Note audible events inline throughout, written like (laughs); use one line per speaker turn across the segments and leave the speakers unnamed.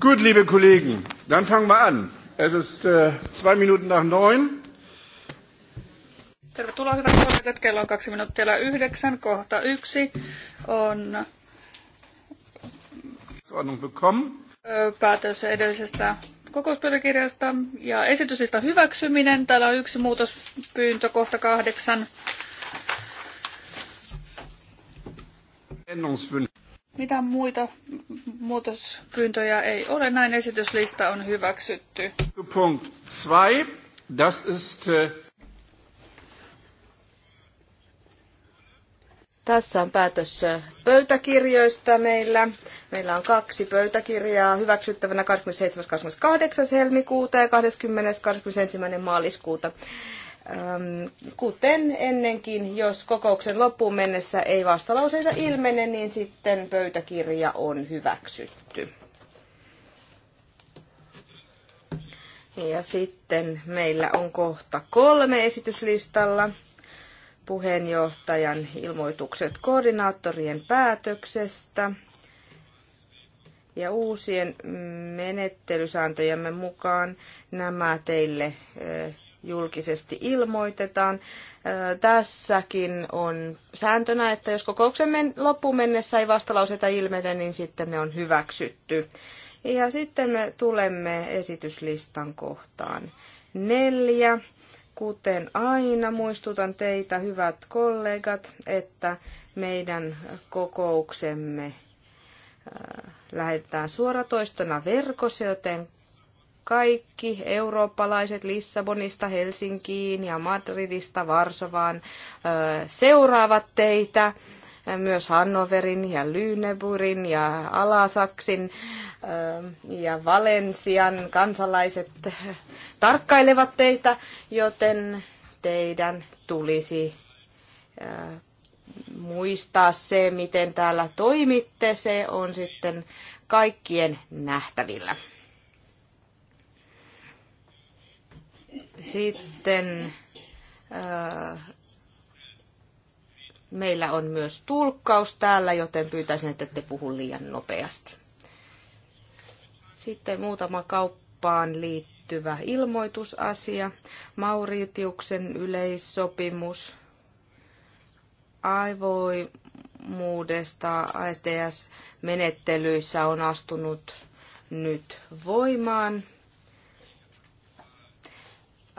Gut, liebe Kollegen, dann fangen wir an. Es ist äh, zwei Minuten nach neun.
Tervetuloa hyvät kollegat, kello on kaksi minuuttia yhdeksän, kohta yksi on päätös edellisestä kokouspöytäkirjasta ja esityslistan hyväksyminen. Täällä on yksi muutospyyntö, kohta kahdeksan. Mitä muita Muutospyyntöjä ei ole, näin esityslista on hyväksytty. Punkt 2, das
ist... Äh, Tässä on päätös äh, pöytäkirjoista meillä. Meillä on kaksi pöytäkirjaa hyväksyttävänä 27.28. helmikuuta ja 20.21. maaliskuuta. Ähm, kuten ennenkin, jos kokouksen loppuun mennessä ei vastalauseita ilmene, niin sitten pöytäkirja on hyväksytty. Ja sitten meillä on kohta kolme esityslistalla. Puheenjohtajan ilmoitukset koordinaattorien päätöksestä. Ja uusien menettelysääntöjemme mukaan nämä teille julkisesti ilmoitetaan. Tässäkin on sääntönä, että jos kokouksen loppuun mennessä ei vastalauseita ilmene, niin sitten ne on hyväksytty. Ja sitten me tulemme esityslistan kohtaan neljä. Kuten aina muistutan teitä, hyvät kollegat, että meidän kokouksemme lähetetään suoratoistona verkossa, joten kaikki eurooppalaiset Lissabonista Helsinkiin ja Madridista Varsovaan seuraavat teitä, myös Hannoverin ja Lüneburin ja Alasaksin ja Valensian kansalaiset tarkkailevat teitä, joten teidän tulisi muistaa se, miten täällä toimitte. Se on sitten kaikkien nähtävillä. Sitten äh, meillä on myös tulkkaus täällä, joten pyytäisin, että te puhu liian nopeasti. Sitten muutama kauppaan liittyvä ilmoitusasia. Mauritiuksen yleissopimus aivoimuudesta ASTS-menettelyissä on astunut nyt voimaan.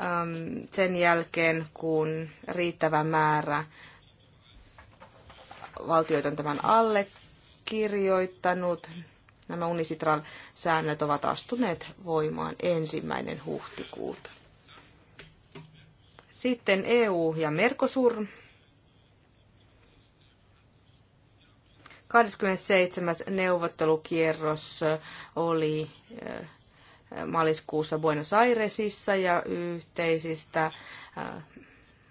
Ähm, sen jälkeen, kun riittävä määrä valtioita on tämän allekirjoittanut. Nämä Unisitral-säännöt ovat astuneet voimaan ensimmäinen huhtikuuta. Sitten EU ja Mercosur. 27. neuvottelukierros oli äh, maaliskuussa Buenos Airesissa ja yhteisistä äh,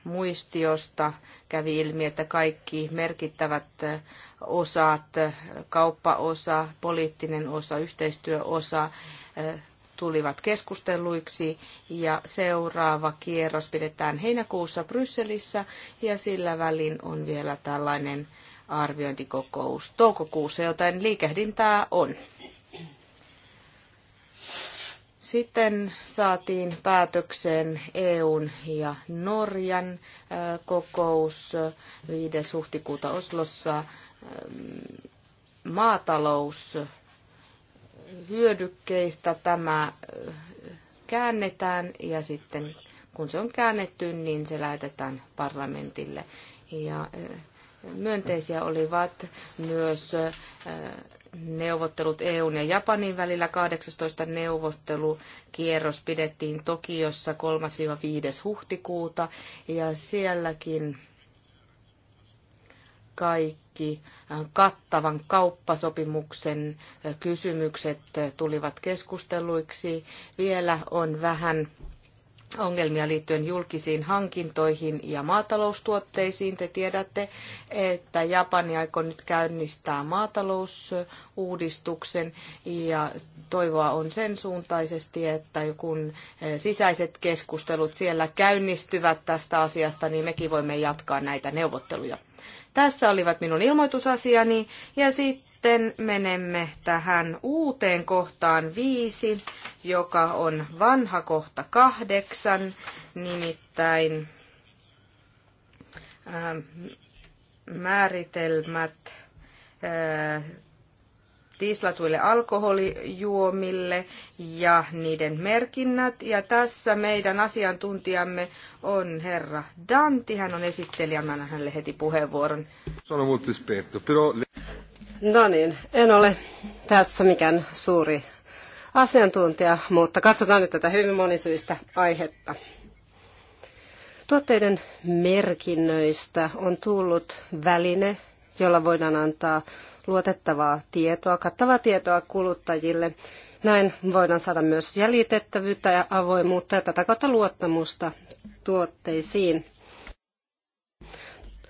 muistiosta kävi ilmi, että kaikki merkittävät äh, osat, äh, kauppaosa, poliittinen osa, yhteistyöosa tulivat keskusteluiksi ja seuraava kierros pidetään heinäkuussa Brysselissä ja sillä välin on vielä tällainen arviointikokous toukokuussa, joten liikehdintää on. Sitten saatiin päätökseen EUn ja Norjan äh, kokous 5. Äh, huhtikuuta Oslossa. Ähm, maataloushyödykkeistä. Äh, tämä käännetään ja sitten kun se on käännetty, niin se lähetetään parlamentille. Ja myönteisiä olivat myös neuvottelut EUn ja Japanin välillä. 18 neuvottelukierros pidettiin Tokiossa 3-5. huhtikuuta ja sielläkin kaikki äh, kattavan kauppasopimuksen äh, kysymykset äh, tulivat keskusteluiksi. Vielä on vähän ongelmia liittyen julkisiin hankintoihin ja maataloustuotteisiin. Te tiedätte, että Japani aikoo nyt käynnistää maatalousuudistuksen ja toivoa on sen suuntaisesti, että kun eh, sisäiset keskustelut siellä käynnistyvät tästä asiasta, niin mekin voimme jatkaa näitä neuvotteluja. Tässä olivat minun ilmoitusasiani ja sitten sitten menemme tähän uuteen kohtaan viisi, joka on vanha kohta kahdeksan, nimittäin ää, ähm, määritelmät tislatuille äh, alkoholijuomille ja niiden merkinnät. Ja tässä meidän asiantuntijamme on herra Danti. Hän on esittelijä. Mä annan hänelle heti puheenvuoron. Sono
molto esperto, però...
No niin, en ole tässä mikään suuri
asiantuntija, mutta katsotaan nyt tätä hyvin monisyistä aihetta. Tuotteiden merkinnöistä on tullut väline, jolla voidaan antaa luotettavaa tietoa, kattavaa tietoa kuluttajille. Näin voidaan saada myös jäljitettävyyttä ja avoimuutta ja tätä kautta luottamusta tuotteisiin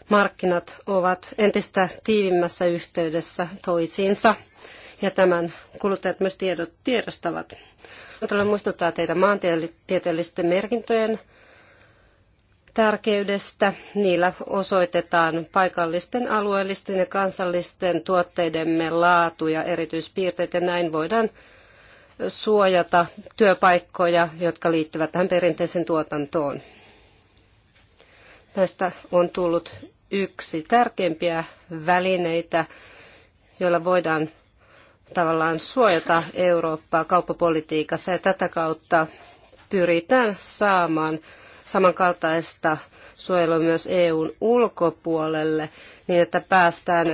markkinat ovat entistä tiivimmässä yhteydessä toisiinsa ja tämän kuluttajat myös tiedot, tiedostavat. Haluan muistuttaa teitä maantieteellisten merkintöjen tärkeydestä. Niillä osoitetaan paikallisten, alueellisten ja kansallisten tuotteidemme laatu ja erityispiirteet, ja näin voidaan suojata työpaikkoja, jotka liittyvät tähän perinteiseen tuotantoon. Näistä on tullut yksi tärkeimpiä välineitä, joilla voidaan tavallaan suojata Eurooppaa kauppapolitiikassa ja tätä kautta pyritään saamaan samankaltaista suojelua myös EUn ulkopuolelle niin, että, päästään,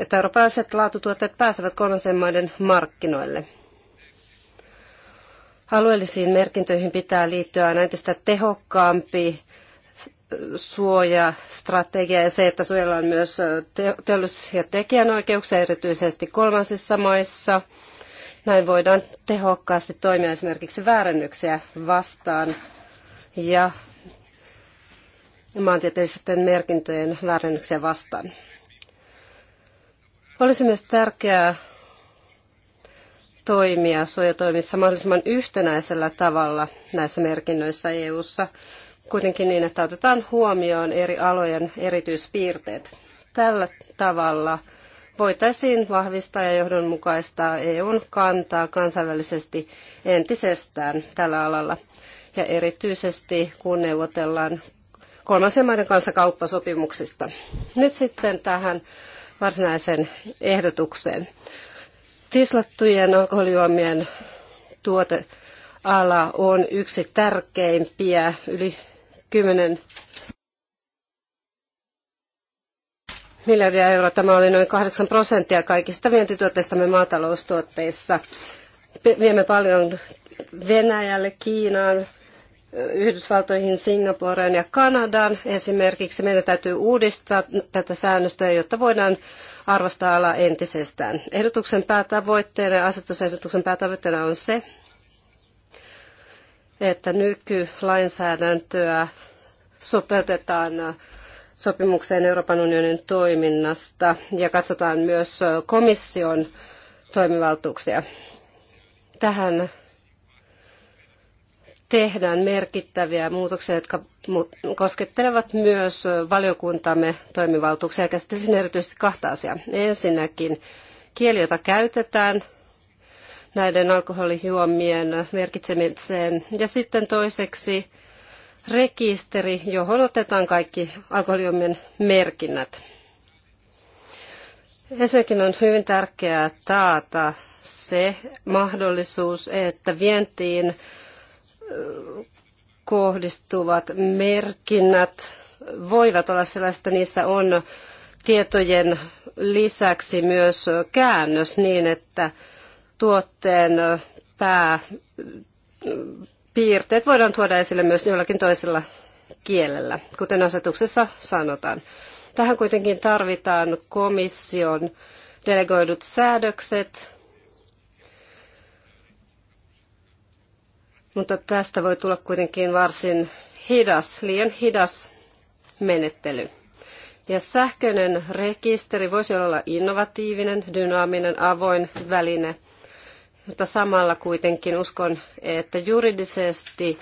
että eurooppalaiset laatutuotteet pääsevät kolmansien maiden markkinoille. Alueellisiin merkintöihin pitää liittyä aina entistä tehokkaampi suojastrategia ja se, että suojellaan myös teollisuus- ja tekijänoikeuksia erityisesti kolmansissa maissa. Näin voidaan tehokkaasti toimia esimerkiksi väärännyksiä vastaan ja maantieteellisten merkintöjen väärännyksiä vastaan. Olisi myös tärkeää toimia suojatoimissa mahdollisimman yhtenäisellä tavalla näissä merkinnöissä EU:ssa. ssa kuitenkin niin, että otetaan huomioon eri alojen erityispiirteet. Tällä tavalla voitaisiin vahvistaa ja johdonmukaistaa EUn kantaa kansainvälisesti entisestään tällä alalla. Ja erityisesti kun neuvotellaan kolmansien maiden kanssa kauppasopimuksista. Nyt sitten tähän varsinaiseen ehdotukseen. Tislattujen alkoholijuomien tuoteala on yksi tärkeimpiä, yli 10 miljardia euroa. Tämä oli noin 8 prosenttia kaikista vientituotteistamme maataloustuotteissa. Viemme paljon Venäjälle, Kiinaan, Yhdysvaltoihin, Singaporeen ja Kanadaan. Esimerkiksi meidän täytyy uudistaa tätä säännöstöä, jotta voidaan arvostaa alaa entisestään. Ehdotuksen päätavoitteena ja asetusehdotuksen päätavoitteena on se, että nykylainsäädäntöä sopeutetaan sopimukseen Euroopan unionin toiminnasta ja katsotaan myös komission toimivaltuuksia. Tähän tehdään merkittäviä muutoksia, jotka koskettelevat myös valiokuntamme toimivaltuuksia. ja Käsittelisin erityisesti kahta asiaa. Ensinnäkin kieli, jota käytetään näiden alkoholijuomien merkitsemiseen. Ja sitten toiseksi rekisteri, johon otetaan kaikki alkoholijuomien merkinnät. Ensinnäkin on hyvin tärkeää taata se mahdollisuus, että vientiin kohdistuvat merkinnät voivat olla sellaiset, että niissä on tietojen lisäksi myös käännös niin, että tuotteen pääpiirteet voidaan tuoda esille myös jollakin toisella kielellä, kuten asetuksessa sanotaan. Tähän kuitenkin tarvitaan komission delegoidut säädökset, mutta tästä voi tulla kuitenkin varsin hidas, liian hidas menettely. Ja sähköinen rekisteri voisi olla innovatiivinen, dynaaminen, avoin väline – mutta samalla kuitenkin uskon, että juridisesti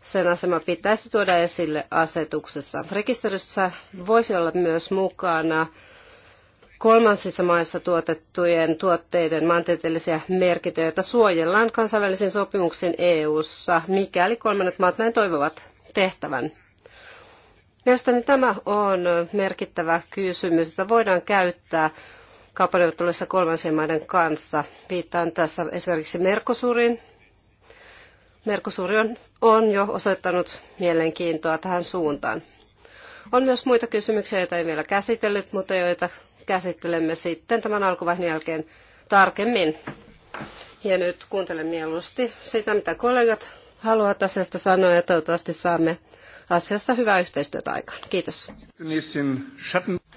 sen asema pitäisi tuoda esille asetuksessa. Rekisterissä voisi olla myös mukana kolmansissa maissa tuotettujen tuotteiden maantieteellisiä merkintöjä, joita suojellaan kansainvälisiin sopimuksiin EU-ssa, mikäli kolmannet maat näin toivovat tehtävän. Mielestäni tämä on merkittävä kysymys, jota voidaan käyttää kauppaneuvotteluissa kolmansien maiden kanssa. Viittaan tässä esimerkiksi Merkosurin. Merkosuri on, on jo osoittanut mielenkiintoa tähän suuntaan. On myös muita kysymyksiä, joita ei vielä käsitellyt, mutta joita käsittelemme sitten tämän alkuvaiheen jälkeen tarkemmin. Ja nyt kuuntelen mieluusti sitä, mitä kollegat haluaa asiasta sanoa ja toivottavasti saamme asiassa hyvää yhteistyötä aikaan. Kiitos.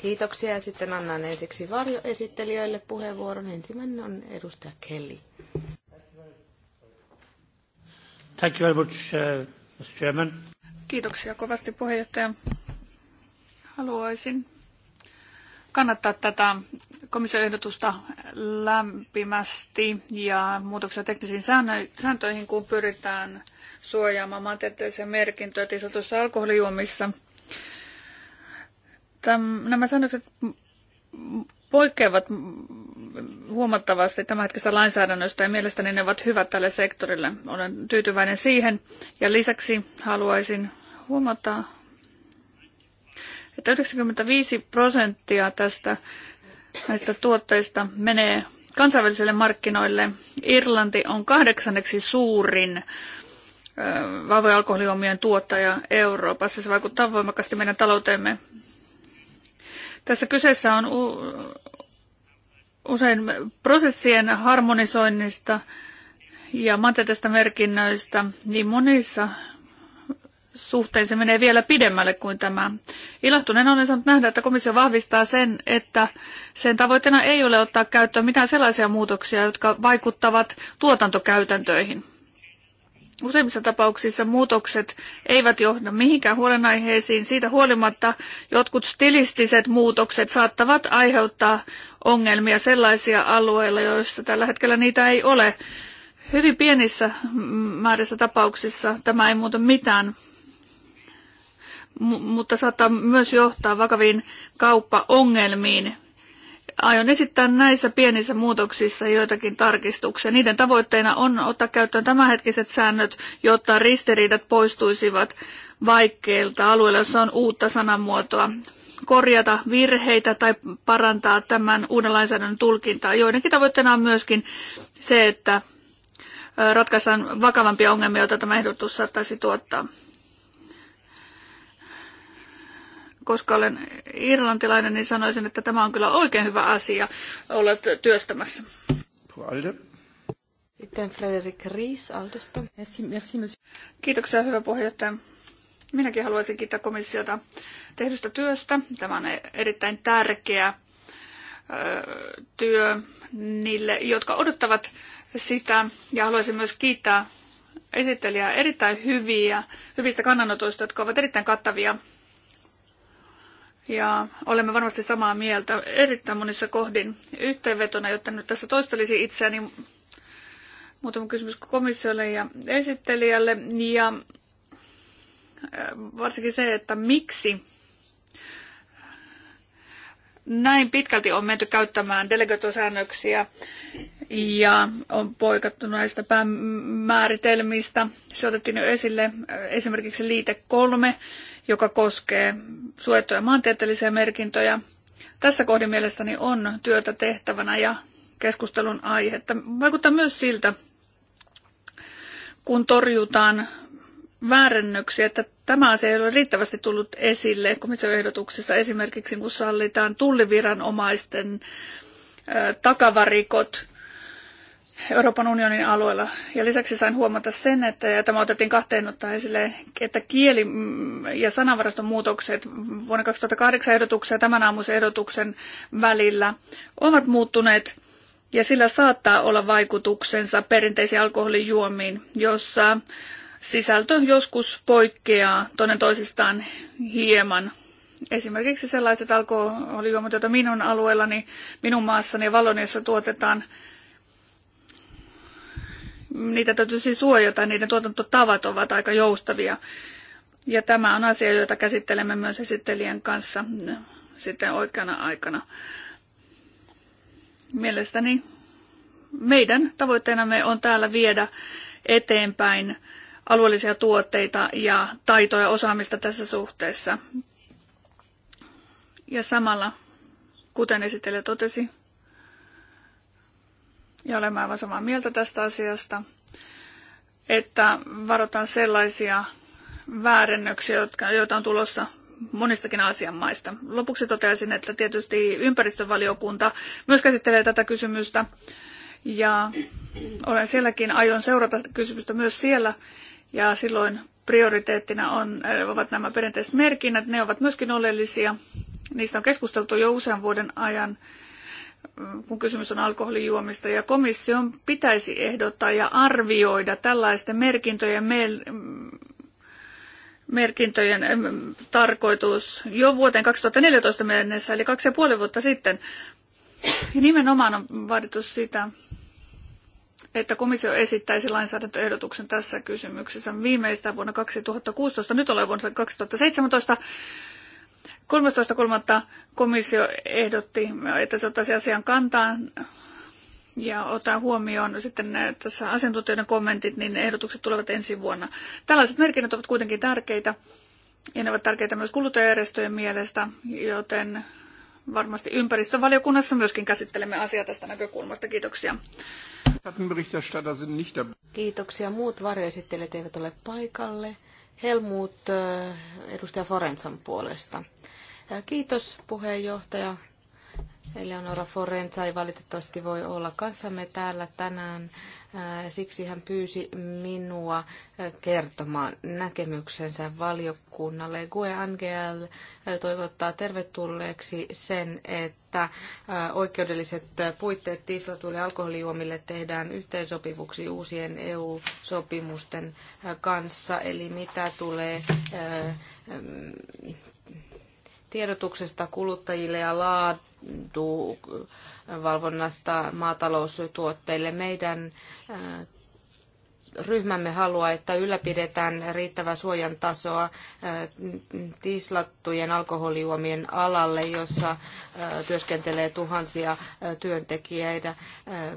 Kiitoksia sitten annan ensiksi varjoesittelijöille puheenvuoron. Ensimmäinen on edustaja Kelly.
Thank you very much, uh, Mr. Chairman. Kiitoksia kovasti puheenjohtaja. Haluaisin kannattaa tätä komission ehdotusta lämpimästi ja muutoksia teknisiin sääntöihin, kun pyritään suojaamaan maantieteellisiä merkintöjä tisatuissa alkoholijuomissa. Täm, nämä säännökset poikkeavat huomattavasti tämänhetkisestä lainsäädännöstä ja mielestäni ne ovat hyvät tälle sektorille. Olen tyytyväinen siihen ja lisäksi haluaisin huomata, että 95 prosenttia tästä näistä tuotteista menee kansainvälisille markkinoille. Irlanti on kahdeksanneksi suurin vahvojen alkoholijuomien tuottaja Euroopassa. Se vaikuttaa voimakkaasti meidän talouteemme. Tässä kyseessä on usein prosessien harmonisoinnista ja maantieteistä merkinnöistä, niin monissa suhteissa menee vielä pidemmälle kuin tämä. Ilahtuneena olen saanut nähdä, että komissio vahvistaa sen, että sen tavoitteena ei ole ottaa käyttöön mitään sellaisia muutoksia, jotka vaikuttavat tuotantokäytäntöihin. Useimmissa tapauksissa muutokset eivät johda mihinkään huolenaiheisiin. Siitä huolimatta jotkut stilistiset muutokset saattavat aiheuttaa ongelmia sellaisia alueilla, joissa tällä hetkellä niitä ei ole. Hyvin pienissä määrissä tapauksissa tämä ei muuta mitään, mutta saattaa myös johtaa vakaviin kauppaongelmiin Aion esittää näissä pienissä muutoksissa joitakin tarkistuksia. Niiden tavoitteena on ottaa käyttöön tämänhetkiset säännöt, jotta ristiriidat poistuisivat vaikeilta alueilla, jossa on uutta sanamuotoa korjata virheitä tai parantaa tämän uuden lainsäädännön tulkintaa. Joidenkin tavoitteena on myöskin se, että ratkaistaan vakavampia ongelmia, joita tämä ehdotus saattaisi tuottaa. koska olen irlantilainen, niin sanoisin, että tämä on kyllä oikein hyvä asia olla työstämässä. Sitten Frederik Ries Aldosta. Kiitoksia, hyvä puheenjohtaja. Minäkin haluaisin kiittää komissiota tehdystä työstä. Tämä on erittäin tärkeä työ niille, jotka odottavat sitä. Ja haluaisin myös kiittää esittelijää erittäin hyviä, hyvistä kannanotoista, jotka ovat erittäin kattavia ja olemme varmasti samaa mieltä erittäin monissa kohdin. Yhteenvetona, jotta nyt tässä toistelisi itseäni, muutama kysymys komissiolle ja esittelijälle. Ja äh, varsinkin se, että miksi näin pitkälti on menty käyttämään delegatosäännöksiä ja on poikattu näistä päämääritelmistä. Se otettiin jo esille äh, esimerkiksi liite kolme, joka koskee suojattuja maantieteellisiä merkintöjä. Tässä kohdin mielestäni on työtä tehtävänä ja keskustelun aihetta. Vaikuttaa myös siltä, kun torjutaan väärennöksiä, että tämä asia ei ole riittävästi tullut esille komission ehdotuksessa esimerkiksi, kun sallitaan tulliviranomaisten takavarikot Euroopan unionin alueella. Ja lisäksi sain huomata sen, että ja tämä otettiin kahteen ottaa esille, että kieli- ja sanavaraston muutokset vuonna 2008 ehdotuksen ja tämän aamuisen ehdotuksen välillä ovat muuttuneet ja sillä saattaa olla vaikutuksensa perinteisiin alkoholijuomiin, jossa sisältö joskus poikkeaa toinen toisistaan hieman. Esimerkiksi sellaiset alkoholijuomat, joita minun alueellani, minun maassani ja Valoniassa tuotetaan – niitä täytyisi siis suojata, niiden tuotantotavat ovat aika joustavia. Ja tämä on asia, jota käsittelemme myös esittelijän kanssa mm, sitten oikeana aikana. Mielestäni meidän tavoitteenamme on täällä viedä eteenpäin alueellisia tuotteita ja taitoja ja osaamista tässä suhteessa. Ja samalla, kuten esittelijä totesi, ja olemme aivan samaa mieltä tästä asiasta, että varotaan sellaisia väärennöksiä, jotka, joita on tulossa monistakin Aasian maista. Lopuksi toteaisin, että tietysti ympäristövaliokunta myös käsittelee tätä kysymystä ja olen sielläkin, aion seurata kysymystä myös siellä ja silloin prioriteettina on, äh, ovat nämä perinteiset merkinnät, ne ovat myöskin oleellisia. Niistä on keskusteltu jo usean vuoden ajan kun kysymys on alkoholijuomista, ja komission pitäisi ehdottaa ja arvioida tällaisten merkintöjen, merkintöjen tarkoitus jo vuoteen 2014 mennessä, eli kaksi ja puoli vuotta sitten. Ja nimenomaan on vaadittu sitä, että komissio esittäisi lainsäädäntöehdotuksen tässä kysymyksessä viimeistään vuonna 2016. Nyt ollaan vuonna 2017. 13.3. komissio ehdotti, että se ottaisi asian kantaan ja ottaa huomioon sitten tässä asiantuntijoiden kommentit, niin ehdotukset tulevat ensi vuonna. Tällaiset merkinnät ovat kuitenkin tärkeitä ja ne ovat tärkeitä myös kuluttajajärjestöjen mielestä, joten varmasti ympäristövaliokunnassa myöskin käsittelemme asiaa tästä näkökulmasta. Kiitoksia. Kiitoksia.
Muut varjoesittelijät eivät ole paikalle. Helmut äh, edustaja Forensan puolesta. Kiitos puheenjohtaja. Eleonora Forenza ei valitettavasti voi olla kanssamme täällä tänään. Siksi hän pyysi minua kertomaan näkemyksensä valiokunnalle. GUE Angel toivottaa tervetulleeksi sen, että oikeudelliset puitteet tislatuille alkoholijuomille tehdään yhteensopivuksi uusien EU-sopimusten kanssa. Eli mitä tulee tiedotuksesta kuluttajille ja laadunvalvonnasta maataloustuotteille. Meidän äh, ryhmämme haluaa, että ylläpidetään riittävää suojan tasoa äh, tislattujen alkoholijuomien alalle, jossa äh, työskentelee tuhansia äh, työntekijöitä.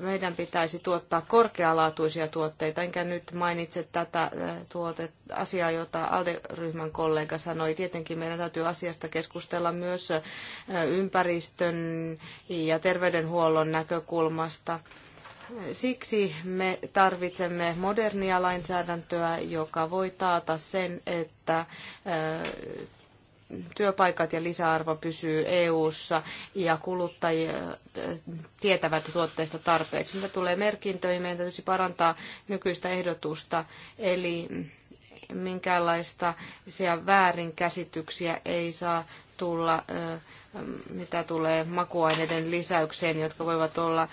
Meidän pitäisi tuottaa korkealaatuisia tuotteita, enkä nyt mainitse tätä tuotet, asiaa, jota ALDE-ryhmän kollega sanoi. Tietenkin meidän täytyy asiasta keskustella myös ympäristön ja terveydenhuollon näkökulmasta siksi me tarvitsemme modernia lainsäädäntöä, joka voi taata sen, että työpaikat ja lisäarvo pysyy EU-ssa ja kuluttajat tietävät tuotteista tarpeeksi. Mitä tulee merkintöihin, meidän täytyisi parantaa nykyistä ehdotusta, eli minkäänlaista väärinkäsityksiä ei saa tulla äh, mitä tulee makuaineiden lisäykseen, jotka voivat olla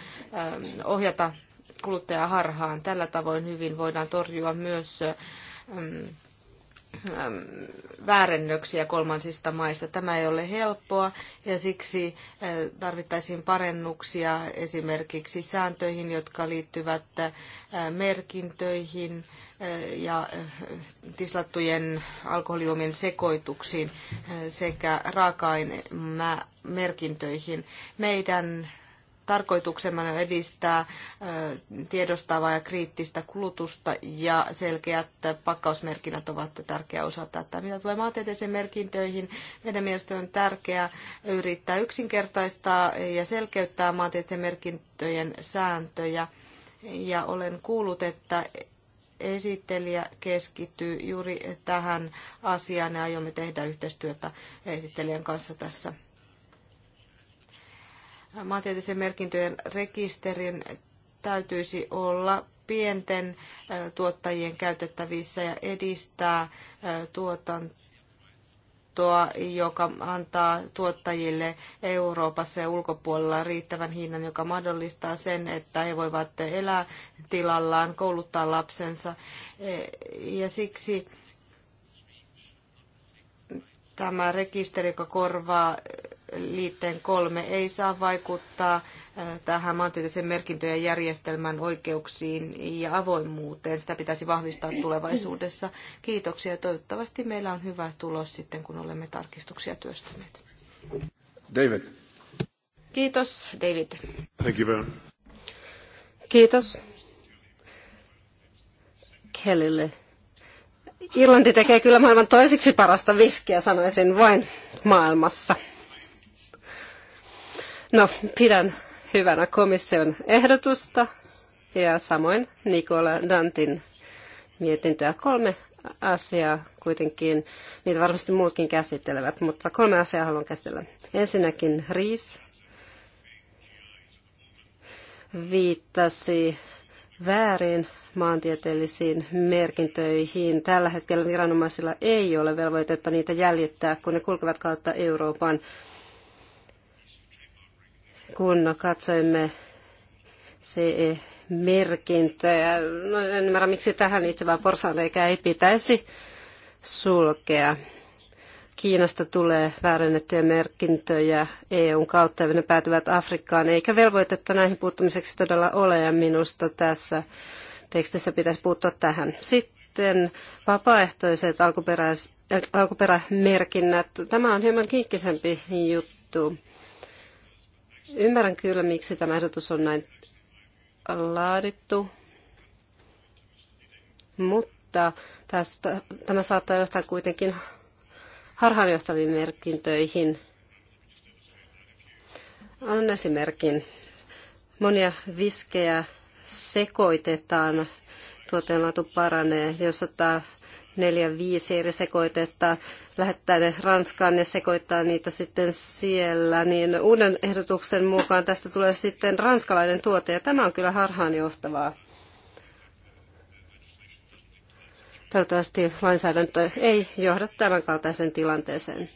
ohjata kuluttajaa harhaan. Tällä tavoin hyvin voidaan torjua myös Ähm, väärennöksiä kolmansista maista. Tämä ei ole helppoa ja siksi äh, tarvittaisiin parennuksia esimerkiksi sääntöihin, jotka liittyvät äh, merkintöihin äh, ja tislattujen alkoholiumien sekoituksiin sekä raaka merkintöihin. Meidän tarkoituksena on edistää tiedostavaa ja kriittistä kulutusta ja selkeät pakkausmerkinnät ovat tärkeä osa tätä. Mitä tulee maantieteisiin merkintöihin, meidän mielestä on tärkeää yrittää yksinkertaistaa ja selkeyttää maantieteiden merkintöjen sääntöjä. Ja olen kuullut, että esittelijä keskittyy juuri tähän asiaan ja aiomme tehdä yhteistyötä esittelijän kanssa tässä maantieteellisen merkintöjen rekisterin täytyisi olla pienten tuottajien käytettävissä ja edistää tuotantoa, joka antaa tuottajille Euroopassa ja ulkopuolella riittävän hinnan, joka mahdollistaa sen, että he voivat elää tilallaan, kouluttaa lapsensa. E, ja siksi tämä rekisteri, joka korvaa liitteen kolme ei saa vaikuttaa tähän maantieteellisen merkintöjen järjestelmän oikeuksiin ja avoimuuteen. Sitä pitäisi vahvistaa tulevaisuudessa. Kiitoksia. Toivottavasti meillä on hyvä tulos sitten, kun olemme tarkistuksia työstäneet. David. Kiitos, David.
Thank you very much.
Kiitos
Kellille. Irlanti tekee kyllä maailman toiseksi parasta viskiä, sanoisin vain maailmassa. No, pidän hyvänä komission ehdotusta ja samoin Nikola Dantin mietintöä kolme asiaa kuitenkin, niitä varmasti muutkin käsittelevät, mutta kolme asiaa haluan käsitellä. Ensinnäkin Riis viittasi väärin maantieteellisiin merkintöihin. Tällä hetkellä viranomaisilla ei ole velvoitetta niitä jäljittää, kun ne kulkevat kautta Euroopan kun katsoimme CE-merkintöjä, no en ymmärrä miksi tähän liittyvää porsaanreikää ei pitäisi sulkea. Kiinasta tulee väärennettyjä merkintöjä EUn kautta ja ne päätyvät Afrikkaan, eikä velvoitetta näihin puuttumiseksi todella ole ja minusta tässä tekstissä pitäisi puuttua tähän. Sitten vapaaehtoiset alkuperäis, alkuperämerkinnät. Tämä on hieman kinkkisempi juttu. Ymmärrän kyllä, miksi tämä ehdotus on näin laadittu, mutta tästä, tämä saattaa johtaa kuitenkin harhaanjohtaviin merkintöihin. Annan esimerkin. Monia viskejä sekoitetaan, laatu paranee, jos ottaa neljä, viisi eri sekoitetta, lähettää ne Ranskaan ja sekoittaa niitä sitten siellä, niin uuden ehdotuksen mukaan tästä tulee sitten ranskalainen tuote, ja tämä on kyllä harhaanjohtavaa. Toivottavasti lainsäädäntö ei johda tämän kaltaisen tilanteeseen.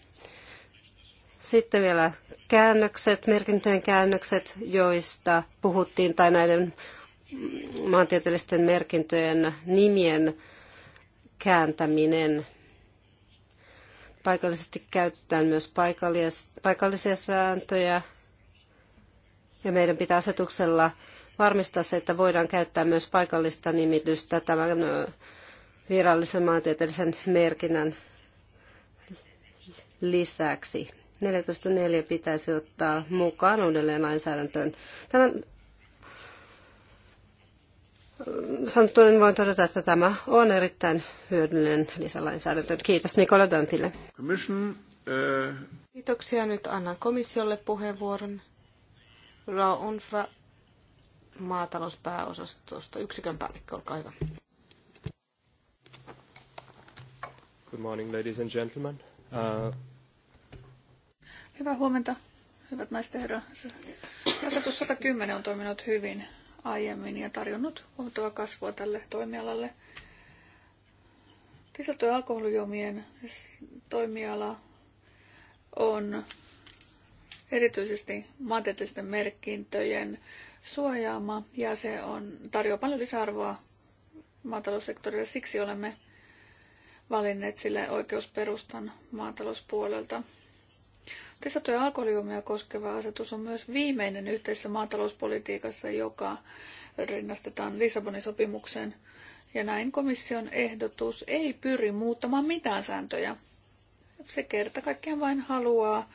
Sitten vielä käännökset, merkintöjen käännökset, joista puhuttiin, tai näiden maantieteellisten merkintöjen nimien kääntäminen. Paikallisesti käytetään myös paikallisia sääntöjä ja meidän pitää asetuksella varmistaa se, että voidaan käyttää myös paikallista nimitystä tämän virallisen maantieteellisen merkinnän lisäksi. 14.4 pitäisi ottaa mukaan uudelleen lainsäädäntöön. Tämän sanottu, niin voin todeta, että tämä on erittäin hyödyllinen lisälainsäädäntö. Kiitos Nikola
Dantille.
Eh,
Kiitoksia. Nyt annan komissiolle puheenvuoron. Rao Unfra maatalouspääosastosta. Yksikön päällikkö, olkaa hyvä.
Good morning, ladies and
gentlemen. Uh...
Hyvää huomenta, hyvät naiset ja herrat. Asetus 110 on toiminut hyvin aiemmin ja tarjonnut huomattavaa kasvua tälle toimialalle. Tisattujen alkoholijuomien toimiala on erityisesti maantieteellisten merkintöjen suojaama ja se on, tarjoaa paljon lisäarvoa maataloussektorille. Siksi olemme valinneet sille oikeusperustan maatalouspuolelta. Lisättyjä alkoholijuomia koskeva asetus on myös viimeinen yhteisessä maatalouspolitiikassa, joka rinnastetaan Lissabonin sopimukseen. Ja näin komission ehdotus ei pyri muuttamaan mitään sääntöjä. Se kerta kaikkiaan vain haluaa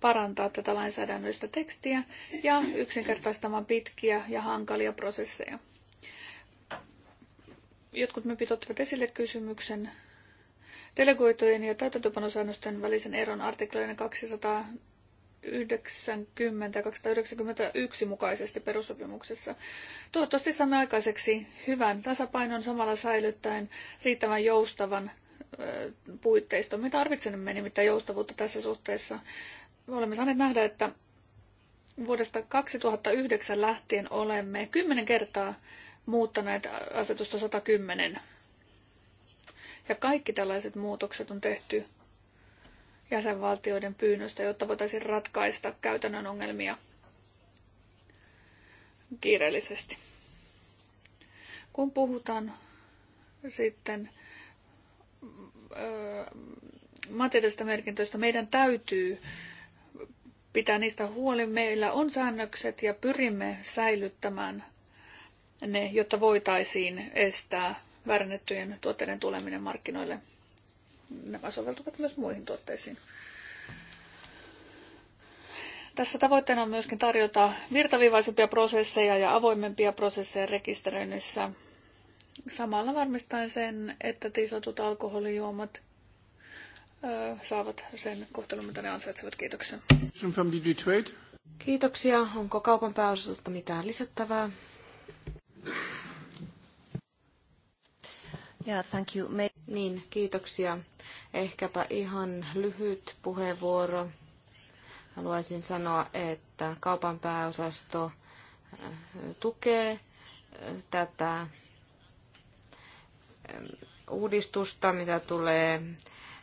parantaa tätä lainsäädännöllistä tekstiä ja yksinkertaistamaan pitkiä ja hankalia prosesseja. Jotkut me pitottivat esille kysymyksen Delegoitujen ja täytäntöpanosäännösten välisen eron artiklojen 290 ja 291 mukaisesti perussopimuksessa. Toivottavasti saamme aikaiseksi hyvän tasapainon samalla säilyttäen riittävän joustavan puitteista. Me tarvitsemme nimittäin joustavuutta tässä suhteessa. Me olemme saaneet nähdä, että vuodesta 2009 lähtien olemme kymmenen kertaa muuttaneet asetusta 110 ja kaikki tällaiset muutokset on tehty jäsenvaltioiden pyynnöstä, jotta voitaisiin ratkaista käytännön ongelmia kiireellisesti. Kun puhutaan sitten materiaalista merkintöistä, meidän täytyy pitää niistä huoli. Meillä on säännökset ja pyrimme säilyttämään ne, jotta voitaisiin estää väärennettyjen tuotteiden tuleminen markkinoille. Nämä soveltuvat myös muihin tuotteisiin. Tässä tavoitteena on myöskin tarjota virtaviivaisempia prosesseja ja avoimempia prosesseja rekisteröinnissä. Samalla varmistaen sen, että tisotut alkoholijuomat ö, saavat sen kohtelun, mitä ne ansaitsevat. Kiitoksia.
Kiitoksia. Onko kaupan pääosastolta mitään lisättävää? Yeah, thank you. Me... Niin, kiitoksia. Ehkäpä ihan lyhyt puheenvuoro. Haluaisin sanoa, että kaupan pääosasto äh, tukee äh, tätä ähm, uudistusta, mitä tulee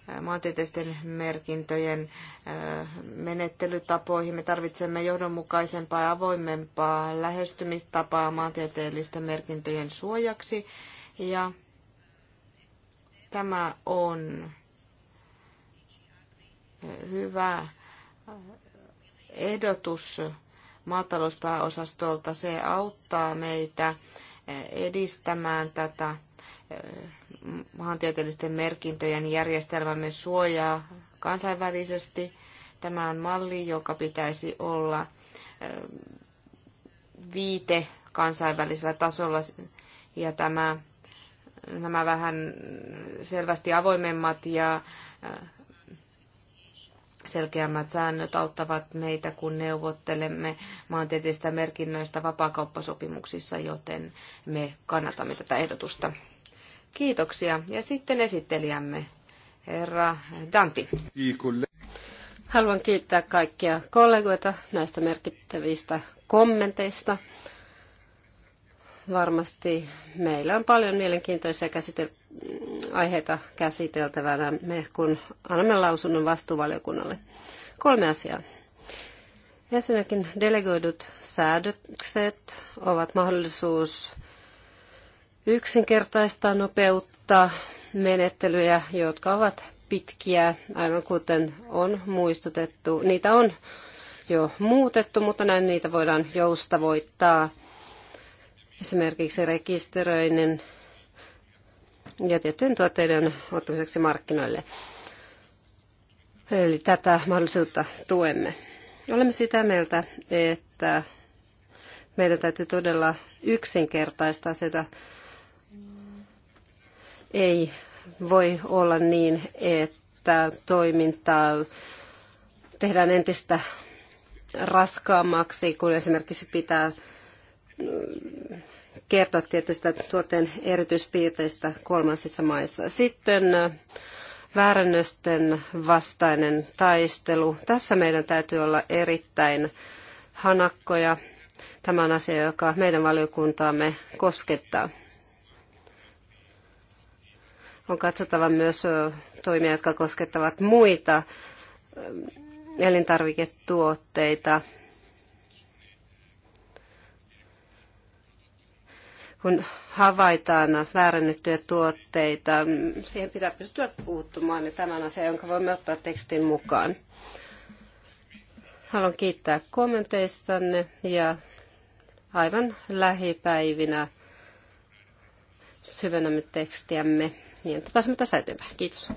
äh, maantieteisten merkintöjen menettelytapoihin. Me tarvitsemme johdonmukaisempaa ja avoimempaa lähestymistapaa maantieteellisten merkintöjen suojaksi. Ja Tämä on hyvä ehdotus maatalouspääosastolta. Se auttaa meitä edistämään tätä eh, maantieteellisten merkintöjen järjestelmämme suojaa kansainvälisesti. Tämä on malli, joka pitäisi olla eh, viite kansainvälisellä tasolla ja tämä nämä vähän selvästi avoimemmat ja äh, selkeämmät säännöt auttavat meitä, kun neuvottelemme maantieteellisistä merkinnöistä vapaakauppasopimuksissa, joten me kannatamme tätä ehdotusta. Kiitoksia. Ja sitten esittelijämme, herra
Danti. Haluan kiittää kaikkia kollegoita näistä merkittävistä kommenteista varmasti meillä on paljon mielenkiintoisia käsite- aiheita käsiteltävänä me, kun annamme lausunnon vastuuvaliokunnalle. Kolme asiaa. Ensinnäkin delegoidut säädökset ovat mahdollisuus yksinkertaistaa nopeutta menettelyjä, jotka ovat pitkiä, aivan kuten on muistutettu. Niitä on jo muutettu, mutta näin niitä voidaan joustavoittaa – esimerkiksi rekisteröinnin ja tiettyjen tuotteiden ottamiseksi markkinoille. Eli tätä mahdollisuutta tuemme. Olemme sitä mieltä, että meidän täytyy todella yksinkertaistaa sitä. Ei voi olla niin, että toimintaa tehdään entistä raskaammaksi, kun esimerkiksi pitää kertoa tietystä tuotteen erityispiirteistä kolmansissa maissa. Sitten äh, väärännösten vastainen taistelu. Tässä meidän täytyy olla erittäin hanakkoja. Tämä on asia, joka meidän valiokuntaamme koskettaa. On katsottava myös toimia, jotka koskettavat muita elintarviketuotteita kun havaitaan väärännettyjä tuotteita, mm, siihen pitää pystyä puuttumaan ja tämän asian, jonka voimme ottaa tekstin mukaan. Haluan kiittää kommenteistanne ja aivan lähipäivinä syvennämme tekstiämme niin, että pääsemme tässä eteenpäin. Kiitos.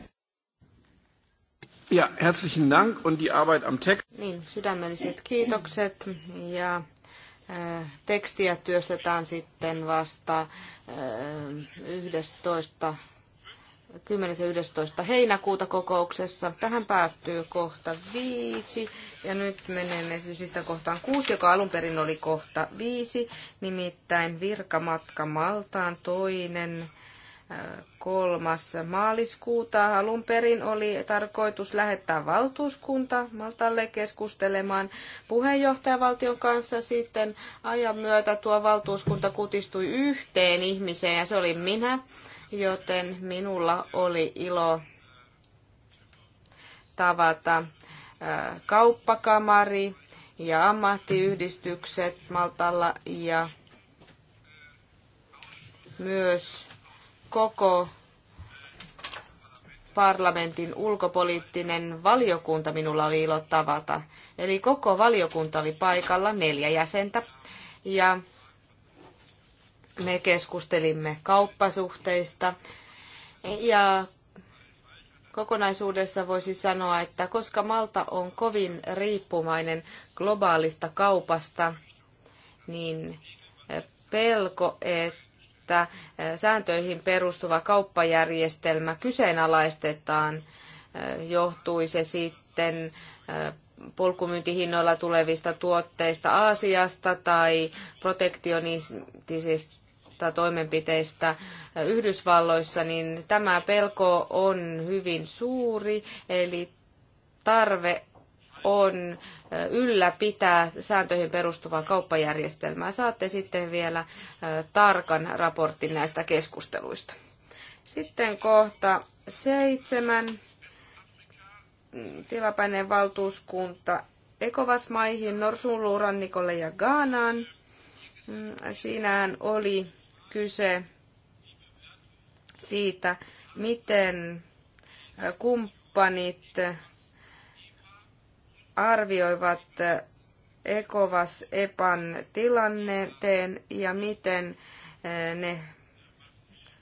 Ja, herzlichen Dank und die Arbeit am Text.
Niin, sydämelliset kiitokset ja tekstiä työstetään sitten vasta 11. 10. ja 11. heinäkuuta kokouksessa. Tähän päättyy kohta 5 ja nyt menemme esitysistä kohtaan 6, joka alun perin oli kohta 5, nimittäin virkamatka Maltaan toinen 3. maaliskuuta. Alun perin oli tarkoitus lähettää valtuuskunta Maltalle keskustelemaan puheenjohtajavaltion kanssa. Sitten ajan myötä tuo valtuuskunta kutistui yhteen ihmiseen ja se oli minä, joten minulla oli ilo tavata äh, kauppakamari ja ammattiyhdistykset Maltalla ja myös koko parlamentin ulkopoliittinen valiokunta minulla oli ilo tavata. Eli koko valiokunta oli paikalla, neljä jäsentä. Ja me keskustelimme kauppasuhteista. Ja kokonaisuudessa voisi sanoa, että koska Malta on kovin riippumainen globaalista kaupasta, niin pelko, että että sääntöihin perustuva kauppajärjestelmä kyseenalaistetaan, johtui se sitten polkumyyntihinnoilla tulevista tuotteista Aasiasta tai protektionistisista toimenpiteistä Yhdysvalloissa, niin tämä pelko on hyvin suuri, eli tarve on ylläpitää sääntöihin perustuvaa kauppajärjestelmää. Saatte sitten vielä tarkan raportin näistä keskusteluista. Sitten kohta seitsemän. Tilapäinen valtuuskunta Ekovasmaihin, Norsunluurannikolle ja Gaanaan. Mm, siinähän oli kyse siitä, miten kumppanit arvioivat ECOVAS EPAN tilanteen ja miten eh, ne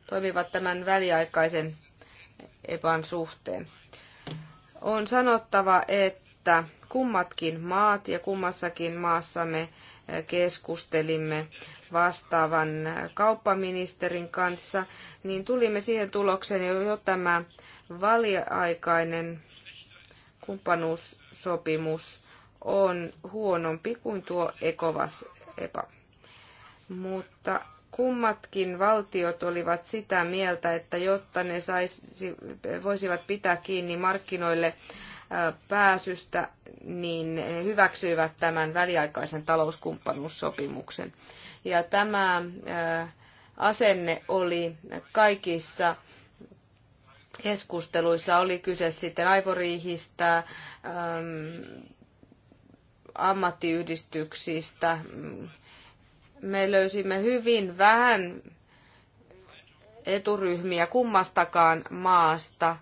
toimivat tämän väliaikaisen EPAN suhteen. On sanottava, että kummatkin maat ja kummassakin maassa me eh, keskustelimme vastaavan kauppaministerin kanssa, niin tulimme siihen tulokseen jo, jo tämä väliaikainen kumppanuus sopimus on huonompi kuin tuo ekovas EPA. Mutta kummatkin valtiot olivat sitä mieltä, että jotta ne saisi, voisivat pitää kiinni markkinoille pääsystä, niin ne hyväksyivät tämän väliaikaisen talouskumppanuussopimuksen. Ja tämä asenne oli kaikissa keskusteluissa, oli kyse sitten aivoriihistä, Ähm, ammattiyhdistyksistä. Me löysimme hyvin vähän eturyhmiä kummastakaan maasta,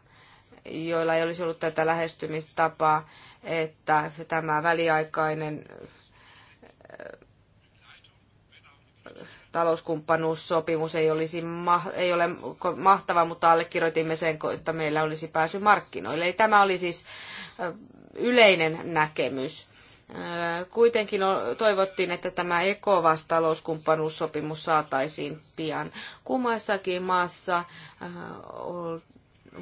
joilla ei olisi ollut tätä lähestymistapaa, että tämä väliaikainen äh, talouskumppanuussopimus ei, olisi ei ole mahtava, mutta allekirjoitimme sen, että meillä olisi pääsy markkinoille. Eli tämä oli siis äh, yleinen näkemys. Äh, kuitenkin toivottiin, että tämä ECOVAS-talouskumppanuussopimus saataisiin pian. Kummassakin maassa äh,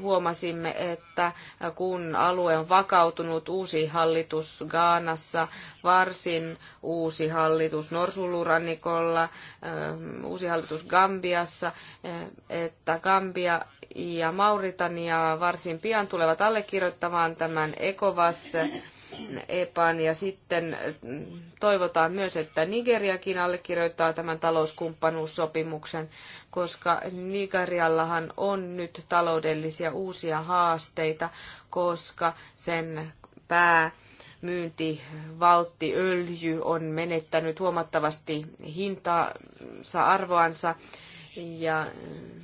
huomasimme, että kun alue on vakautunut, uusi hallitus Gaanassa, varsin uusi hallitus Norsulurannikolla, äh, uusi hallitus Gambiassa, että Gambia ja Mauritania varsin pian tulevat allekirjoittamaan tämän ECOVAS EPAN ja sitten mm, toivotaan myös, että Nigeriakin allekirjoittaa tämän talouskumppanuussopimuksen, koska Nigeriallahan on nyt taloudellisia uusia haasteita, koska sen pää myyntivaltti öljy on menettänyt huomattavasti hintaansa arvoansa ja mm,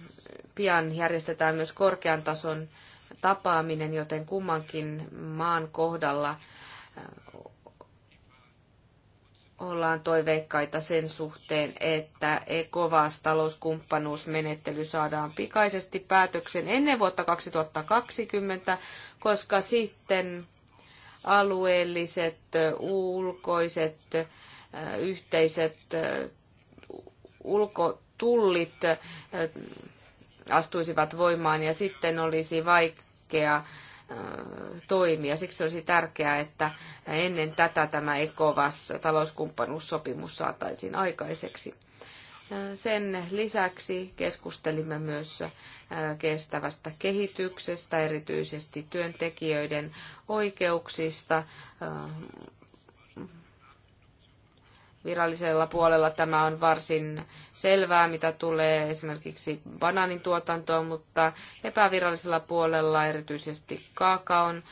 pian järjestetään myös korkean tason tapaaminen, joten kummankin maan kohdalla äh, ollaan toiveikkaita sen suhteen, että ECOVAS talouskumppanuusmenettely saadaan pikaisesti päätöksen ennen vuotta 2020, koska sitten alueelliset, ulkoiset, yhteiset ulkotullit astuisivat voimaan ja sitten olisi vaikea toimia. Siksi olisi tärkeää, että ennen tätä tämä ECOVAS talouskumppanuussopimus saataisiin aikaiseksi. Sen lisäksi keskustelimme myös kestävästä kehityksestä, erityisesti työntekijöiden oikeuksista, virallisella puolella tämä on varsin selvää, mitä tulee esimerkiksi banaanin tuotantoon, mutta epävirallisella puolella erityisesti kaakaon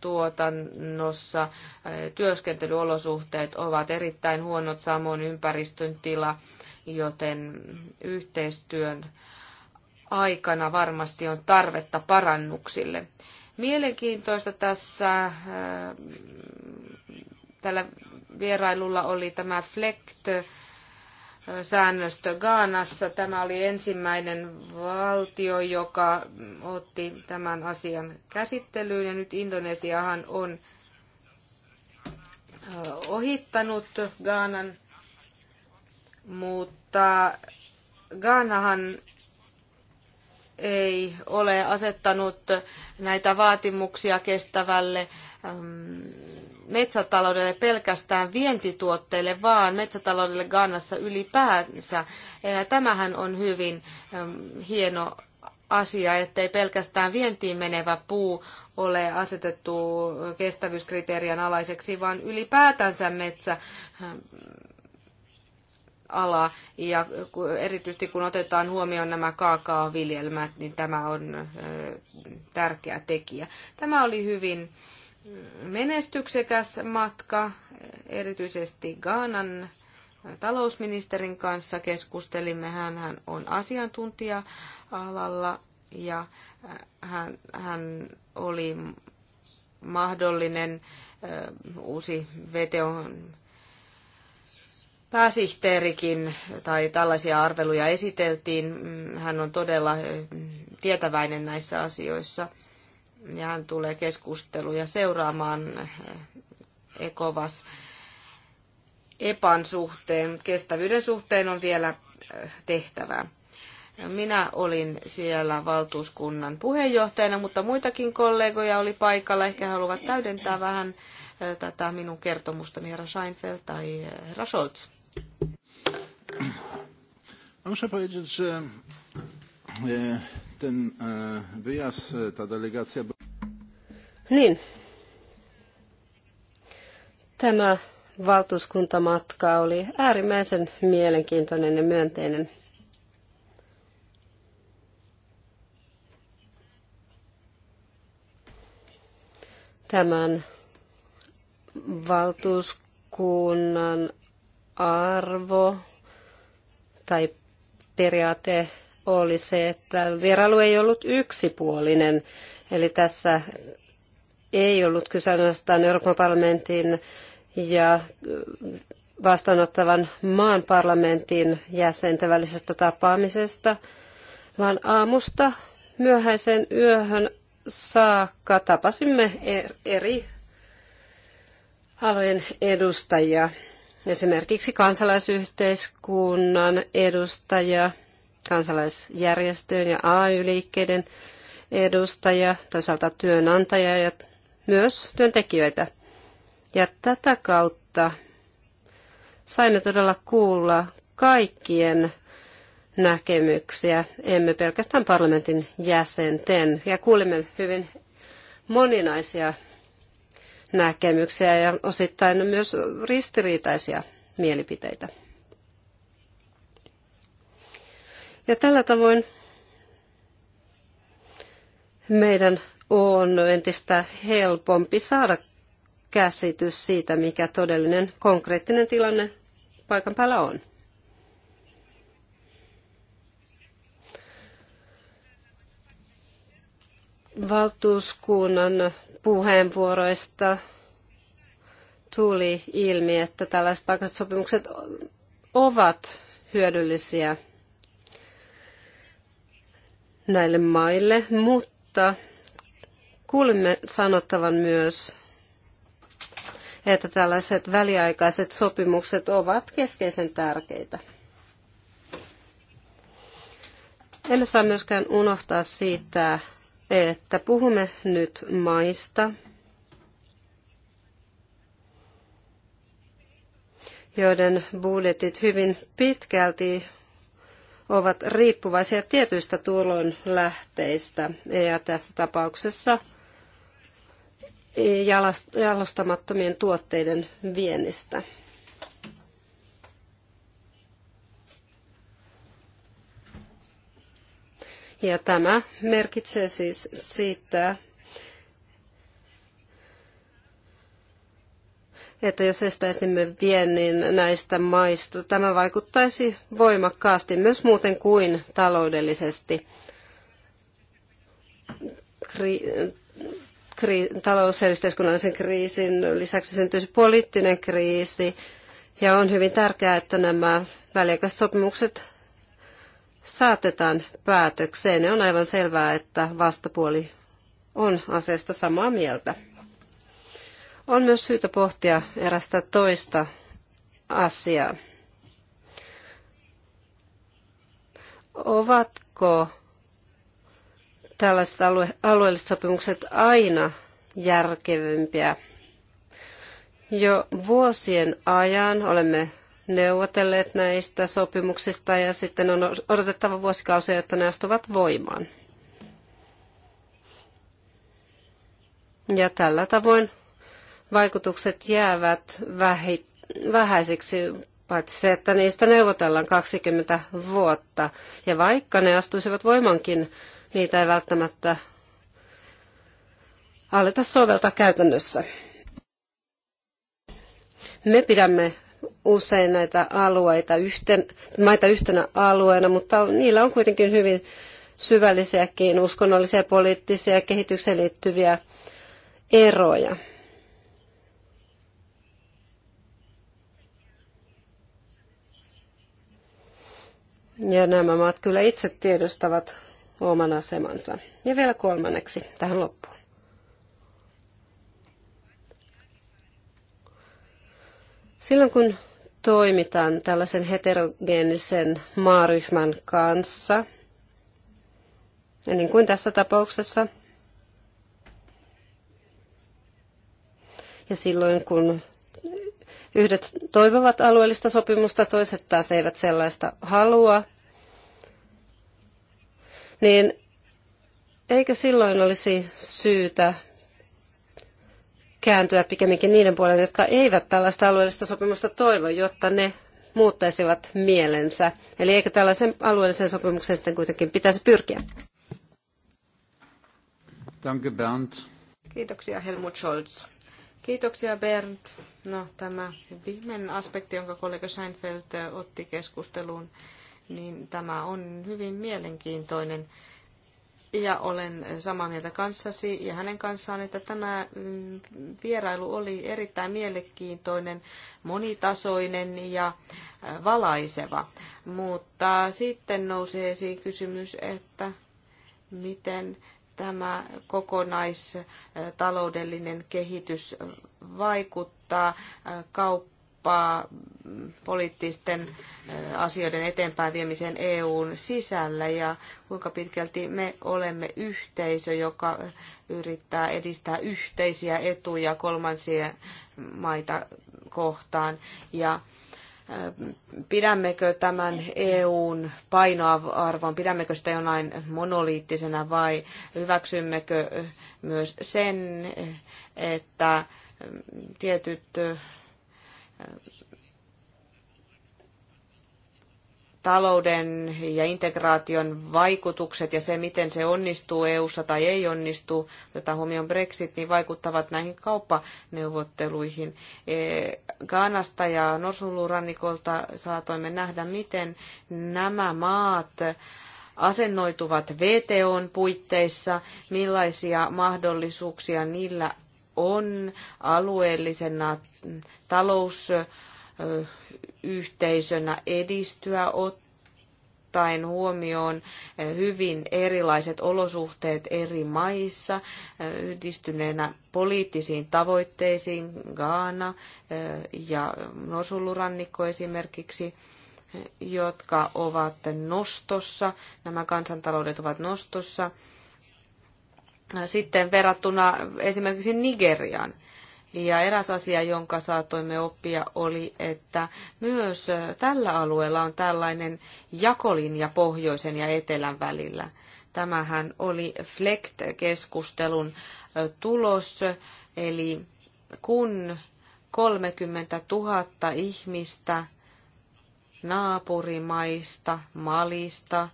tuotannossa työskentelyolosuhteet ovat erittäin huonot, samoin ympäristön tila, joten yhteistyön aikana varmasti on tarvetta parannuksille. Mielenkiintoista tässä tällä vierailulla oli tämä FLECT, säännöstö Gaanassa. Tämä oli ensimmäinen valtio, joka otti tämän asian käsittelyyn ja nyt Indonesiahan on äh, ohittanut Gaanan, mutta Gaanahan ei ole asettanut näitä vaatimuksia kestävälle metsätaloudelle pelkästään vientituotteille, vaan metsätaloudelle Ghanassa ylipäänsä. Tämähän on hyvin hieno asia, ettei pelkästään vientiin menevä puu ole asetettu kestävyyskriteerien alaiseksi, vaan ylipäätänsä metsä ala, ja erityisesti kun otetaan huomioon nämä kaakaoviljelmät, niin tämä on tärkeä tekijä. Tämä oli hyvin menestyksekäs matka, erityisesti Gaanan talousministerin kanssa keskustelimme. Hän, hän on asiantuntija alalla ja äh, hän, hän oli mahdollinen äh, uusi VTOn pääsihteerikin tai tällaisia arveluja esiteltiin. Mm, hän on todella äh, tietäväinen näissä asioissa ja hän tulee keskusteluja seuraamaan eh, Ekovas EPAN suhteen. Kestävyyden suhteen on vielä eh, tehtävää. Minä olin siellä valtuuskunnan puheenjohtajana, mutta muitakin kollegoja oli paikalla. Ehkä haluavat täydentää vähän eh, tätä minun kertomustani, herra Scheinfeld tai herra Scholz. Muszę powiedzieć, że
ten e, wyjazd, e, ta delegacja... Niin. Tämä valtuuskuntamatka oli äärimmäisen mielenkiintoinen ja myönteinen. Tämän valtuuskunnan arvo tai periaate oli se, että vierailu ei ollut yksipuolinen. Eli tässä ei ollut kyse ainoastaan Euroopan parlamentin ja vastaanottavan maan parlamentin jäsenten välisestä tapaamisesta, vaan aamusta myöhäiseen yöhön saakka tapasimme er- eri alojen edustajia, esimerkiksi kansalaisyhteiskunnan edustajia, kansalaisjärjestöjen ja AY-liikkeiden edustajia, toisaalta työnantajia ja myös työntekijöitä. Ja tätä kautta saimme todella kuulla kaikkien näkemyksiä, emme pelkästään parlamentin jäsenten. Ja kuulimme hyvin moninaisia näkemyksiä ja osittain myös ristiriitaisia mielipiteitä. Ja tällä tavoin meidän on entistä helpompi saada käsitys siitä, mikä todellinen konkreettinen tilanne paikan päällä on. Valtuuskunnan puheenvuoroista tuli ilmi, että tällaiset paikalliset sopimukset ovat hyödyllisiä näille maille, mutta kuulimme sanottavan myös, että tällaiset väliaikaiset sopimukset ovat keskeisen tärkeitä. Emme saa myöskään unohtaa siitä, että puhumme nyt maista, joiden budjetit hyvin pitkälti ovat riippuvaisia tietyistä tulonlähteistä ja tässä tapauksessa jalostamattomien tuotteiden viennistä. Ja tämä merkitsee siis sitä, että jos estäisimme viennin näistä maista, tämä vaikuttaisi voimakkaasti myös muuten kuin taloudellisesti. Kri- kri- talous- ja yhteiskunnallisen kriisin lisäksi syntyisi poliittinen kriisi, ja on hyvin tärkeää, että nämä väliaikaiset sopimukset saatetaan päätökseen. Ja on aivan selvää, että vastapuoli on asiasta samaa mieltä. On myös syytä pohtia erästä toista asiaa. Ovatko tällaiset alue- alueelliset sopimukset aina järkevämpiä? Jo vuosien ajan olemme neuvotelleet näistä sopimuksista ja sitten on odotettava vuosikausia, että ne astuvat voimaan. Ja tällä tavoin vaikutukset jäävät vähäisiksi, paitsi se, että niistä neuvotellaan 20 vuotta. Ja vaikka ne astuisivat voimankin, niitä ei välttämättä aleta soveltaa käytännössä. Me pidämme usein näitä alueita yhten, maita yhtenä alueena, mutta niillä on kuitenkin hyvin syvällisiäkin uskonnollisia ja poliittisia kehitykseen liittyviä eroja. Ja nämä maat kyllä itse tiedostavat oman asemansa. Ja vielä kolmanneksi tähän loppuun. Silloin kun toimitaan tällaisen heterogeenisen maaryhmän kanssa, ja niin kuin tässä tapauksessa, ja silloin kun Yhdet toivovat alueellista sopimusta, toiset taas eivät sellaista halua. Niin eikö silloin olisi syytä kääntyä pikemminkin niiden puoleen, jotka eivät tällaista alueellista sopimusta toivo, jotta ne muuttaisivat mielensä. Eli eikö tällaisen alueelliseen sopimukseen sitten kuitenkin pitäisi pyrkiä?
Danke Bernd.
Kiitoksia Helmut Scholz. Kiitoksia Bernd. No tämä viimeinen aspekti, jonka kollega Scheinfeld otti keskusteluun, niin tämä on hyvin mielenkiintoinen. Ja olen samaa mieltä kanssasi ja hänen kanssaan, että tämä mm, vierailu oli erittäin mielenkiintoinen, monitasoinen ja äh, valaiseva. Mutta sitten nousee esiin kysymys, että miten tämä kokonaistaloudellinen kehitys vaikuttaa äh, kauppaa mm, poliittisten äh, asioiden eteenpäin viemiseen EUn sisällä ja kuinka pitkälti me olemme yhteisö, joka yrittää edistää yhteisiä etuja kolmansia maita kohtaan ja pidämmekö tämän EUn painoarvon, pidämmekö sitä jonain monoliittisena vai hyväksymmekö myös sen, että tietyt talouden ja integraation vaikutukset ja se, miten se onnistuu EU-ssa tai ei onnistu, jota huomioon Brexit, niin vaikuttavat näihin kauppaneuvotteluihin. E, Gaanasta ja Norsullurannikolta saatoimme nähdä, miten nämä maat asennoituvat VTOn puitteissa, millaisia mahdollisuuksia niillä on alueellisena talous- yhteisönä edistyä ottaen huomioon hyvin erilaiset olosuhteet eri maissa yhdistyneenä poliittisiin tavoitteisiin, Gaana ja Norsulurannikko esimerkiksi jotka ovat nostossa, nämä kansantaloudet ovat nostossa, sitten verrattuna esimerkiksi Nigeriaan. Ja eräs asia, jonka saatoimme oppia, oli, että myös tällä alueella on tällainen jakolinja pohjoisen ja etelän välillä. Tämähän oli FLECT-keskustelun tulos, eli kun 30 000 ihmistä naapurimaista, Malista,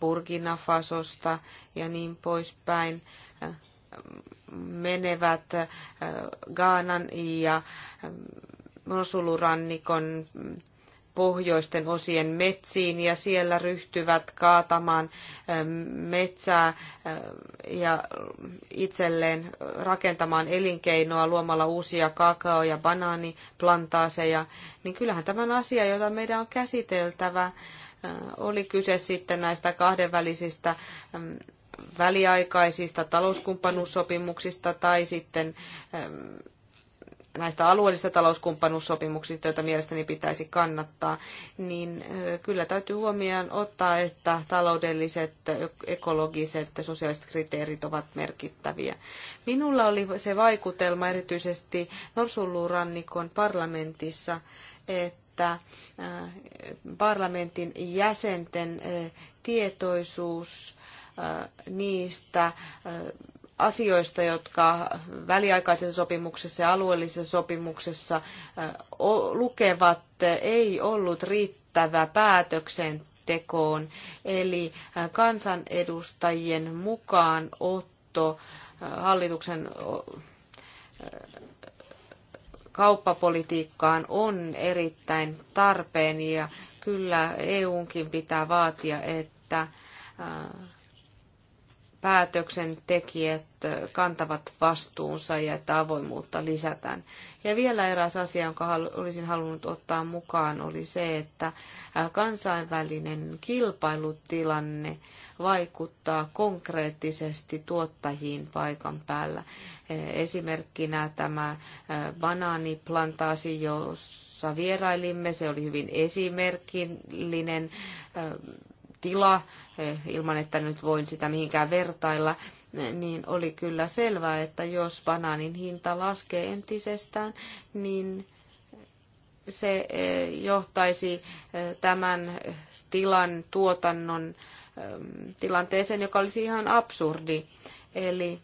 Burkina Fasosta ja niin poispäin menevät äh, Gaanan ja ähm, Mosulurannikon pohjoisten osien metsiin ja siellä ryhtyvät kaatamaan ähm, metsää äh, ja itselleen rakentamaan elinkeinoa luomalla uusia kakao- ja banaaniplantaaseja, niin kyllähän tämän asia, jota meidän on käsiteltävä, äh, oli kyse sitten näistä kahdenvälisistä ähm, väliaikaisista talouskumppanuussopimuksista tai sitten ähm, näistä alueellisista talouskumppanuussopimuksista, joita mielestäni pitäisi kannattaa, niin äh, kyllä täytyy huomioon ottaa, että taloudelliset, ekologiset ja sosiaaliset kriteerit ovat merkittäviä. Minulla oli se vaikutelma erityisesti Norsulluurannikon parlamentissa, että äh, parlamentin jäsenten äh, tietoisuus niistä asioista, jotka väliaikaisessa sopimuksessa ja alueellisessa sopimuksessa lukevat, ei ollut riittävä päätöksentekoon, eli kansanedustajien mukaan otto hallituksen kauppapolitiikkaan on erittäin tarpeen ja kyllä EUnkin pitää vaatia, että päätöksentekijät kantavat vastuunsa ja että avoimuutta lisätään. Ja vielä eräs asia, jonka olisin halunnut ottaa mukaan, oli se, että kansainvälinen kilpailutilanne vaikuttaa konkreettisesti tuottajiin paikan päällä. E, esimerkkinä tämä banaaniplantaasi, jossa vierailimme, se oli hyvin esimerkillinen tila Eh, ilman että nyt voin sitä mihinkään vertailla, niin oli kyllä selvää, että jos banaanin hinta laskee entisestään, niin se eh, johtaisi eh, tämän tilan tuotannon ehm, tilanteeseen, joka olisi ihan absurdi. Eli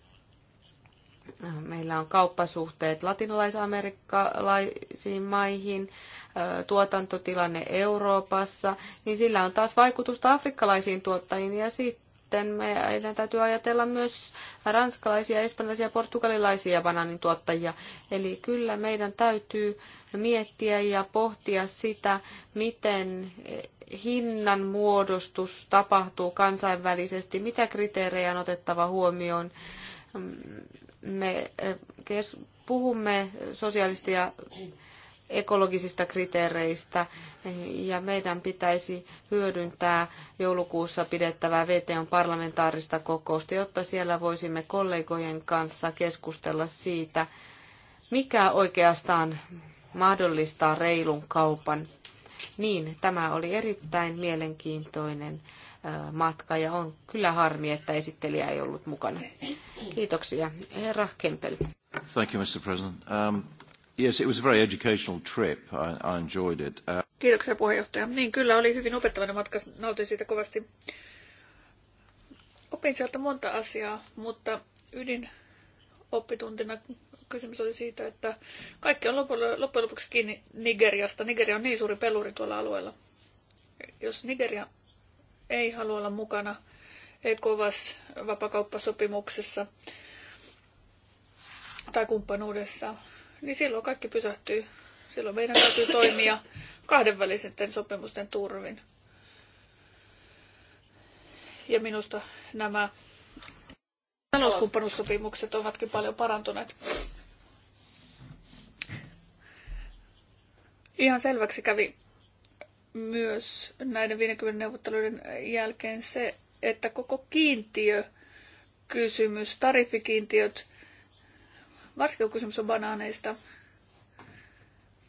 meillä on kauppasuhteet latinalaisamerikkalaisiin maihin, tuotantotilanne Euroopassa, niin sillä on taas vaikutusta afrikkalaisiin tuottajiin ja sitten meidän täytyy ajatella myös ranskalaisia, espanjalaisia ja portugalilaisia bananin tuottajia. Eli kyllä meidän täytyy miettiä ja pohtia sitä, miten hinnan muodostus tapahtuu kansainvälisesti, mitä kriteerejä on otettava huomioon. Mm, me puhumme sosiaalista ja ekologisista kriteereistä ja meidän pitäisi hyödyntää joulukuussa pidettävää VTOn parlamentaarista kokousta, jotta siellä voisimme kollegojen kanssa keskustella siitä, mikä oikeastaan mahdollistaa reilun kaupan. Niin, tämä oli erittäin mielenkiintoinen matka ja on kyllä harmi, että esittelijä ei ollut mukana. Kiitoksia. Herra Kempel.
Thank you, Mr. President. Um... Yes, it was a very educational trip. I, I enjoyed it. Uh... Kiitoksia puheenjohtaja. Niin, kyllä oli hyvin opettavainen matka. Nautin siitä kovasti. Opin sieltä monta asiaa, mutta ydin oppituntina kysymys oli siitä, että kaikki on loppujen lopuksi kiinni Nigeriasta. Nigeria on niin suuri peluri tuolla alueella. Jos Nigeria ei halua olla mukana ECOVAS vapakauppasopimuksessa tai kumppanuudessa, niin silloin kaikki pysähtyy. Silloin meidän täytyy toimia kahdenvälisten sopimusten turvin. Ja minusta nämä talouskumppanuussopimukset ovatkin paljon parantuneet. Ihan selväksi kävi myös näiden 50 neuvotteluiden jälkeen se, että koko kiintiö kysymys, tariffikiintiöt varsinkin kysymys on banaaneista,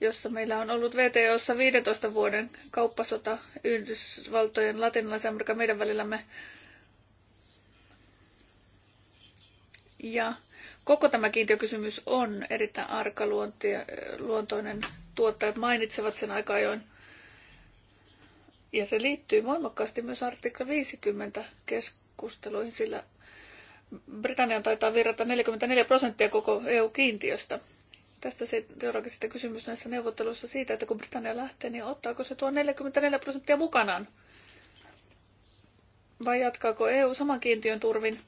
jossa meillä on ollut VTOssa 15 vuoden kauppasota Yhdysvaltojen, Latinalaisen Amerikan meidän välillämme. Ja koko tämä kiintiökysymys on erittäin arkaluontoinen. Tuottajat mainitsevat sen aika ajoin. Ja se liittyy voimakkaasti myös artikla 50 keskusteluihin, sillä Britannian taitaa virrata 44 prosenttia koko EU-kiintiöstä. Tästä seuraakin sitten kysymys näissä neuvotteluissa siitä, että kun Britannia lähtee, niin ottaako se tuo 44 prosenttia mukanaan? Vai jatkaako EU saman kiintiön turvin?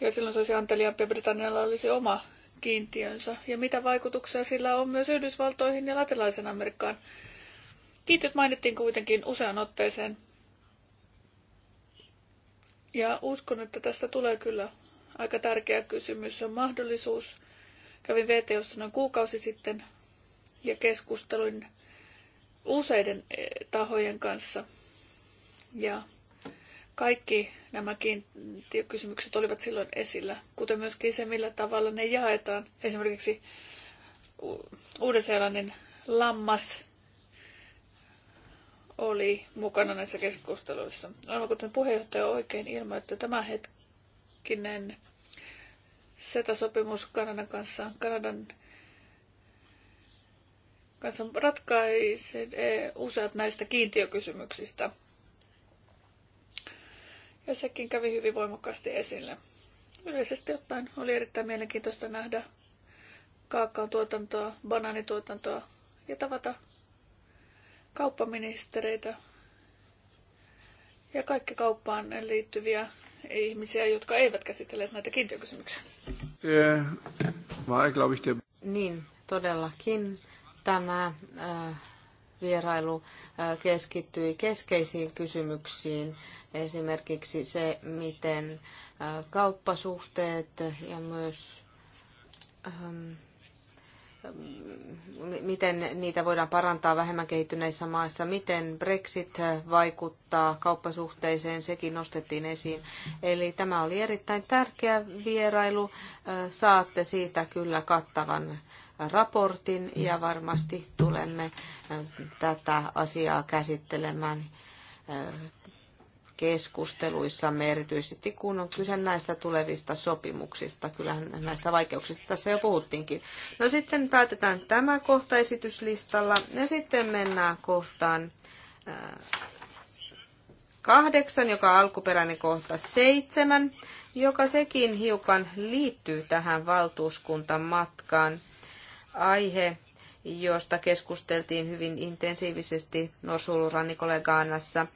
Ja silloin se olisi anteliaampi Britannialla olisi oma kiintiönsä. Ja mitä vaikutuksia sillä on myös Yhdysvaltoihin ja latinalaisen Amerikkaan? Kiintiöt mainittiin kuitenkin usean otteeseen. Ja uskon, että tästä tulee kyllä aika tärkeä kysymys ja mahdollisuus. Kävin VTOssa noin kuukausi sitten ja keskustelin useiden e, tahojen kanssa. Ja kaikki nämä kysymykset olivat silloin esillä, kuten myöskin se, millä tavalla ne jaetaan. Esimerkiksi Uuden-Seelannin lammas oli mukana näissä keskusteluissa. Aivan kuten puheenjohtaja oikein ilmoitti, hetkinen SETA-sopimus Kanadan kanssa, Kanadan kanssa ratkaisi e, useat näistä kiintiökysymyksistä. Ja sekin kävi hyvin voimakkaasti esille. Yleisesti ottaen oli erittäin mielenkiintoista nähdä kaakaon tuotantoa, banaanituotantoa ja tavata kauppaministereitä ja kaikki kauppaan liittyviä ihmisiä, jotka eivät käsitelleet näitä kiintiökysymyksiä. Äh, niin,
todellakin tämä äh, vierailu äh, keskittyi keskeisiin kysymyksiin, esimerkiksi se, miten kauppasuhteet ja myös ähm, miten niitä voidaan parantaa vähemmän kehittyneissä maissa, miten Brexit vaikuttaa kauppasuhteeseen, sekin nostettiin esiin. Eli tämä oli erittäin tärkeä vierailu. Saatte siitä kyllä kattavan raportin ja varmasti tulemme tätä asiaa käsittelemään keskusteluissamme, erityisesti kun on kyse näistä tulevista sopimuksista. Kyllähän näistä vaikeuksista tässä jo puhuttiinkin. No sitten päätetään tämä kohta esityslistalla ja sitten mennään kohtaan äh, kahdeksan, joka on alkuperäinen kohta seitsemän, joka sekin hiukan liittyy tähän valtuuskuntamatkaan. Aihe josta keskusteltiin hyvin intensiivisesti Norsulurannikolla Gaanassa.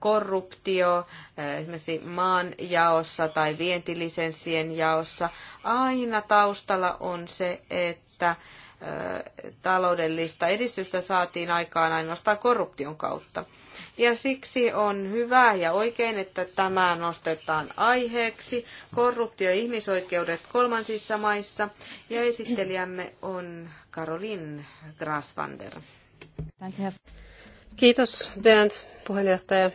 Korruptio, eh, esimerkiksi maanjaossa tai vientilisenssien jaossa. Aina taustalla on se, että eh, taloudellista edistystä saatiin aikaan ainoastaan korruption kautta. Ja siksi on hyvä ja oikein, että tämä nostetaan aiheeksi. Korruptio ja ihmisoikeudet kolmansissa maissa. Ja esittelijämme on Karolin Grasvander.
Kiitos Bernd, puheenjohtaja.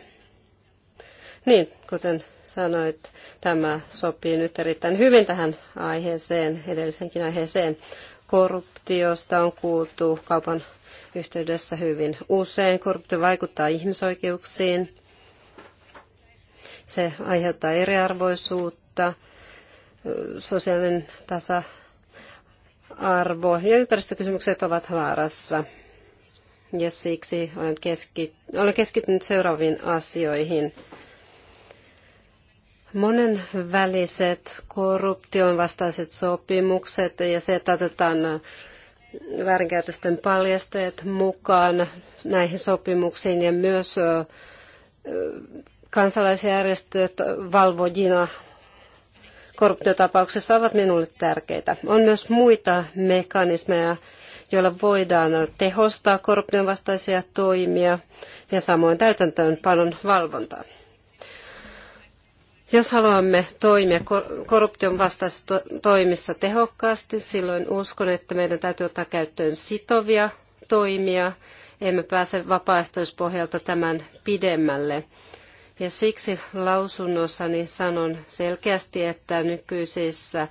Niin, kuten sanoit, tämä sopii nyt erittäin hyvin tähän aiheeseen, edellisenkin aiheeseen. Korruptiosta on kuultu kaupan yhteydessä hyvin usein. Korruptio vaikuttaa ihmisoikeuksiin. Se aiheuttaa eriarvoisuutta, sosiaalinen tasa-arvo ja ympäristökysymykset ovat vaarassa. Ja siksi olen, keski, olen keskittynyt seuraaviin asioihin. Monen väliset korruption vastaiset sopimukset ja se, että otetaan väärinkäytösten paljastajat mukaan näihin sopimuksiin ja myös kansalaisjärjestöt valvojina korruptiotapauksessa ovat minulle tärkeitä. On myös muita mekanismeja, joilla voidaan tehostaa korruption vastaisia toimia ja samoin täytäntöönpanon valvontaa. Jos haluamme toimia korruption vastaisissa toimissa tehokkaasti, silloin uskon, että meidän täytyy ottaa käyttöön sitovia toimia. Emme pääse vapaaehtoispohjalta tämän pidemmälle. Ja siksi lausunnossani sanon selkeästi, että nykyisissä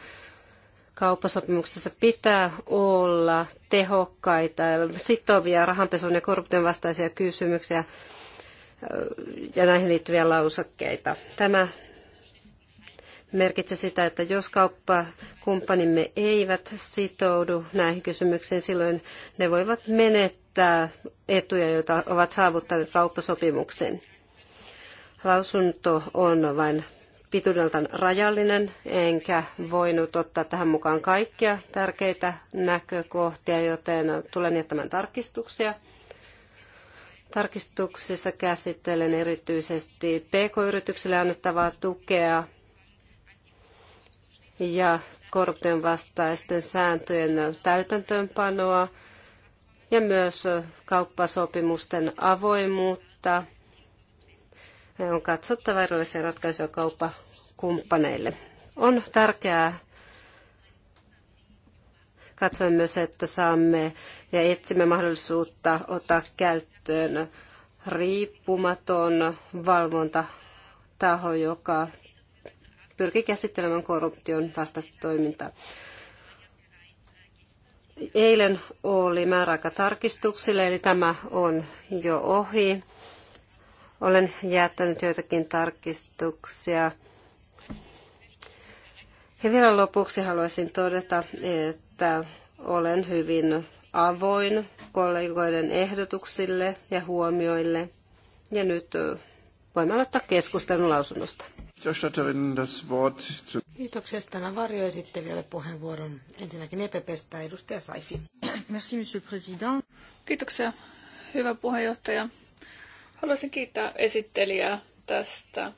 kauppasopimuksessa pitää olla tehokkaita ja sitovia rahanpesun ja korruption vastaisia kysymyksiä ja näihin liittyviä lausakkeita. Tämä merkitse sitä, että jos kauppakumppanimme eivät sitoudu näihin kysymyksiin, silloin ne voivat menettää etuja, joita ovat saavuttaneet kauppasopimuksen. Lausunto on vain pituudeltaan rajallinen, enkä voinut ottaa tähän mukaan kaikkia tärkeitä näkökohtia, joten tulen jättämään tarkistuksia. Tarkistuksissa käsittelen erityisesti pk-yrityksille annettavaa tukea ja korruption vastaisten sääntöjen täytäntöönpanoa ja myös kauppasopimusten avoimuutta. On katsottava erilaisia ratkaisuja kauppakumppaneille. On tärkeää katsoa myös, että saamme ja etsimme mahdollisuutta ottaa käyttöön riippumaton valvontataho, joka pyrki käsittelemään korruption vastaista toimintaa. Eilen oli määräaika tarkistuksille, eli tämä on jo ohi. Olen jättänyt joitakin tarkistuksia. Ja vielä lopuksi haluaisin todeta, että olen hyvin avoin kollegoiden ehdotuksille ja huomioille. Ja nyt voimme aloittaa keskustelun lausunnosta.
Kiitoksia. Tänä varjoesittelijälle puheenvuoron ensinnäkin EPPstä edustaja Saifi. Merci, monsieur
président. Kiitoksia, hyvä puheenjohtaja. Haluaisin kiittää esittelijää tästä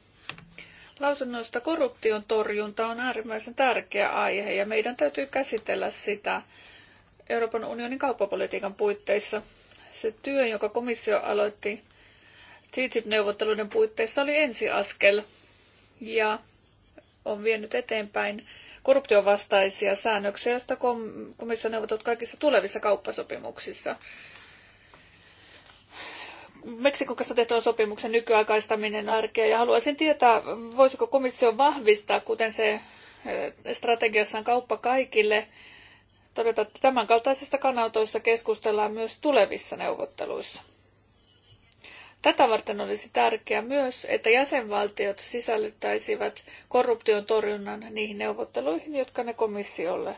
lausunnosta. Korruption torjunta on äärimmäisen tärkeä aihe ja meidän täytyy käsitellä sitä Euroopan unionin kauppapolitiikan puitteissa. Se työ, joka komissio aloitti TTIP-neuvotteluiden puitteissa, oli ensiaskel ja on vienyt eteenpäin korruptiovastaisia säännöksiä, joista komissio neuvotot kaikissa tulevissa kauppasopimuksissa. Meksikon kanssa tehtävän sopimuksen nykyaikaistaminen arkea ja haluaisin tietää, voisiko komissio vahvistaa, kuten se eh, strategiassaan kauppa kaikille, todeta, että tämänkaltaisista kannanotoista keskustellaan myös tulevissa neuvotteluissa. Tätä varten olisi tärkeää myös, että jäsenvaltiot sisällyttäisivät korruption torjunnan niihin neuvotteluihin, jotka ne komissiolle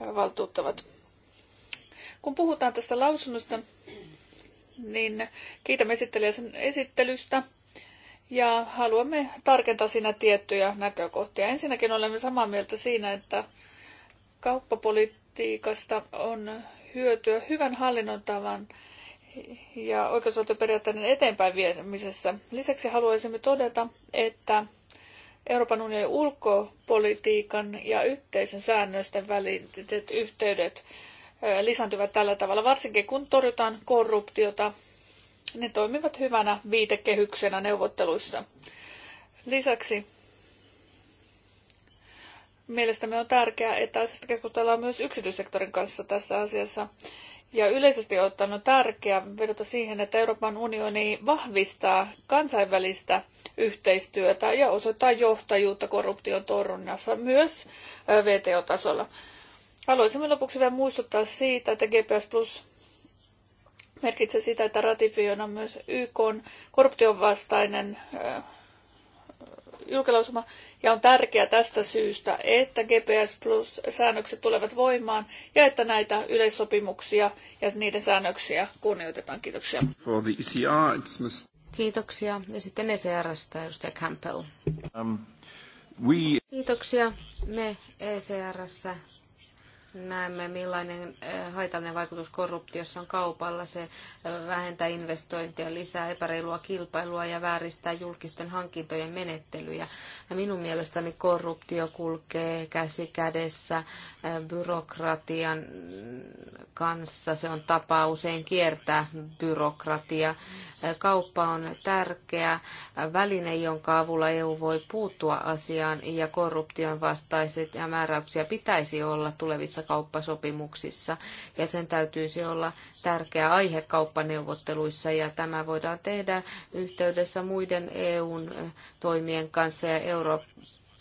valtuuttavat. Kun puhutaan tästä lausunnosta, niin kiitämme esittelijä sen esittelystä ja haluamme tarkentaa siinä tiettyjä näkökohtia. Ensinnäkin olemme samaa mieltä siinä, että kauppapolitiikasta on hyötyä hyvän hallinnon tavan ja oikeusvaltioperiaatteiden eteenpäin viemisessä. Lisäksi haluaisimme todeta, että Euroopan unionin ulkopolitiikan ja yhteisön säännösten väliset yhteydet lisääntyvät tällä tavalla, varsinkin kun torjutaan korruptiota. Ne toimivat hyvänä viitekehyksenä neuvotteluissa. Lisäksi mielestämme on tärkeää, että asiasta keskustellaan myös yksityissektorin kanssa tässä asiassa. Ja yleisesti ottaen on tärkeää vedota siihen, että Euroopan unioni vahvistaa kansainvälistä yhteistyötä ja osoittaa johtajuutta korruption torjunnassa myös VTO-tasolla. Haluaisimme lopuksi vielä muistuttaa siitä, että GPS Plus merkitsee sitä, että ratifioidaan myös YK korruption vastainen julkilausuma, ja on tärkeää tästä syystä, että GPS Plus-säännökset tulevat voimaan ja että näitä yleissopimuksia ja niiden säännöksiä kunnioitetaan. Kiitoksia. For the ECR, it's mis- Kiitoksia. Ja sitten ECRstä edustaja Campbell. Um, we...
Kiitoksia. Me ECRssä näemme, millainen eh, haitallinen vaikutus korruptiossa on kaupalla. Se eh, vähentää investointia, lisää epäreilua kilpailua ja vääristää julkisten hankintojen menettelyjä. Ja minun mielestäni korruptio kulkee käsi kädessä eh, byrokratian kanssa. Se on tapa usein kiertää byrokratia. Kauppa on tärkeä väline, jonka avulla EU voi puuttua asiaan ja korruption vastaiset ja määräyksiä pitäisi olla tulevissa tulevissa kauppasopimuksissa. Ja sen täytyisi olla tärkeä aihe kauppaneuvotteluissa ja tämä voidaan tehdä yhteydessä muiden EUn eh, toimien kanssa ja Euroopan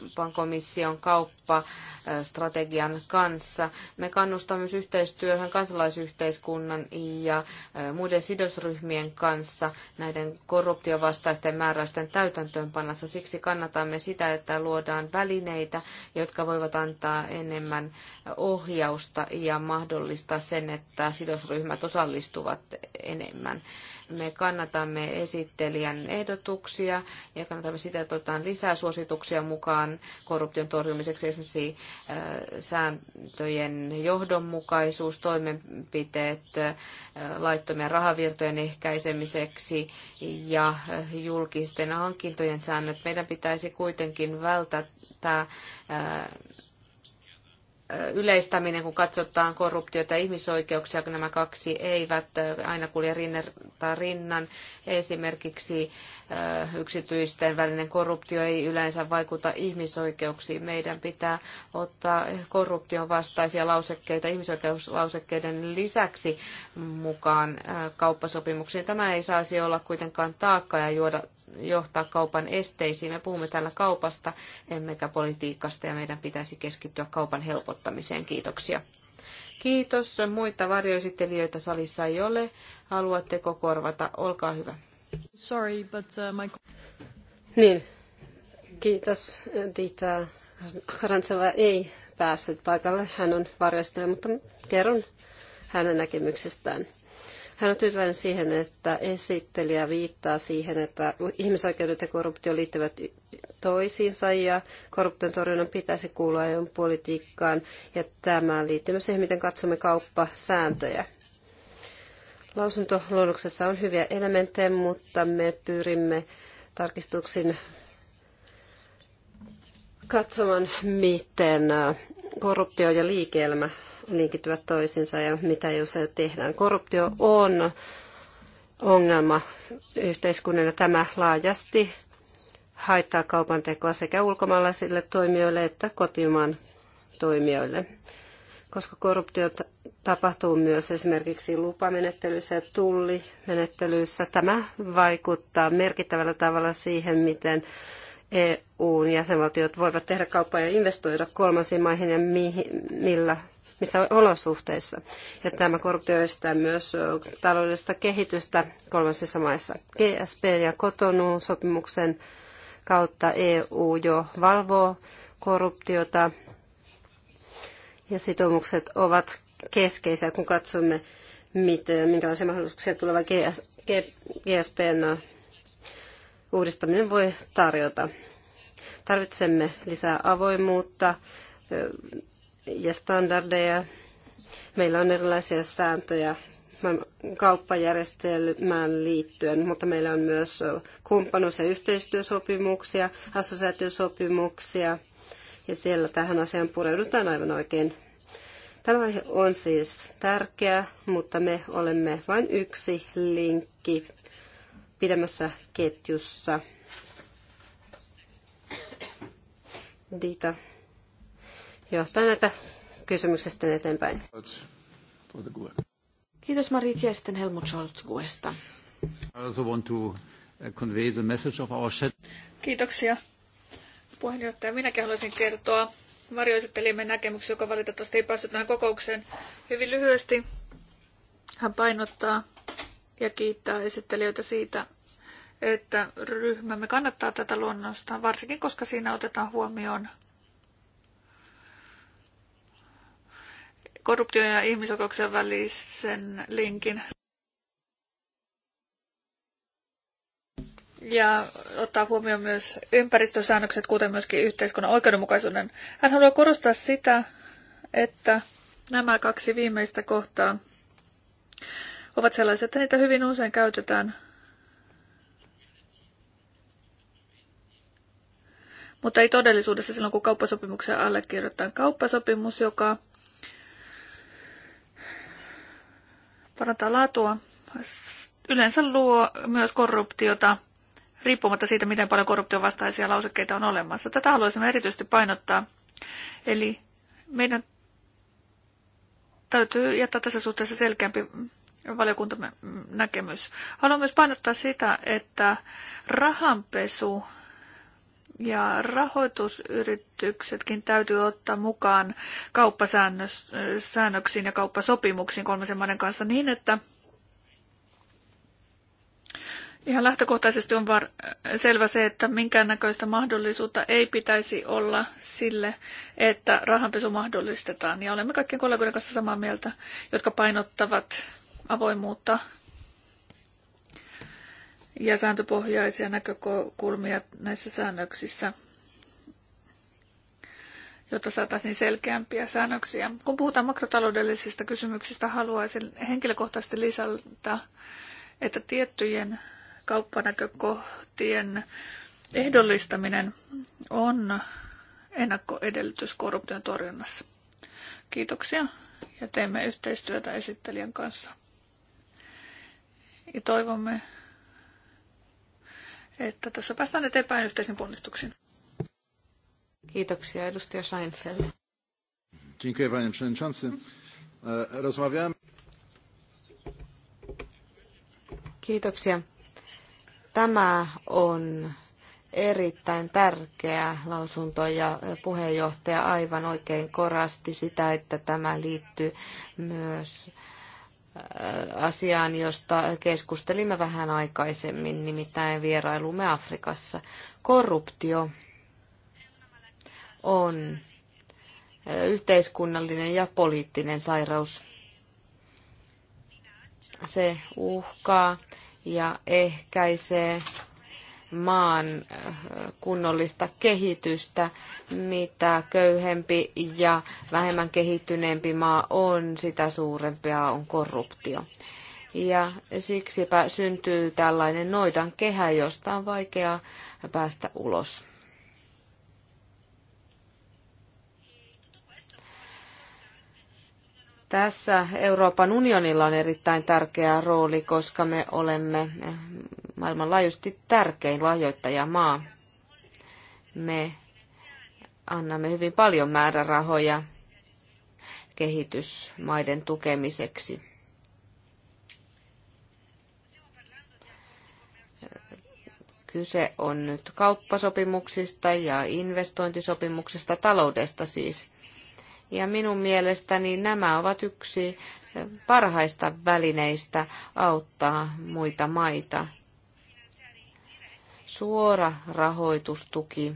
Euroopan komission kauppastrategian äh, kanssa. Me kannustamme myös yhteistyöhön kansalaisyhteiskunnan ja äh, muiden sidosryhmien kanssa näiden korruptiovastaisten määräysten täytäntöönpanossa. Siksi kannatamme sitä, että luodaan välineitä, jotka voivat antaa enemmän äh, ohjausta ja mahdollistaa sen, että sidosryhmät osallistuvat enemmän. Me kannatamme esittelijän ehdotuksia ja kannatamme sitä, että otetaan lisää suosituksia mukaan korruption torjumiseksi, esimerkiksi äh, sääntöjen johdonmukaisuus, toimenpiteet äh, laittomien rahavirtojen ehkäisemiseksi ja äh, julkisten hankintojen säännöt. Meidän pitäisi kuitenkin välttää yleistäminen, kun katsotaan korruptiota ja ihmisoikeuksia, kun nämä kaksi eivät aina kulje rinnata rinnan. Esimerkiksi yksityisten välinen korruptio ei yleensä vaikuta ihmisoikeuksiin. Meidän pitää ottaa korruption vastaisia lausekkeita ihmisoikeuslausekkeiden lisäksi mukaan kauppasopimuksiin. Tämä ei saisi olla kuitenkaan taakka ja juoda johtaa kaupan esteisiin. Me puhumme täällä kaupasta, emmekä politiikasta, ja meidän pitäisi keskittyä kaupan helpottamiseen. Kiitoksia. Kiitos. Muita varjoesittelijöitä salissa ei ole. Haluatteko korvata? Olkaa hyvä.
Sorry, but uh, my...
Niin. Kiitos, Tiitä
Rantseva ei päässyt paikalle. Hän on varjoistelija, mutta kerron hänen näkemyksestään. Hän on tyytyväinen siihen, että esittelijä viittaa siihen, että ihmisoikeudet ja korruptio liittyvät toisiinsa ja korruption torjunnan pitäisi kuulua EUn politiikkaan ja tämä liittyy myös siihen, miten katsomme kauppasääntöjä. Lausuntoluonnoksessa on hyviä elementtejä, mutta me pyrimme tarkistuksin katsomaan, miten korruptio ja liike linkittyvät toisiinsa ja mitä jos tehdään. Korruptio on ongelma yhteiskunnille. Tämä laajasti haittaa kaupan tekoa sekä ulkomaalaisille toimijoille että kotimaan toimijoille. Koska korruptio tapahtuu myös esimerkiksi lupamenettelyissä ja tullimenettelyissä, tämä vaikuttaa merkittävällä tavalla siihen, miten EUn jäsenvaltiot voivat tehdä kauppaa ja investoida kolmansiin maihin ja mihin, millä missä olosuhteissa. Ja tämä korruptio estää myös taloudellista kehitystä kolmansissa maissa. GSP ja Kotonu sopimuksen kautta EU jo valvoo korruptiota ja sitoumukset ovat keskeisiä, kun katsomme, miten, minkälaisia mahdollisuuksia tuleva GS, GSPn uudistaminen voi tarjota. Tarvitsemme lisää avoimuutta, ja standardeja. Meillä on erilaisia sääntöjä kauppajärjestelmään liittyen, mutta meillä on myös kumppanuus- ja yhteistyösopimuksia, assosiaatiosopimuksia, ja siellä tähän asiaan pureudutaan aivan oikein. Tämä aihe on siis tärkeä, mutta me olemme vain yksi linkki pidemmässä ketjussa. Dita johtaa näitä kysymyksiä sitten eteenpäin.
Kiitos Marit ja sitten Helmut Scholz Guesta. Uh, Kiitoksia puheenjohtaja. Minäkin haluaisin kertoa varjoesittelijämme näkemyksen, joka valitettavasti ei päässyt tähän kokoukseen hyvin lyhyesti. Hän painottaa ja kiittää esittelijöitä siitä, että ryhmämme kannattaa tätä luonnosta, varsinkin koska siinä otetaan huomioon korruption ja ihmisoikeuksien välisen linkin. ja ottaa huomioon myös ympäristösäännökset, kuten myöskin yhteiskunnan oikeudenmukaisuuden. Hän haluaa korostaa sitä, että nämä kaksi viimeistä kohtaa ovat sellaisia, että niitä hyvin usein käytetään. Mutta ei todellisuudessa silloin, kun kauppasopimuksia allekirjoitetaan. Kauppasopimus, joka parantaa laatua, yleensä luo myös korruptiota, riippumatta siitä, miten paljon korruptiovastaisia lausekkeita on olemassa. Tätä haluaisimme erityisesti painottaa. Eli meidän täytyy jättää tässä suhteessa selkeämpi valiokuntamme näkemys. Haluan myös painottaa sitä, että rahanpesu ja rahoitusyrityksetkin täytyy ottaa mukaan kauppasäännöksiin ja kauppasopimuksiin kolmasen maiden kanssa niin, että ihan lähtökohtaisesti on var- selvä se, että minkäännäköistä mahdollisuutta ei pitäisi olla sille, että rahanpesu mahdollistetaan. Ja olemme kaikkien kollegoiden kanssa samaa mieltä, jotka painottavat avoimuutta ja sääntöpohjaisia näkökulmia näissä säännöksissä, jotta saataisiin selkeämpiä säännöksiä. Kun puhutaan makrotaloudellisista kysymyksistä, haluaisin henkilökohtaisesti lisätä, että tiettyjen kauppanäkökohtien ehdollistaminen on ennakkoedellytys korruption torjunnassa. Kiitoksia ja teemme yhteistyötä esittelijän kanssa. Ja toivomme, että tässä päästään eteenpäin yhteisen ponnistuksen. Kiitoksia, edustaja Seinfeld.
Dziękuję, panie przewodniczący. E, rozmawiamy...
Kiitoksia. Tämä on erittäin tärkeä lausunto ja puheenjohtaja aivan oikein korasti sitä, että tämä liittyy myös asiaan, josta keskustelimme vähän aikaisemmin, nimittäin vierailumme Afrikassa. Korruptio on yhteiskunnallinen ja poliittinen sairaus. Se uhkaa ja ehkäisee maan äh, kunnollista kehitystä. Mitä köyhempi ja vähemmän kehittyneempi maa on, sitä suurempia on korruptio. Ja siksipä syntyy tällainen noidan kehä, josta on vaikea päästä ulos. Tässä Euroopan unionilla on erittäin tärkeä rooli, koska me olemme maailmanlaajuisesti tärkein lahjoittajamaa. Me annamme hyvin paljon määrärahoja kehitysmaiden tukemiseksi. Kyse on nyt kauppasopimuksista ja investointisopimuksista, taloudesta siis. Ja minun mielestäni nämä ovat yksi parhaista välineistä auttaa muita maita suora rahoitustuki.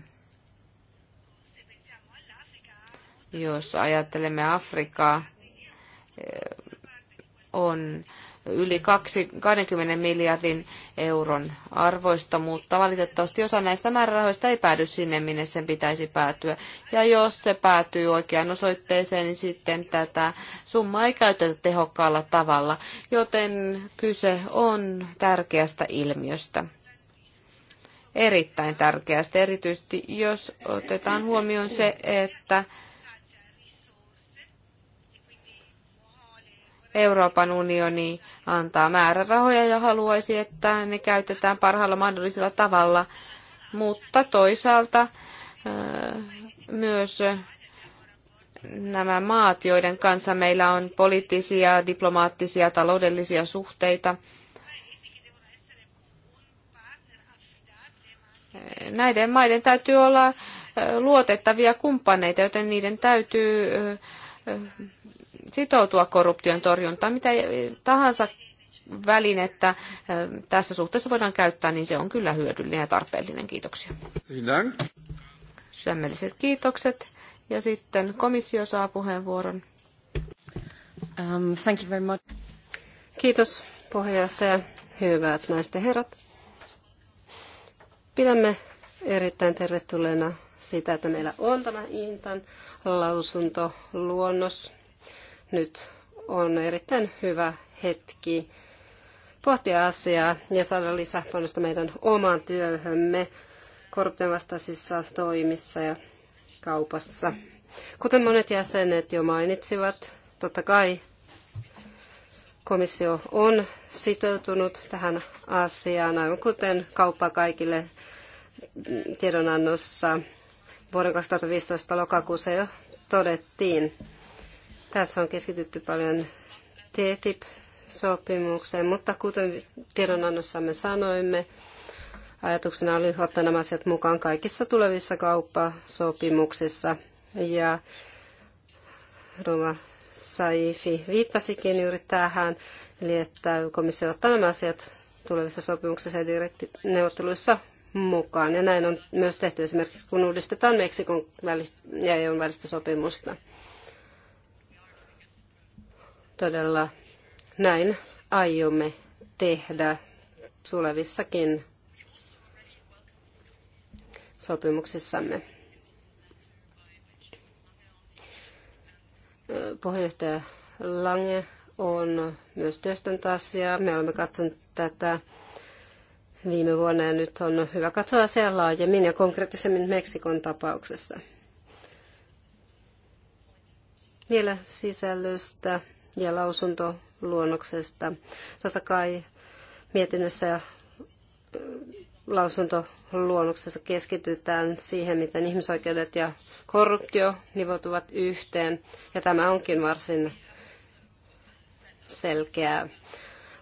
Jos ajattelemme Afrikaa, eh, on yli 20 miljardin euron arvoista, mutta valitettavasti osa näistä määrärahoista ei päädy sinne, minne sen pitäisi päätyä. Ja jos se päätyy oikeaan osoitteeseen, niin sitten tätä summaa ei käytetä tehokkaalla tavalla, joten kyse on tärkeästä ilmiöstä erittäin tärkeästä, erityisesti jos otetaan huomioon se, että Euroopan unioni antaa määrärahoja ja haluaisi, että ne käytetään parhaalla mahdollisella tavalla, mutta toisaalta äh, myös äh, nämä maat, joiden kanssa meillä on poliittisia, diplomaattisia, taloudellisia suhteita, Näiden maiden täytyy olla luotettavia kumppaneita, joten niiden täytyy sitoutua korruption torjuntaan. Mitä tahansa välinettä tässä suhteessa voidaan käyttää, niin se on kyllä hyödyllinen ja tarpeellinen. Kiitoksia. Sydämelliset kiitokset. Ja sitten komissio saa puheenvuoron. Um, thank you very
much. Kiitos puheenjohtaja. Hyvät naiset herrat. Pidämme erittäin tervetulleena sitä, että meillä on tämä Intan lausuntoluonnos. Nyt on erittäin hyvä hetki pohtia asiaa ja saada lisäpanosta meidän omaan työhömme korruption vastaisissa toimissa ja kaupassa. Kuten monet jäsenet jo mainitsivat, totta kai Komissio on sitoutunut tähän asiaan, aivan kuten kauppa kaikille tiedonannossa vuoden 2015 lokakuussa jo todettiin. Tässä on keskitytty paljon TTIP-sopimukseen, mutta kuten tiedonannossamme sanoimme, ajatuksena oli ottaa nämä asiat mukaan kaikissa tulevissa kauppasopimuksissa. Ja Rova Saifi viittasikin juuri tähän, eli että komissio ottaa nämä asiat tulevissa sopimuksissa ja neuvotteluissa mukaan. Ja näin on myös tehty esimerkiksi, kun uudistetaan Meksikon ja EUn välistä sopimusta. Todella näin aiomme tehdä tulevissakin sopimuksissamme. Puheenjohtaja Lange on myös työstänyt asiaa. Me olemme katsoneet tätä viime vuonna ja nyt on hyvä katsoa asiaa laajemmin ja konkreettisemmin Meksikon tapauksessa. Vielä sisällöstä ja lausuntoluonnoksesta. Totta kai mietinnössä lausuntoluonnoksessa keskitytään siihen, miten ihmisoikeudet ja korruptio nivoutuvat yhteen, ja tämä onkin varsin selkeää.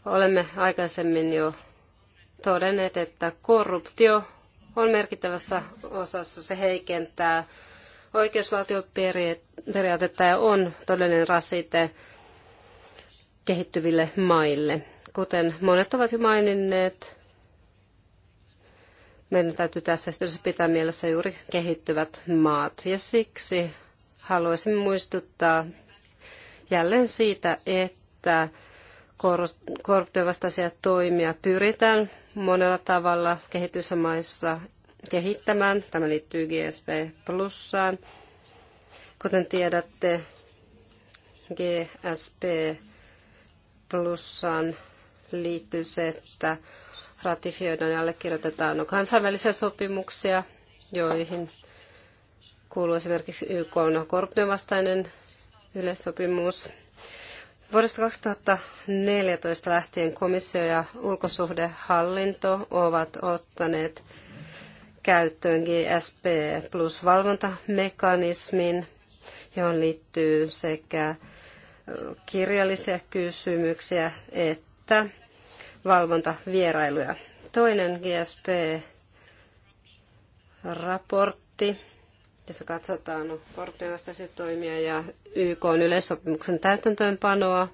Olemme aikaisemmin jo todenneet, että korruptio on merkittävässä osassa. Se heikentää oikeusvaltioperiaatetta ja on todellinen rasite kehittyville maille. Kuten monet ovat jo maininneet, meidän täytyy tässä yhteydessä pitää mielessä juuri kehittyvät maat. Ja siksi haluaisin muistuttaa jälleen siitä, että korruptiovastaisia toimia pyritään monella tavalla kehitysmaissa maissa kehittämään. Tämä liittyy GSP plussaan. Kuten tiedätte, GSP plussaan liittyy se, että ratifioidaan ja allekirjoitetaan no, kansainvälisiä sopimuksia, joihin kuuluu esimerkiksi YK on no, korruption vastainen yleissopimus. Vuodesta 2014 lähtien komissio ja ulkosuhdehallinto ovat ottaneet käyttöön GSP plus valvontamekanismin, johon liittyy sekä kirjallisia kysymyksiä että valvontavierailuja. Toinen GSP-raportti, jossa katsotaan no, vastaisia toimia ja YK yleissopimuksen täytäntöönpanoa,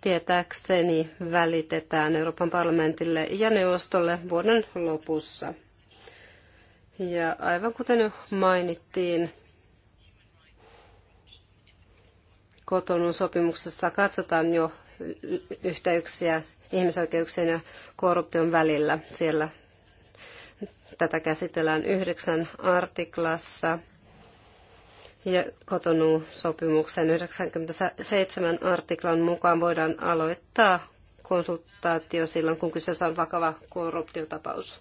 tietääkseni välitetään Euroopan parlamentille ja neuvostolle vuoden lopussa. Ja aivan kuten jo mainittiin, kotonun sopimuksessa katsotaan jo yhteyksiä ihmisoikeuksien ja korruption välillä. Siellä tätä käsitellään yhdeksän artiklassa ja Kotonuu-sopimuksen 97 artiklan mukaan voidaan aloittaa konsultaatio silloin, kun kyseessä on vakava korruptiotapaus.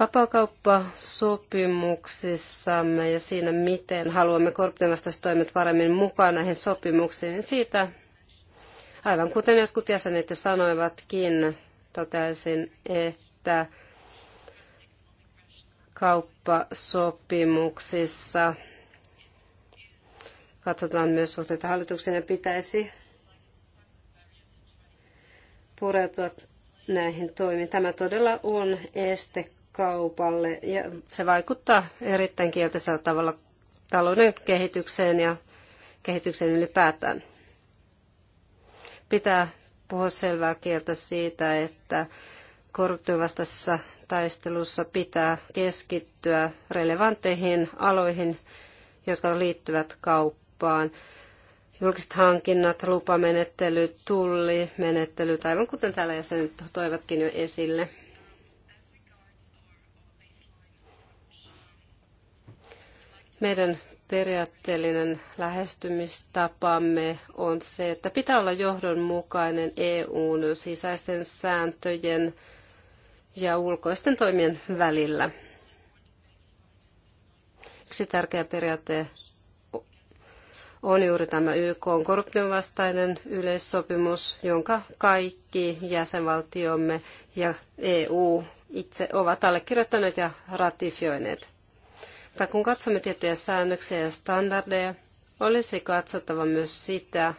Vapaakauppasopimuksissamme ja siinä, miten haluamme korruptionvastaiset toimet paremmin mukaan näihin sopimuksiin, niin siitä Aivan kuten jotkut jäsenet jo sanoivatkin, totesin, että kauppasopimuksissa katsotaan myös suhteita hallituksen ja pitäisi pureutua näihin toimiin. Tämä todella on este kaupalle ja se vaikuttaa erittäin kielteisellä tavalla talouden kehitykseen ja kehitykseen ylipäätään pitää puhua selvää kieltä siitä, että korruptiovastaisessa taistelussa pitää keskittyä relevanteihin aloihin, jotka liittyvät kauppaan. Julkiset hankinnat, lupamenettely, tullimenettely, aivan kuten täällä jäsenet toivatkin jo esille. Meidän periaatteellinen lähestymistapamme on se, että pitää olla johdonmukainen EUn sisäisten sääntöjen ja ulkoisten toimien välillä. Yksi tärkeä periaate on juuri tämä YK on korruption vastainen yleissopimus, jonka kaikki jäsenvaltiomme ja EU itse ovat allekirjoittaneet ja ratifioineet. Mutta kun katsomme tiettyjä säännöksiä ja standardeja, olisi katsottava myös sitä,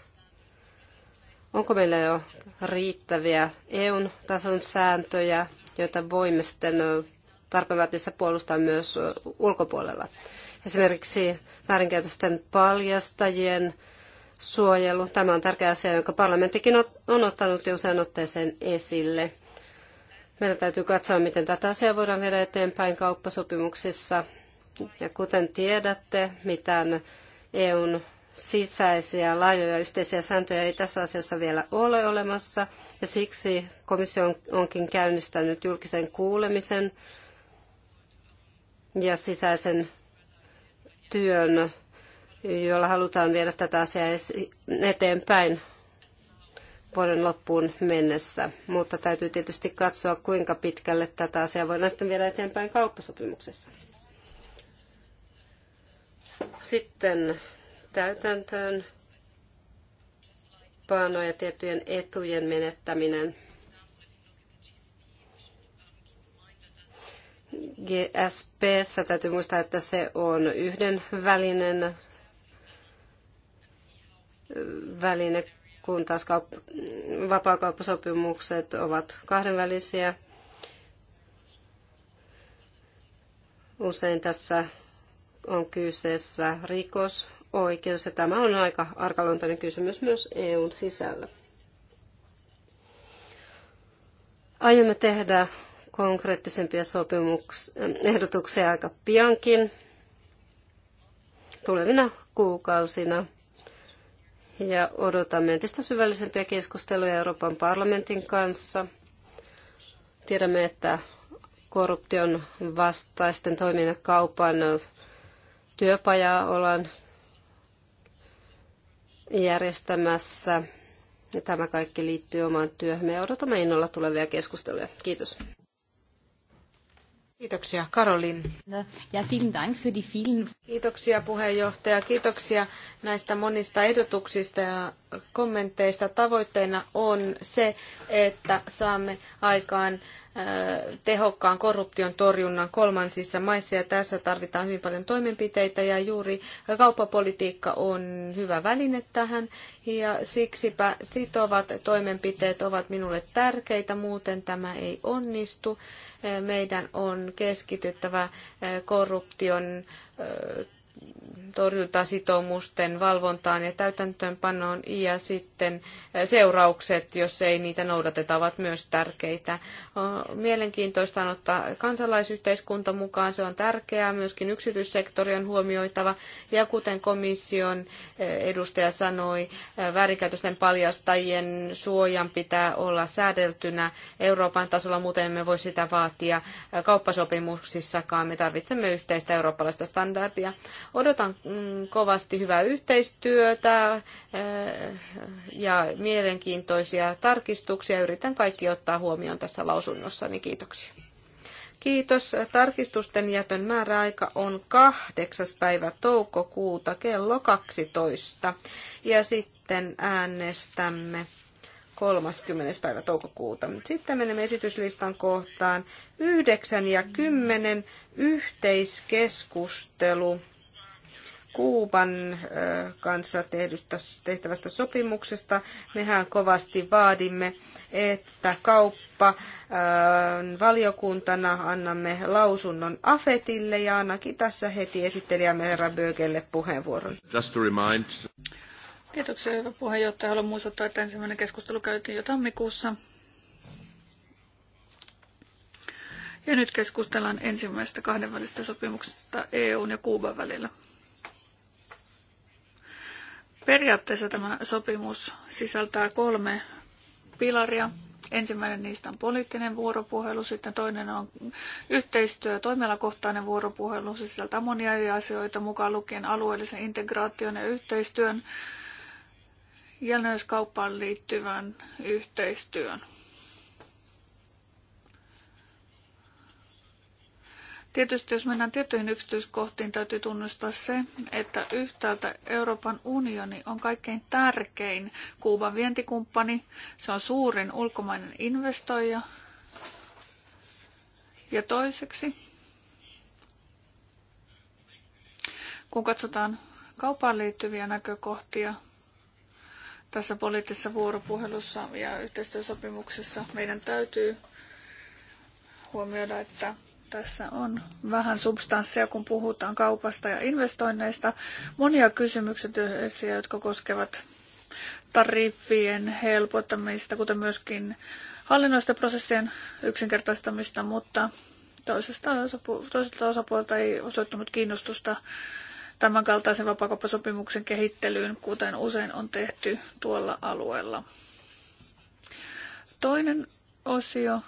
onko meillä jo riittäviä EUn tason sääntöjä, joita voimme sitten tarpeenvaatissa puolustaa myös ulkopuolella. Esimerkiksi väärinkäytösten paljastajien suojelu. Tämä on tärkeä asia, jonka parlamenttikin on ottanut jo usein otteeseen esille. Meidän täytyy katsoa, miten tätä asiaa voidaan viedä eteenpäin kauppasopimuksissa ja kuten tiedätte, mitään EUn sisäisiä laajoja yhteisiä sääntöjä ei tässä asiassa vielä ole olemassa, ja siksi komissio onkin käynnistänyt julkisen kuulemisen ja sisäisen työn, jolla halutaan viedä tätä asiaa eteenpäin vuoden loppuun mennessä. Mutta täytyy tietysti katsoa, kuinka pitkälle tätä asiaa voidaan sitten viedä eteenpäin kauppasopimuksessa. Sitten täytäntöön pano ja tiettyjen etujen menettäminen. GSP täytyy muistaa, että se on yhden välinen väline, kun taas kaup- vapaakauppasopimukset ovat kahdenvälisiä. Usein tässä on kyseessä rikosoikeus ja tämä on aika arkaluontoinen kysymys myös EUn sisällä. Aiomme tehdä konkreettisempia sopimuks- ehdotuksia aika piankin tulevina kuukausina. Ja odotamme entistä syvällisempiä keskusteluja Euroopan parlamentin kanssa. Tiedämme, että korruption vastaisten toiminnan kaupan työpajaa ollaan järjestämässä. Ja tämä kaikki liittyy omaan työhön. Me odotamme innolla tulevia keskusteluja. Kiitos.
Kiitoksia, Karolin. Ja vielen Dank für die vielen... Kiitoksia puheenjohtaja, kiitoksia näistä monista ehdotuksista ja kommenteista. Tavoitteena on se, että saamme aikaan äh, tehokkaan korruption torjunnan kolmansissa maissa ja tässä tarvitaan hyvin paljon toimenpiteitä ja juuri kauppapolitiikka on hyvä väline tähän ja siksipä sitovat toimenpiteet ovat minulle tärkeitä, muuten tämä ei onnistu meidän on keskityttävä korruption torjuntasitoumusten valvontaan ja täytäntöönpanoon ja sitten seuraukset, jos ei niitä noudateta, ovat myös tärkeitä. Mielenkiintoista on ottaa kansalaisyhteiskunta mukaan, se on tärkeää, myöskin yksityissektori on huomioitava ja kuten komission edustaja sanoi, väärinkäytösten paljastajien suojan pitää olla säädeltynä Euroopan tasolla, muuten emme voi sitä vaatia kauppasopimuksissakaan. Me tarvitsemme yhteistä eurooppalaista standardia. Odotan arvostan mm, kovasti hyvää yhteistyötä eh, ja mielenkiintoisia tarkistuksia. Yritän kaikki ottaa huomioon tässä lausunnossani. Niin kiitoksia. Kiitos. Tarkistusten jätön määräaika on 8. päivä toukokuuta kello 12. Ja sitten äänestämme 30. päivä toukokuuta. Sitten menemme esityslistan kohtaan 9 ja 10 yhteiskeskustelu Kuuban kanssa tehdystä, tehtävästä sopimuksesta. Mehän kovasti vaadimme, että kauppa valiokuntana annamme lausunnon AFETille ja annakin tässä heti esittelijämme herra Bögelle puheenvuoron.
Just to remind. Kiitoksia, hyvä puheenjohtaja. Haluan muistuttaa, että ensimmäinen keskustelu käytiin jo tammikuussa. Ja nyt keskustellaan ensimmäisestä kahdenvälisestä sopimuksesta EUn ja Kuuban välillä. Periaatteessa tämä sopimus sisältää kolme pilaria. Ensimmäinen niistä on poliittinen vuoropuhelu, sitten toinen on yhteistyö, toimialakohtainen vuoropuhelu, se sisältää monia eri asioita, mukaan lukien alueellisen integraation ja yhteistyön ja myös kauppaan liittyvän yhteistyön. Tietysti jos mennään tiettyihin yksityiskohtiin, täytyy tunnustaa se, että yhtäältä Euroopan unioni on kaikkein tärkein Kuuban vientikumppani. Se on suurin ulkomainen investoija. Ja toiseksi, kun katsotaan kauppaan liittyviä näkökohtia tässä poliittisessa vuoropuhelussa ja yhteistyösopimuksessa, meidän täytyy huomioida, että tässä on vähän substanssia, kun puhutaan kaupasta ja investoinneista. Monia kysymyksiä, jotka koskevat tariffien helpottamista, kuten myöskin hallinnoista prosessien yksinkertaistamista, mutta toisesta toisesta osapuolta ei osoittanut kiinnostusta tämän kaltaisen kehittelyyn, kuten usein on tehty tuolla alueella. Toinen osio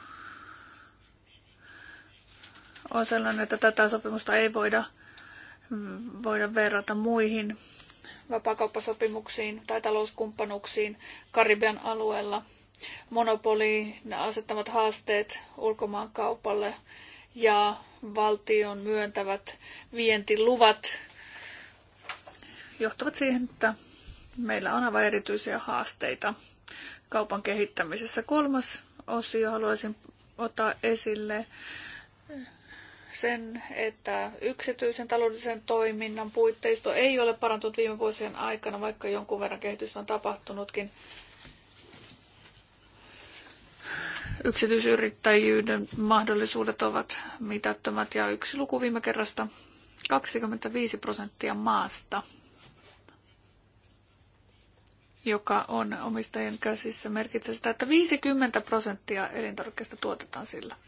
on sellainen, että tätä sopimusta ei voida, voida verrata muihin vapakauppasopimuksiin tai talouskumppanuuksiin Karibian alueella. Monopoliin asettamat haasteet ulkomaankaupalle ja valtion myöntävät vientiluvat johtavat siihen, että meillä on aivan erityisiä haasteita kaupan kehittämisessä. Kolmas osio haluaisin ottaa esille sen, että yksityisen taloudellisen toiminnan puitteisto ei ole parantunut viime vuosien aikana, vaikka jonkun verran kehitystä on tapahtunutkin. Yksityisyrittäjyyden mahdollisuudet ovat mitättömät ja yksi luku viime kerrasta 25 prosenttia maasta, joka on omistajien käsissä, merkitsee sitä, että 50 prosenttia elintarvikkeista tuotetaan sillä –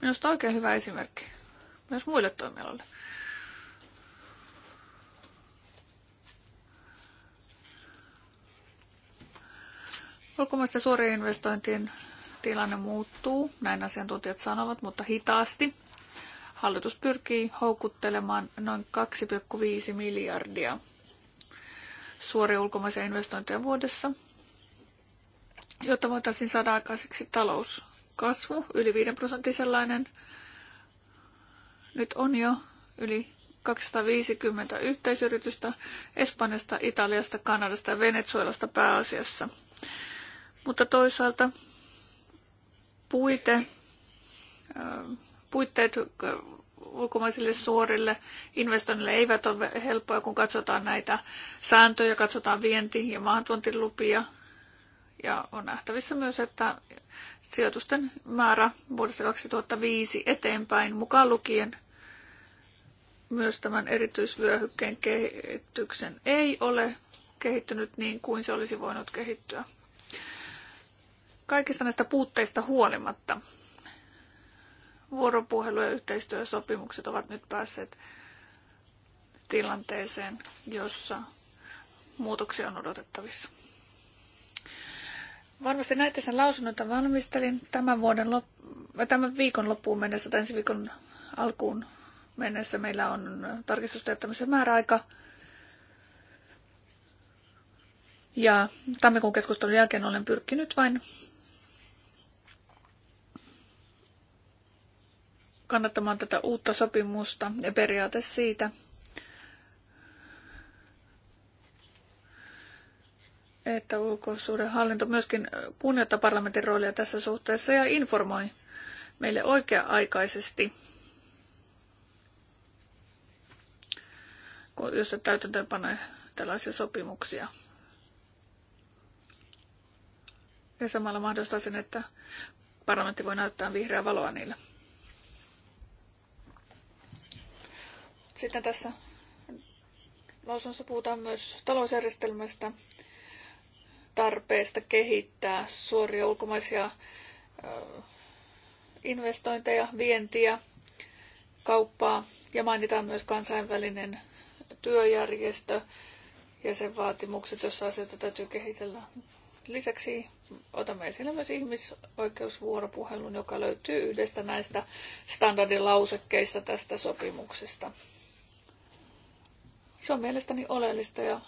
Minusta oikein hyvä esimerkki myös muille toimialoille. Ulkomaista suorien investointien tilanne muuttuu, näin asiantuntijat sanovat, mutta hitaasti. Hallitus pyrkii houkuttelemaan noin 2,5 miljardia suoria ulkomaisia investointeja vuodessa, jotta voitaisiin saada aikaiseksi talous kasvu, yli 5 prosentin sellainen. Nyt on jo yli 250 yhteisyritystä Espanjasta, Italiasta, Kanadasta ja Venezuelasta pääasiassa. Mutta toisaalta puite, puitteet ulkomaisille suorille investoinnille eivät ole helppoja, kun katsotaan näitä sääntöjä, katsotaan vienti- ja maantuontilupia, ja on nähtävissä myös, että sijoitusten määrä vuodesta 2005 eteenpäin, mukaan lukien myös tämän erityisvyöhykkeen kehityksen, ei ole kehittynyt niin kuin se olisi voinut kehittyä. Kaikista näistä puutteista huolimatta vuoropuhelu- ja yhteistyösopimukset ovat nyt päässeet tilanteeseen, jossa muutoksia on odotettavissa. Varmasti näette sen lausunnon, jota valmistelin tämän, vuoden lop- äh, tämän viikon loppuun mennessä tai ensi viikon alkuun mennessä. Meillä on tarkistusteettämisen määräaika. Ja tammikuun keskustelun jälkeen olen pyrkinyt vain kannattamaan tätä uutta sopimusta ja periaate siitä, että hallinto myöskin kunnioittaa parlamentin roolia tässä suhteessa ja informoi meille oikea-aikaisesti, jos se täytäntöönpanee tällaisia sopimuksia. Ja samalla mahdollistaa sen, että parlamentti voi näyttää vihreää valoa niille. Sitten tässä lausunnossa puhutaan myös talousjärjestelmästä tarpeesta kehittää suoria ulkomaisia investointeja, vientiä, kauppaa ja mainitaan myös kansainvälinen työjärjestö ja sen vaatimukset, jossa asioita täytyy kehitellä. Lisäksi otamme esille myös ihmisoikeusvuoropuhelun, joka löytyy yhdestä näistä standardilausekkeista tästä sopimuksesta. Se on mielestäni oleellista ja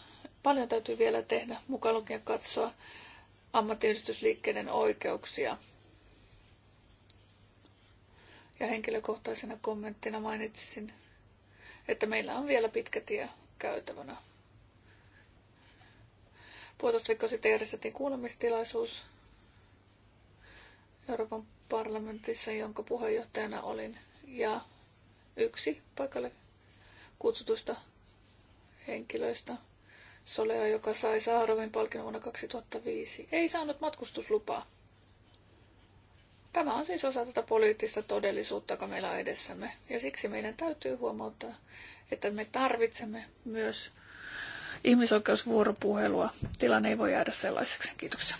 Paljon täytyy vielä tehdä, mukaan lukien katsoa ammattiyhdistysliikkeiden oikeuksia. Ja henkilökohtaisena kommenttina mainitsisin, että meillä on vielä pitkä tie käytävänä. Puolitoista viikkoa sitten järjestettiin kuulemistilaisuus Euroopan parlamentissa, jonka puheenjohtajana olin, ja yksi paikalle kutsutuista henkilöistä – Solea, joka sai Saharovin palkinnon vuonna 2005, ei saanut matkustuslupaa. Tämä on siis osa tätä poliittista todellisuutta, joka meillä on edessämme. Ja siksi meidän täytyy huomauttaa, että me tarvitsemme myös ihmisoikeusvuoropuhelua. Tilanne ei voi jäädä sellaiseksi. Kiitoksia.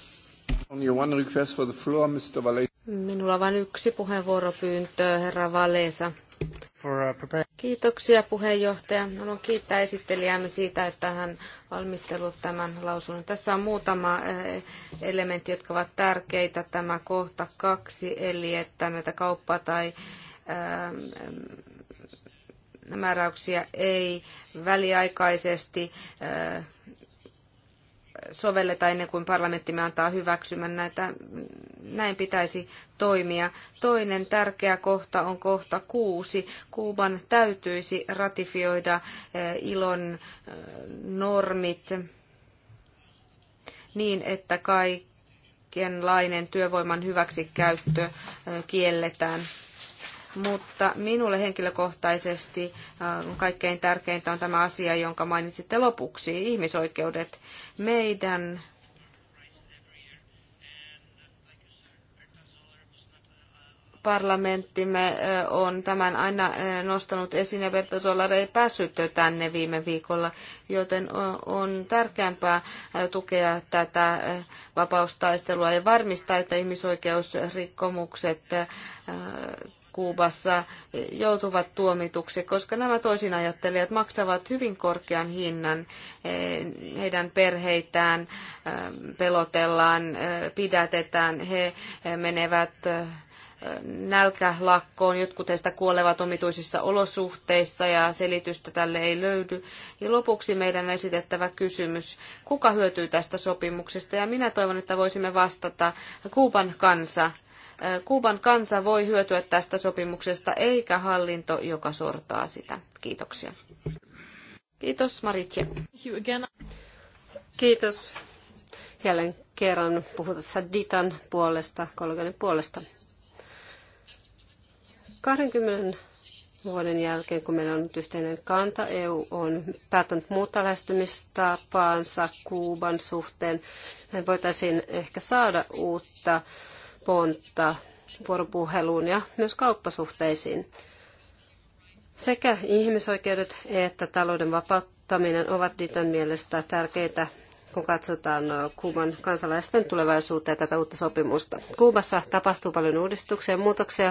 Minulla on vain yksi
puheenvuoropyyntö, herra Valesa. Uh, Kiitoksia puheenjohtaja. Haluan no, no, kiittää esittelijäämme siitä, että hän valmistellut tämän lausunnon. Tässä on muutama eh, elementti, jotka ovat tärkeitä. Tämä kohta kaksi, eli että näitä kauppa- tai ähm, määräyksiä ei väliaikaisesti äh, sovelleta ennen kuin parlamenttimme antaa hyväksymän. Näitä, näin pitäisi toimia. Toinen tärkeä kohta on kohta kuusi. Kuuban täytyisi ratifioida eh, ilon eh, normit niin, että kaikenlainen työvoiman hyväksikäyttö eh, kielletään mutta minulle henkilökohtaisesti äh, kaikkein tärkeintä on tämä asia, jonka mainitsitte lopuksi, ihmisoikeudet. Meidän parlamenttimme äh, on tämän aina äh, nostanut esiin ja Bertosolar ei päässyt tänne viime viikolla, joten on tärkeämpää tukea tätä vapaustaistelua ja varmistaa, että ihmisoikeusrikkomukset Kuubassa joutuvat tuomituksi, koska nämä toisinajattelijat maksavat hyvin korkean hinnan. Eh, heidän perheitään eh, pelotellaan, eh, pidätetään, he menevät nälkälakkoon, jotkut heistä kuolevat omituisissa olosuhteissa ja selitystä tälle ei löydy. Ja lopuksi meidän esitettävä kysymys, kuka hyötyy tästä sopimuksesta ja minä toivon, että voisimme vastata Kuuban kansa Kuuban kansa voi hyötyä tästä sopimuksesta, eikä hallinto, joka sortaa sitä. Kiitoksia. Kiitos Maritje. Kiitos jälleen
kerran puhutaan Ditan puolesta, kollegani puolesta. 20 vuoden jälkeen, kun meillä on nyt yhteinen kanta, EU on päättänyt muuttaa lähestymistapaansa Kuuban suhteen. Me voitaisiin ehkä saada uutta pontta vuoropuheluun ja myös kauppasuhteisiin. Sekä ihmisoikeudet että talouden vapauttaminen ovat Ditan mielestä tärkeitä, kun katsotaan Kuuban kansalaisten tulevaisuutta ja tätä uutta sopimusta. Kuubassa tapahtuu paljon uudistuksia ja muutoksia,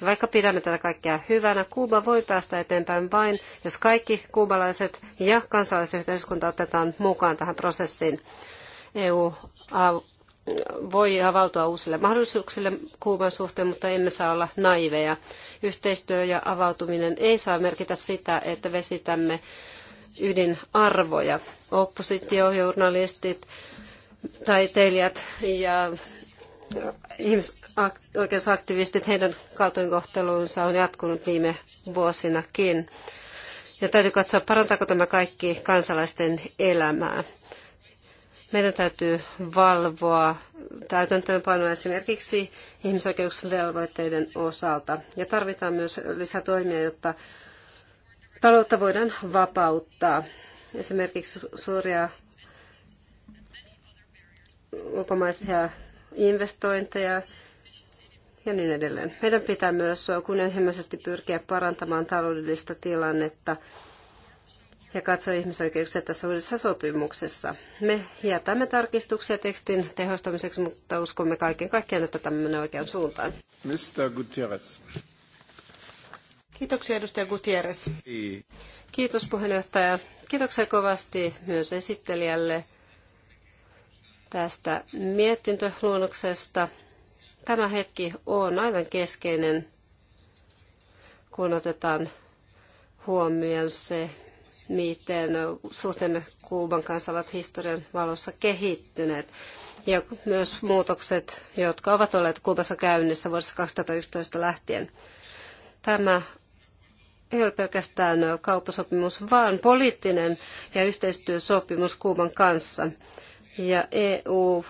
ja vaikka pidämme tätä kaikkea hyvänä, Kuuba voi päästä eteenpäin vain, jos kaikki kuubalaiset ja kansalaisyhteiskunta otetaan mukaan tähän prosessiin. EU voi avautua uusille mahdollisuuksille Kuuban suhteen, mutta emme saa olla naiveja. Yhteistyö ja avautuminen ei saa merkitä sitä, että vesitämme ydinarvoja. Oppositiojournalistit, taiteilijat ja ihmisoikeusaktivistit, heidän kaltoinkohteluunsa on jatkunut viime vuosinakin. Ja täytyy katsoa, parantaako tämä kaikki kansalaisten elämää. Meidän täytyy valvoa täytäntöönpanoa esimerkiksi ihmisoikeusvelvoitteiden osalta. Ja tarvitaan myös lisätoimia, jotta taloutta voidaan vapauttaa. Esimerkiksi suuria ulkomaisia investointeja ja niin edelleen. Meidän pitää myös kunnianhimoisesti pyrkiä parantamaan taloudellista tilannetta ja katsoa ihmisoikeuksia tässä uudessa sopimuksessa. Me jätämme tarkistuksia tekstin tehostamiseksi, mutta uskomme kaiken kaikkiaan, että tämä menee oikeaan suuntaan. Mr. Gutierrez. Kiitoksia edustaja Gutierrez. Kiitos puheenjohtaja. Kiitoksia kovasti myös esittelijälle tästä mietintöluonnoksesta. Tämä hetki on aivan keskeinen, kun otetaan huomioon se, miten suhteemme Kuuban kanssa ovat historian valossa kehittyneet. Ja myös muutokset, jotka ovat olleet Kuubassa käynnissä vuodesta 2011 lähtien. Tämä ei ole pelkästään kauppasopimus, vaan poliittinen ja yhteistyösopimus Kuuban kanssa. Ja EU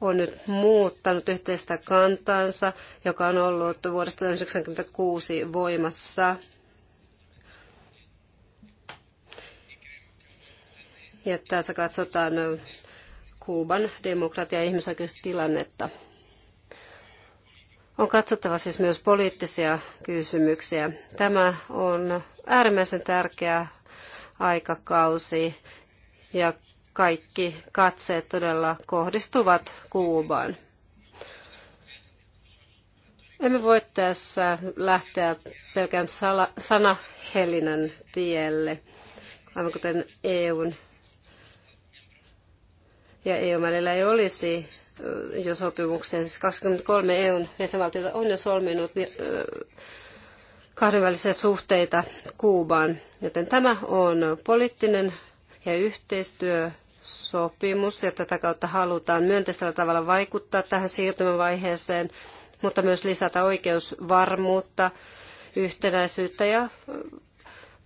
on nyt muuttanut yhteistä kantansa, joka on ollut vuodesta 1996 voimassa. Ja tässä katsotaan Kuuban demokratia- ja ihmisoikeustilannetta. On katsottava siis myös poliittisia kysymyksiä. Tämä on äärimmäisen tärkeä aikakausi ja kaikki katseet todella kohdistuvat Kuubaan. Emme voi tässä lähteä pelkän sanahelinän tielle, aivan kuten EUn ja EU välillä ei olisi jo sopimuksia. Siis 23 EUn jäsenvaltiota on jo solminut niin, kahdenvälisiä suhteita Kuubaan, joten tämä on poliittinen ja yhteistyösopimus ja tätä kautta halutaan myönteisellä tavalla vaikuttaa tähän siirtymävaiheeseen, mutta myös lisätä oikeusvarmuutta, yhtenäisyyttä ja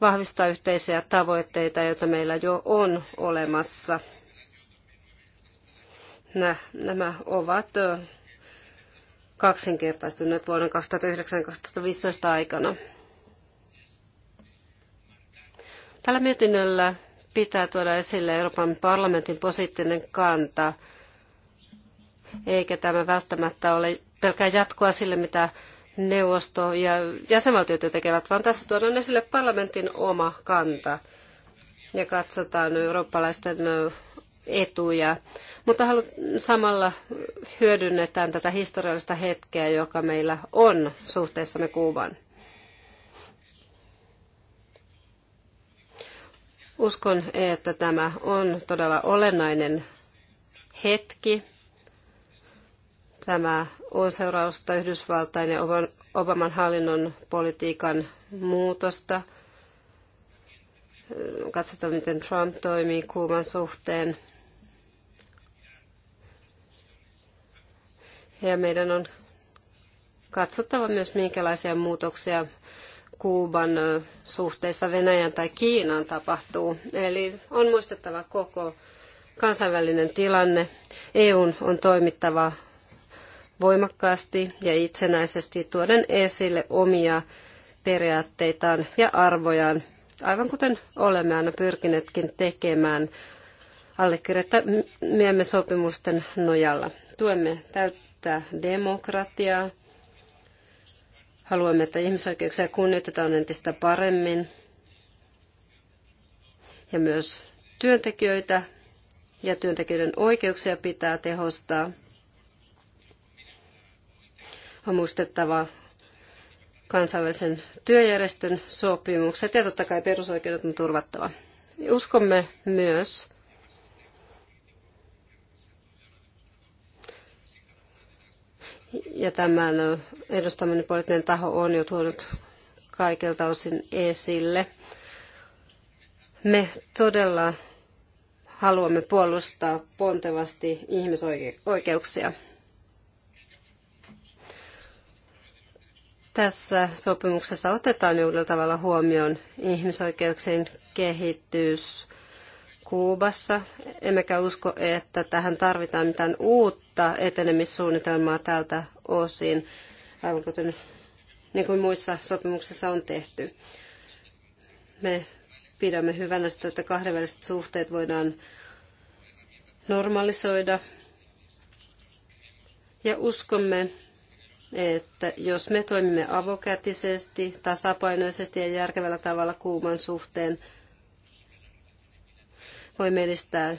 vahvistaa yhteisiä tavoitteita, joita meillä jo on olemassa nämä ovat kaksinkertaistuneet vuoden 2009-2015 aikana. Tällä mietinnöllä pitää tuoda esille Euroopan parlamentin positiivinen kanta, eikä tämä välttämättä ole pelkää jatkoa sille, mitä neuvosto ja jäsenvaltiot tekevät, vaan tässä tuodaan esille parlamentin oma kanta ja katsotaan eurooppalaisten etuja, mutta samalla hyödynnetään tätä historiallista hetkeä, joka meillä on suhteessamme Kuubaan. Uskon, että tämä on todella olennainen hetki. Tämä on seurausta Yhdysvaltain ja Obaman hallinnon politiikan muutosta. Katsotaan, miten Trump toimii Kuuman suhteen. Ja meidän on katsottava myös, minkälaisia muutoksia Kuuban suhteessa Venäjän tai Kiinaan tapahtuu. Eli on muistettava koko kansainvälinen tilanne. EU on toimittava voimakkaasti ja itsenäisesti tuoden esille omia periaatteitaan ja arvojaan, aivan kuten olemme aina pyrkineetkin tekemään allekirjoittamiemme sopimusten nojalla. Tuemme täyttä edistää demokratiaa. Haluamme, että ihmisoikeuksia kunnioitetaan entistä paremmin ja myös työntekijöitä ja työntekijöiden oikeuksia pitää tehostaa. On muistettava kansainvälisen työjärjestön sopimukset ja totta kai perusoikeudet on turvattava. Uskomme myös, Ja tämän edustamani poliittinen taho on jo tuonut kaikilta osin esille. Me todella haluamme puolustaa pontevasti ihmisoikeuksia. Tässä sopimuksessa otetaan uudella tavalla huomioon ihmisoikeuksien kehitys, Kuubassa, emmekä usko, että tähän tarvitaan mitään uutta etenemissuunnitelmaa tältä osin, aivan kuten niin kuin muissa sopimuksissa on tehty. Me pidämme hyvänä sitä, että kahdenväliset suhteet voidaan normalisoida. Ja uskomme, että jos me toimimme avokätisesti, tasapainoisesti ja järkevällä tavalla kuuman suhteen, Voimme edistää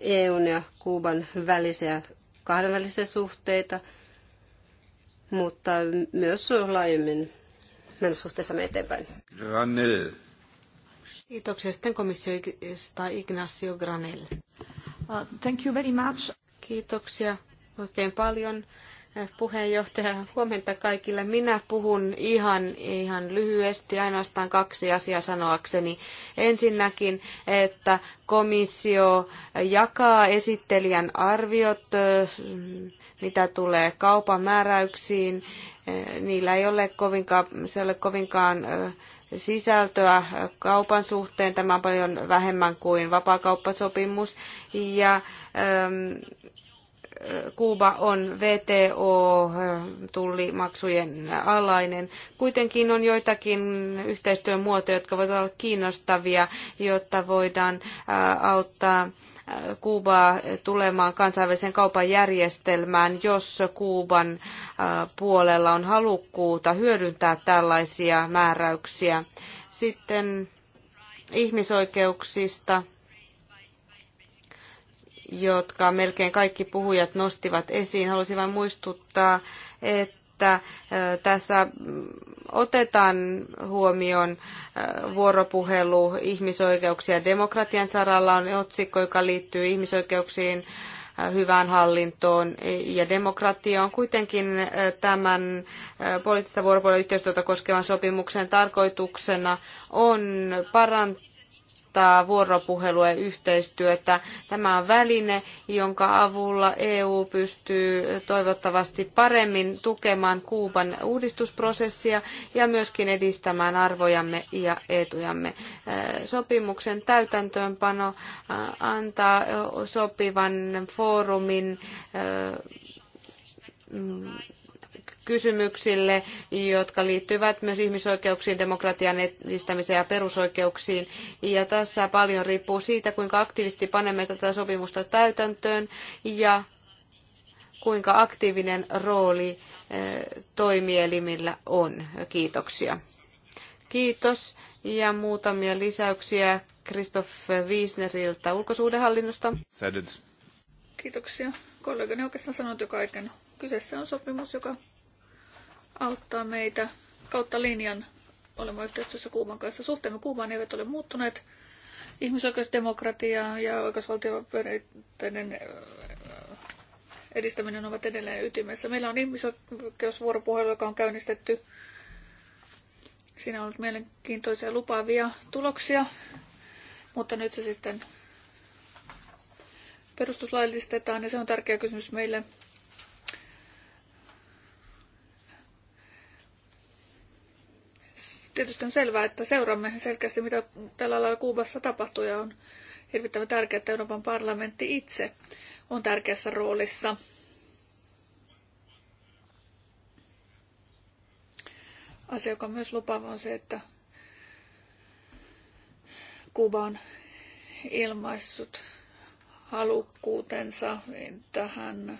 EUn ja Kuuban välisiä kahdenvälisiä suhteita, mutta myös laajemmin mennä me eteenpäin.
Granel.
Kiitoksia. Sitten komissiosta Ignacio Granel. Uh, thank you very much. Kiitoksia oikein paljon puheenjohtaja. Huomenta kaikille. Minä puhun ihan, ihan lyhyesti, ainoastaan kaksi asiaa sanoakseni. Ensinnäkin, että komissio jakaa esittelijän arviot, mitä tulee kaupan määräyksiin. Niillä ei ole kovinkaan, se ei ole kovinkaan sisältöä kaupan suhteen. Tämä on paljon vähemmän kuin vapaakauppasopimus. Ja, ähm, Kuuba on VTO-tullimaksujen alainen. Kuitenkin on joitakin yhteistyön muotoja, jotka voivat olla kiinnostavia, jotta voidaan auttaa Kuubaa tulemaan kansainvälisen kaupan järjestelmään, jos Kuuban puolella on halukkuutta hyödyntää tällaisia määräyksiä. Sitten ihmisoikeuksista jotka melkein kaikki puhujat nostivat esiin. Haluaisin vain muistuttaa, että tässä otetaan huomioon vuoropuhelu ihmisoikeuksia ja demokratian saralla on otsikko, joka liittyy ihmisoikeuksiin hyvään hallintoon ja demokratiaan. Kuitenkin tämän poliittista vuoropuolella yhteistyötä koskevan sopimuksen tarkoituksena on parantaa helpottaa vuoropuhelua ja yhteistyötä. Tämä on väline, jonka avulla EU pystyy toivottavasti paremmin tukemaan Kuuban uudistusprosessia ja myöskin edistämään arvojamme ja etujamme. Äh, sopimuksen täytäntöönpano äh, antaa sopivan foorumin äh, mm, kysymyksille, jotka liittyvät myös ihmisoikeuksiin, demokratian edistämiseen ja perusoikeuksiin. Ja tässä paljon riippuu siitä, kuinka aktiivisesti panemme tätä sopimusta täytäntöön ja kuinka aktiivinen rooli eh, toimielimillä on. Kiitoksia. Kiitos ja muutamia lisäyksiä Kristoff Wiesnerilta ulkosuhdehallinnosta.
Kiitoksia. Kollegani oikeastaan sanoi jo kaiken. Kyseessä on sopimus, joka auttaa meitä kautta linjan olemme yhteistyössä Kuuban kanssa. Suhteemme Kuubaan eivät ole muuttuneet. Ihmisoikeusdemokratia ja oikeusvaltioperinteinen edistäminen ovat edelleen ytimessä. Meillä on ihmisoikeusvuoropuhelu, joka on käynnistetty. Siinä on ollut mielenkiintoisia lupaavia tuloksia, mutta nyt se sitten perustuslaillistetaan ja se on tärkeä kysymys meille. Tietysti on selvää, että seuraamme selkeästi, mitä tällä lailla Kuubassa tapahtuu ja on hirvittävän tärkeää, että Euroopan parlamentti itse on tärkeässä roolissa. Asia, joka on myös lupaava, on se, että Kuuba on ilmaissut halukkuutensa tähän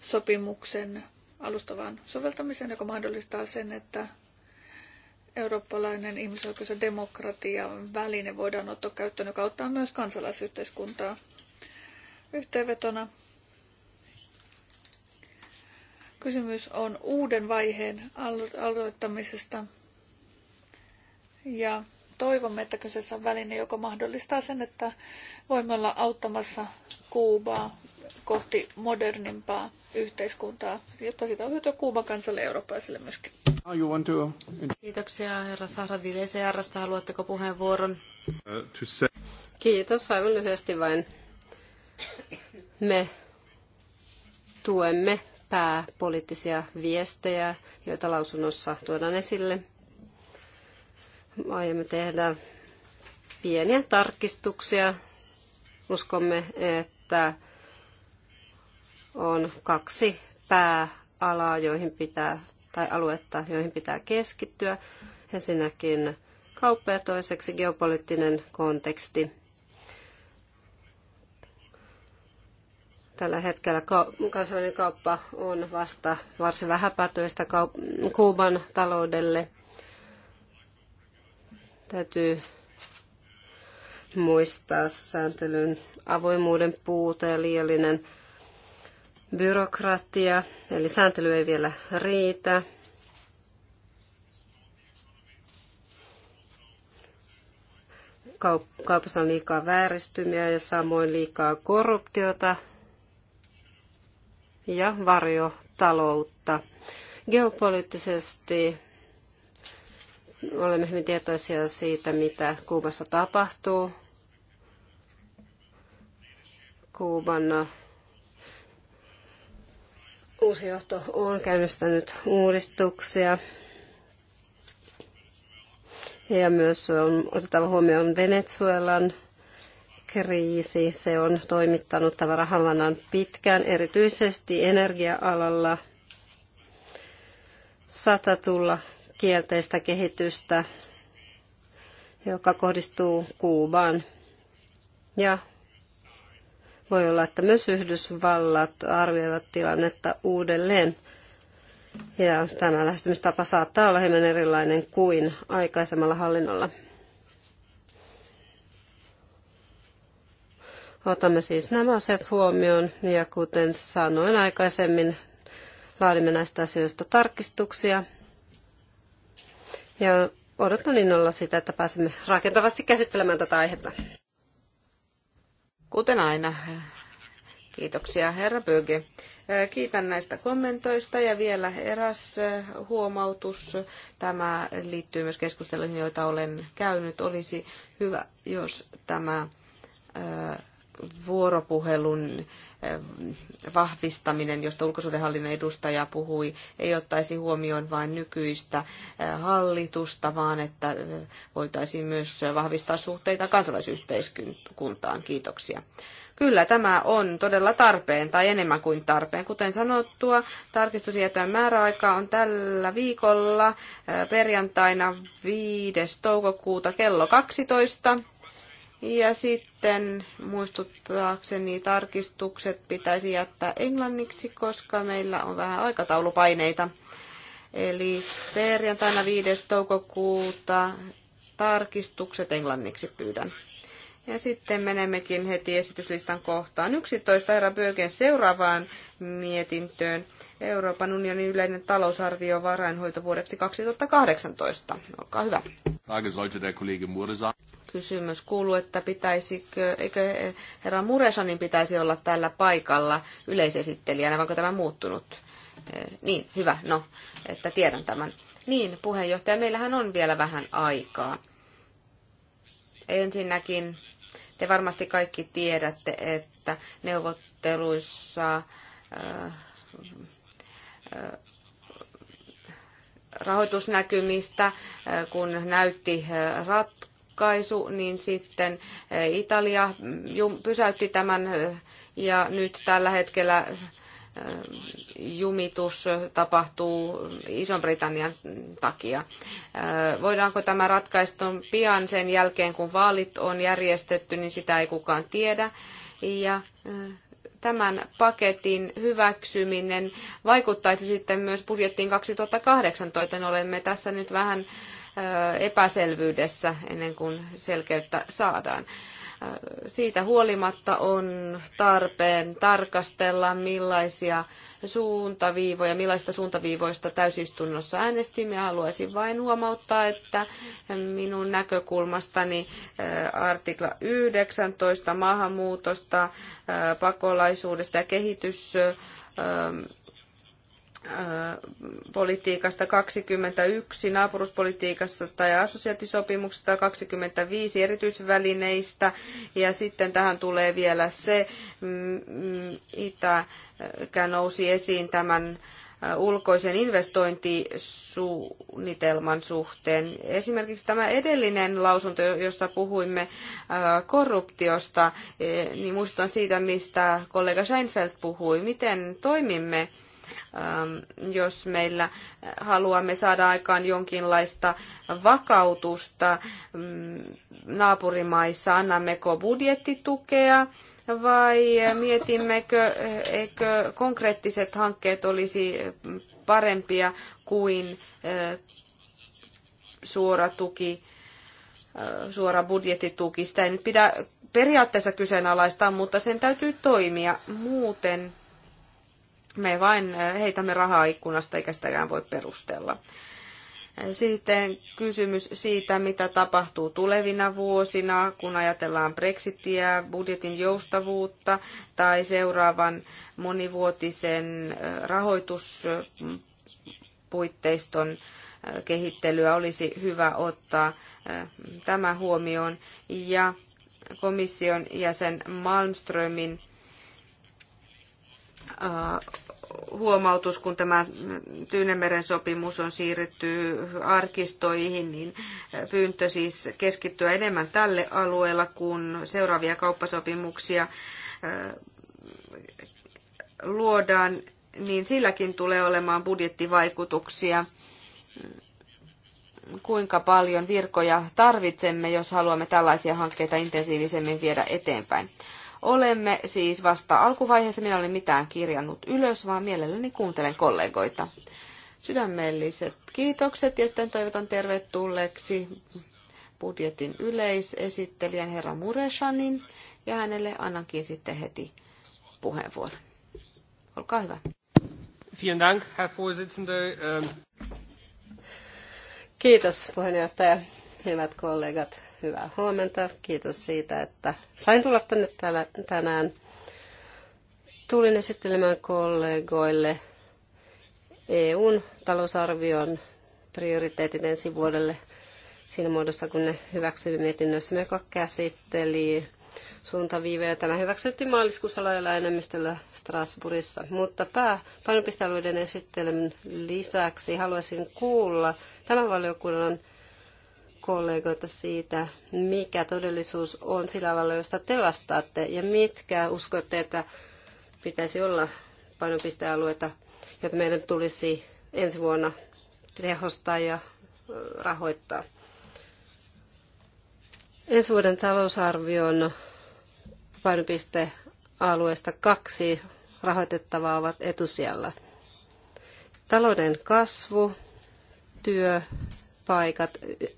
sopimuksen alustavaan soveltamiseen, joka mahdollistaa sen, että eurooppalainen ihmisoikeus- ja demokratian väline voidaan ottaa käyttöön, joka auttaa myös kansalaisyhteiskuntaa. Yhteenvetona kysymys on uuden vaiheen aloittamisesta ja toivomme, että kyseessä on väline, joka mahdollistaa sen, että voimme olla auttamassa Kuubaa kohti modernimpaa yhteiskuntaa, jotta sitä on hyötyä Kuuban kansalle ja eurooppalaisille myöskin. Kiitoksia herra Sahradi ECRstä. Haluatteko
puheenvuoron? Uh, Kiitos, aivan lyhyesti vain. Me tuemme pääpoliittisia viestejä, joita lausunnossa tuodaan esille. Aiomme tehdä pieniä tarkistuksia. Uskomme, että on kaksi pääalaa, joihin pitää, tai aluetta, joihin pitää keskittyä. Ensinnäkin kauppa ja toiseksi geopoliittinen konteksti. Tällä hetkellä kansainvälinen kauppa on vasta varsin vähäpätöistä Kuuban taloudelle. Täytyy muistaa sääntelyn avoimuuden puute ja liiallinen byrokratia, eli sääntely ei vielä riitä. Kaupassa on liikaa vääristymiä ja samoin liikaa korruptiota ja varjotaloutta. Geopoliittisesti olemme hyvin tietoisia siitä, mitä Kuubassa tapahtuu. Kuuban Uusi johto on käynnistänyt uudistuksia ja myös on otettava huomioon Venezuelan kriisi. Se on toimittanut tavarahavannan pitkään, erityisesti energia-alalla. Sata tulla kielteistä kehitystä, joka kohdistuu Kuubaan. Ja voi olla, että myös Yhdysvallat arvioivat tilannetta uudelleen. Ja tämä lähestymistapa saattaa olla hieman erilainen kuin aikaisemmalla hallinnolla. Otamme siis nämä asiat huomioon ja kuten sanoin aikaisemmin, laadimme näistä asioista tarkistuksia. Ja odotan innolla sitä, että pääsemme
rakentavasti käsittelemään tätä aihetta. Kuten aina. Kiitoksia, herra Böge. Äh, kiitän näistä kommentoista ja vielä eräs äh, huomautus. Tämä liittyy myös keskusteluihin, joita olen käynyt. Olisi hyvä, jos tämä äh, vuoropuhelun eh, vahvistaminen, josta ulkosuudenhallinnon edustaja puhui, ei ottaisi huomioon vain nykyistä eh, hallitusta, vaan että eh, voitaisiin myös vahvistaa suhteita kansalaisyhteiskuntaan. Kiitoksia. Kyllä, tämä on todella tarpeen tai enemmän kuin tarpeen. Kuten sanottua, tarkistusjätön määräaika on tällä viikolla perjantaina 5. toukokuuta kello 12. Ja sitten muistuttaakseni tarkistukset pitäisi jättää englanniksi, koska meillä on vähän aikataulupaineita. Eli perjantaina 5. toukokuuta tarkistukset englanniksi pyydän. Ja sitten menemmekin heti esityslistan kohtaan 11. Herra Böken seuraavaan mietintöön. Euroopan unionin yleinen talousarvio varainhoito vuodeksi 2018. Olkaa hyvä. Kysymys kuuluu, että pitäisikö, eikö eh, herra Muresanin pitäisi olla täällä paikalla yleisesittelijänä, vaikka tämä muuttunut? Eh, niin, hyvä, no, että tiedän tämän. Niin, puheenjohtaja, meillähän on vielä vähän aikaa. Ensinnäkin te varmasti kaikki tiedätte, että neuvotteluissa äh, rahoitusnäkymistä, kun näytti ratkaisu, niin sitten Italia pysäytti tämän ja nyt tällä hetkellä jumitus tapahtuu Ison-Britannian takia. Voidaanko tämä ratkaista pian sen jälkeen, kun vaalit on järjestetty, niin sitä ei kukaan tiedä. Ja tämän paketin hyväksyminen vaikuttaisi sitten myös budjettiin 2018, niin olemme tässä nyt vähän epäselvyydessä ennen kuin selkeyttä saadaan. Siitä huolimatta on tarpeen tarkastella, millaisia suuntaviivoja, millaista suuntaviivoista täysistunnossa äänestimme. Haluaisin vain huomauttaa, että minun näkökulmastani artikla 19 maahanmuutosta, pakolaisuudesta ja kehitys politiikasta 21, naapuruspolitiikassa tai assosiaatisopimuksesta 25 erityisvälineistä. Ja sitten tähän tulee vielä se, mm, mikä nousi esiin tämän ulkoisen investointisuunnitelman suhteen. Esimerkiksi tämä edellinen lausunto, jossa puhuimme korruptiosta, e, niin muistutan siitä, mistä kollega Scheinfeld puhui. Miten toimimme Ähm, jos meillä haluamme saada aikaan jonkinlaista vakautusta mm, naapurimaissa, annammeko budjettitukea vai mietimmekö, eikö konkreettiset hankkeet olisi parempia kuin äh, suora tuki, äh, suora budjettituki. Sitä ei nyt pidä periaatteessa kyseenalaistaa, mutta sen täytyy toimia. Muuten me vain eh, heitämme rahaa ikkunasta, eikä sitäkään voi perustella. Sitten kysymys siitä, mitä tapahtuu tulevina vuosina, kun ajatellaan Brexitiä, budjetin joustavuutta tai seuraavan monivuotisen eh, rahoituspuitteiston eh, kehittelyä olisi hyvä ottaa tämä huomioon. Ja komission jäsen Malmströmin Äh, huomautus, kun tämä Tyynemeren sopimus on siirretty arkistoihin, niin äh, pyyntö siis keskittyä enemmän tälle alueella, kun seuraavia kauppasopimuksia äh, luodaan, niin silläkin tulee olemaan budjettivaikutuksia. Kuinka paljon virkoja tarvitsemme, jos haluamme tällaisia hankkeita intensiivisemmin viedä eteenpäin. Olemme siis vasta alkuvaiheessa, minä olen mitään kirjannut ylös, vaan mielelläni kuuntelen kollegoita. Sydämelliset kiitokset ja sitten toivotan tervetulleeksi budjetin yleisesittelijän herra Mureshanin ja hänelle annankin sitten heti puheenvuoron. Olkaa hyvä. Vielen Dank, Herr Vorsitzende. Ähm,
Kiitos puheenjohtaja, hyvät kollegat hyvää huomenta. Kiitos siitä, että sain tulla tänne täällä tänään. Tulin esittelemään kollegoille EUn talousarvion prioriteetit ensi vuodelle siinä muodossa, kun ne hyväksyimme mietinnössä, joka käsitteli suuntaviivejä. Tämä hyväksyttiin maaliskuussa laajalla enemmistöllä Strasbourgissa, mutta pääpainopistealueiden esittelyn lisäksi haluaisin kuulla tämän valiokunnan kollegoita siitä, mikä todellisuus on sillä alalla, josta te vastaatte, ja mitkä uskotte, että pitäisi olla painopistealueita, joita meidän tulisi ensi vuonna tehostaa ja rahoittaa. Ensi vuoden talousarvion painopistealueesta kaksi rahoitettavaa ovat etusijalla. Talouden kasvu, työ paikat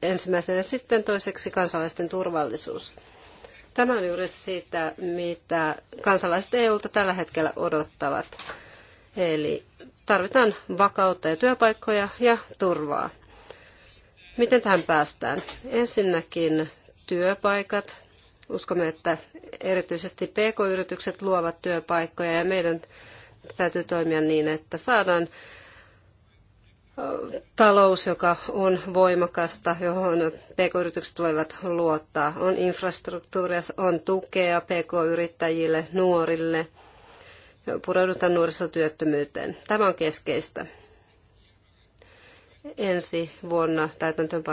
ensimmäisenä sitten toiseksi kansalaisten turvallisuus. Tämä on juuri sitä, mitä kansalaiset EUlta tällä hetkellä odottavat. Eli tarvitaan vakautta ja työpaikkoja ja turvaa. Miten tähän päästään? Ensinnäkin työpaikat. Uskomme, että erityisesti PK-yritykset luovat työpaikkoja ja meidän täytyy toimia niin, että saadaan talous, joka on voimakasta, johon pk-yritykset voivat luottaa. On infrastruktuuria, on tukea pk-yrittäjille, nuorille, pureudutaan nuorisotyöttömyyteen. Tämä on keskeistä ensi vuonna täytäntöön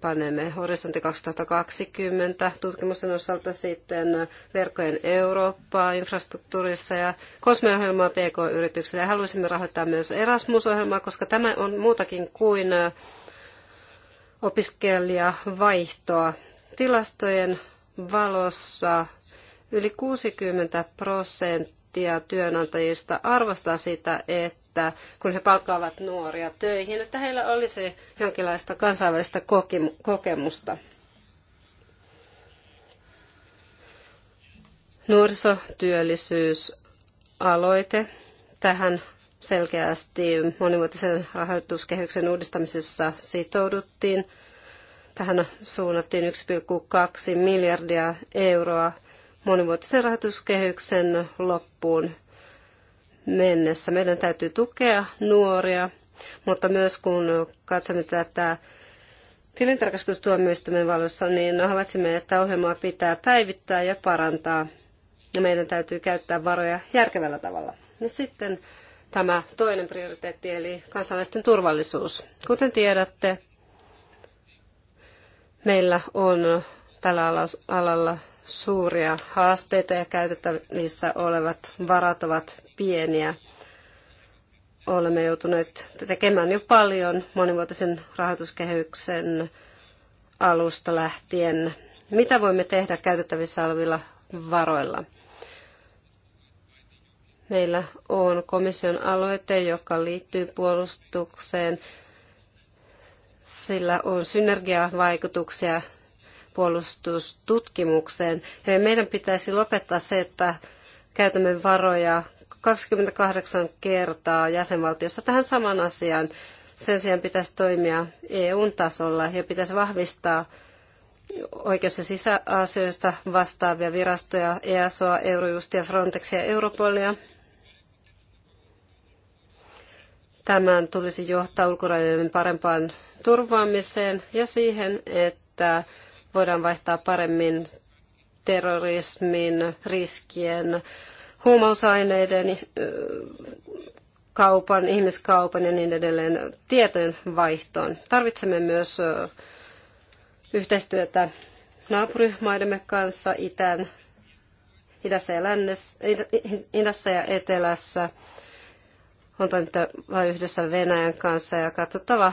panemme Horisontti 2020 tutkimusten osalta sitten verkkojen Eurooppaa infrastruktuurissa ja kosmeohjelmaa PK-yrityksille. Haluaisimme rahoittaa myös Erasmus-ohjelmaa, koska tämä on muutakin kuin opiskelijavaihtoa. Tilastojen valossa yli 60 prosenttia työnantajista arvostaa sitä, että että kun he palkkaavat nuoria töihin, että heillä olisi jonkinlaista kansainvälistä kokemusta. Nuorisotyöllisyysaloite tähän selkeästi monivuotisen rahoituskehyksen uudistamisessa sitouduttiin. Tähän suunnattiin 1,2 miljardia euroa monivuotisen rahoituskehyksen loppuun mennessä. Meidän täytyy tukea nuoria, mutta myös kun katsomme tätä tilintarkastustuomioistuimen valossa, niin havaitsimme, että ohjelmaa pitää päivittää ja parantaa. Ja meidän täytyy käyttää varoja järkevällä tavalla. Ja sitten tämä toinen prioriteetti, eli kansalaisten turvallisuus. Kuten tiedätte, meillä on tällä alalla suuria haasteita ja käytettävissä olevat varat ovat pieniä. Olemme joutuneet tekemään jo paljon monivuotisen rahoituskehyksen alusta lähtien. Mitä voimme tehdä käytettävissä olevilla varoilla? Meillä on komission aloite, joka liittyy puolustukseen. Sillä on synergiavaikutuksia puolustustutkimukseen. Ja meidän pitäisi lopettaa se, että käytämme varoja 28 kertaa jäsenvaltiossa tähän saman asiaan. Sen sijaan pitäisi toimia eu tasolla ja pitäisi vahvistaa oikeus- ja sisäasioista vastaavia virastoja, EASOa, Eurojustia, Frontexia ja Europolia. Tämän tulisi johtaa ulkorajojen parempaan turvaamiseen ja siihen, että voidaan vaihtaa paremmin terrorismin, riskien, huumausaineiden, äh, kaupan, ihmiskaupan ja niin edelleen tietojen vaihtoon. Tarvitsemme myös äh, yhteistyötä naapurimaidemme kanssa itään, idässä ja, lännessä, idässä ja etelässä. On toimittava yhdessä Venäjän kanssa ja katsottava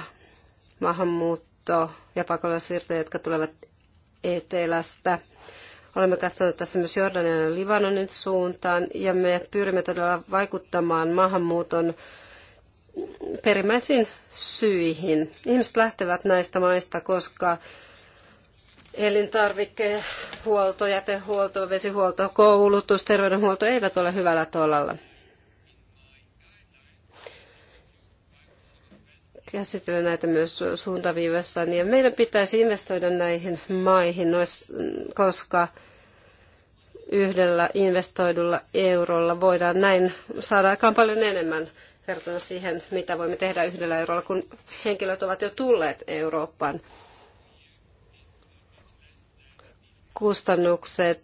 maahanmuutto- ja pakolaisvirtoja, jotka tulevat etelästä. Olemme katsoneet tässä myös Jordanian ja Libanonin suuntaan ja me pyrimme todella vaikuttamaan maahanmuuton perimmäisiin syihin. Ihmiset lähtevät näistä maista, koska elintarvikehuolto, jätehuolto, vesihuolto, koulutus, terveydenhuolto eivät ole hyvällä tolalla. käsitellä näitä myös suuntaviivassa, niin meidän pitäisi investoida näihin maihin, koska yhdellä investoidulla eurolla voidaan näin saada aikaan paljon enemmän verrattuna siihen, mitä voimme tehdä yhdellä eurolla, kun henkilöt ovat jo tulleet Eurooppaan. Kustannukset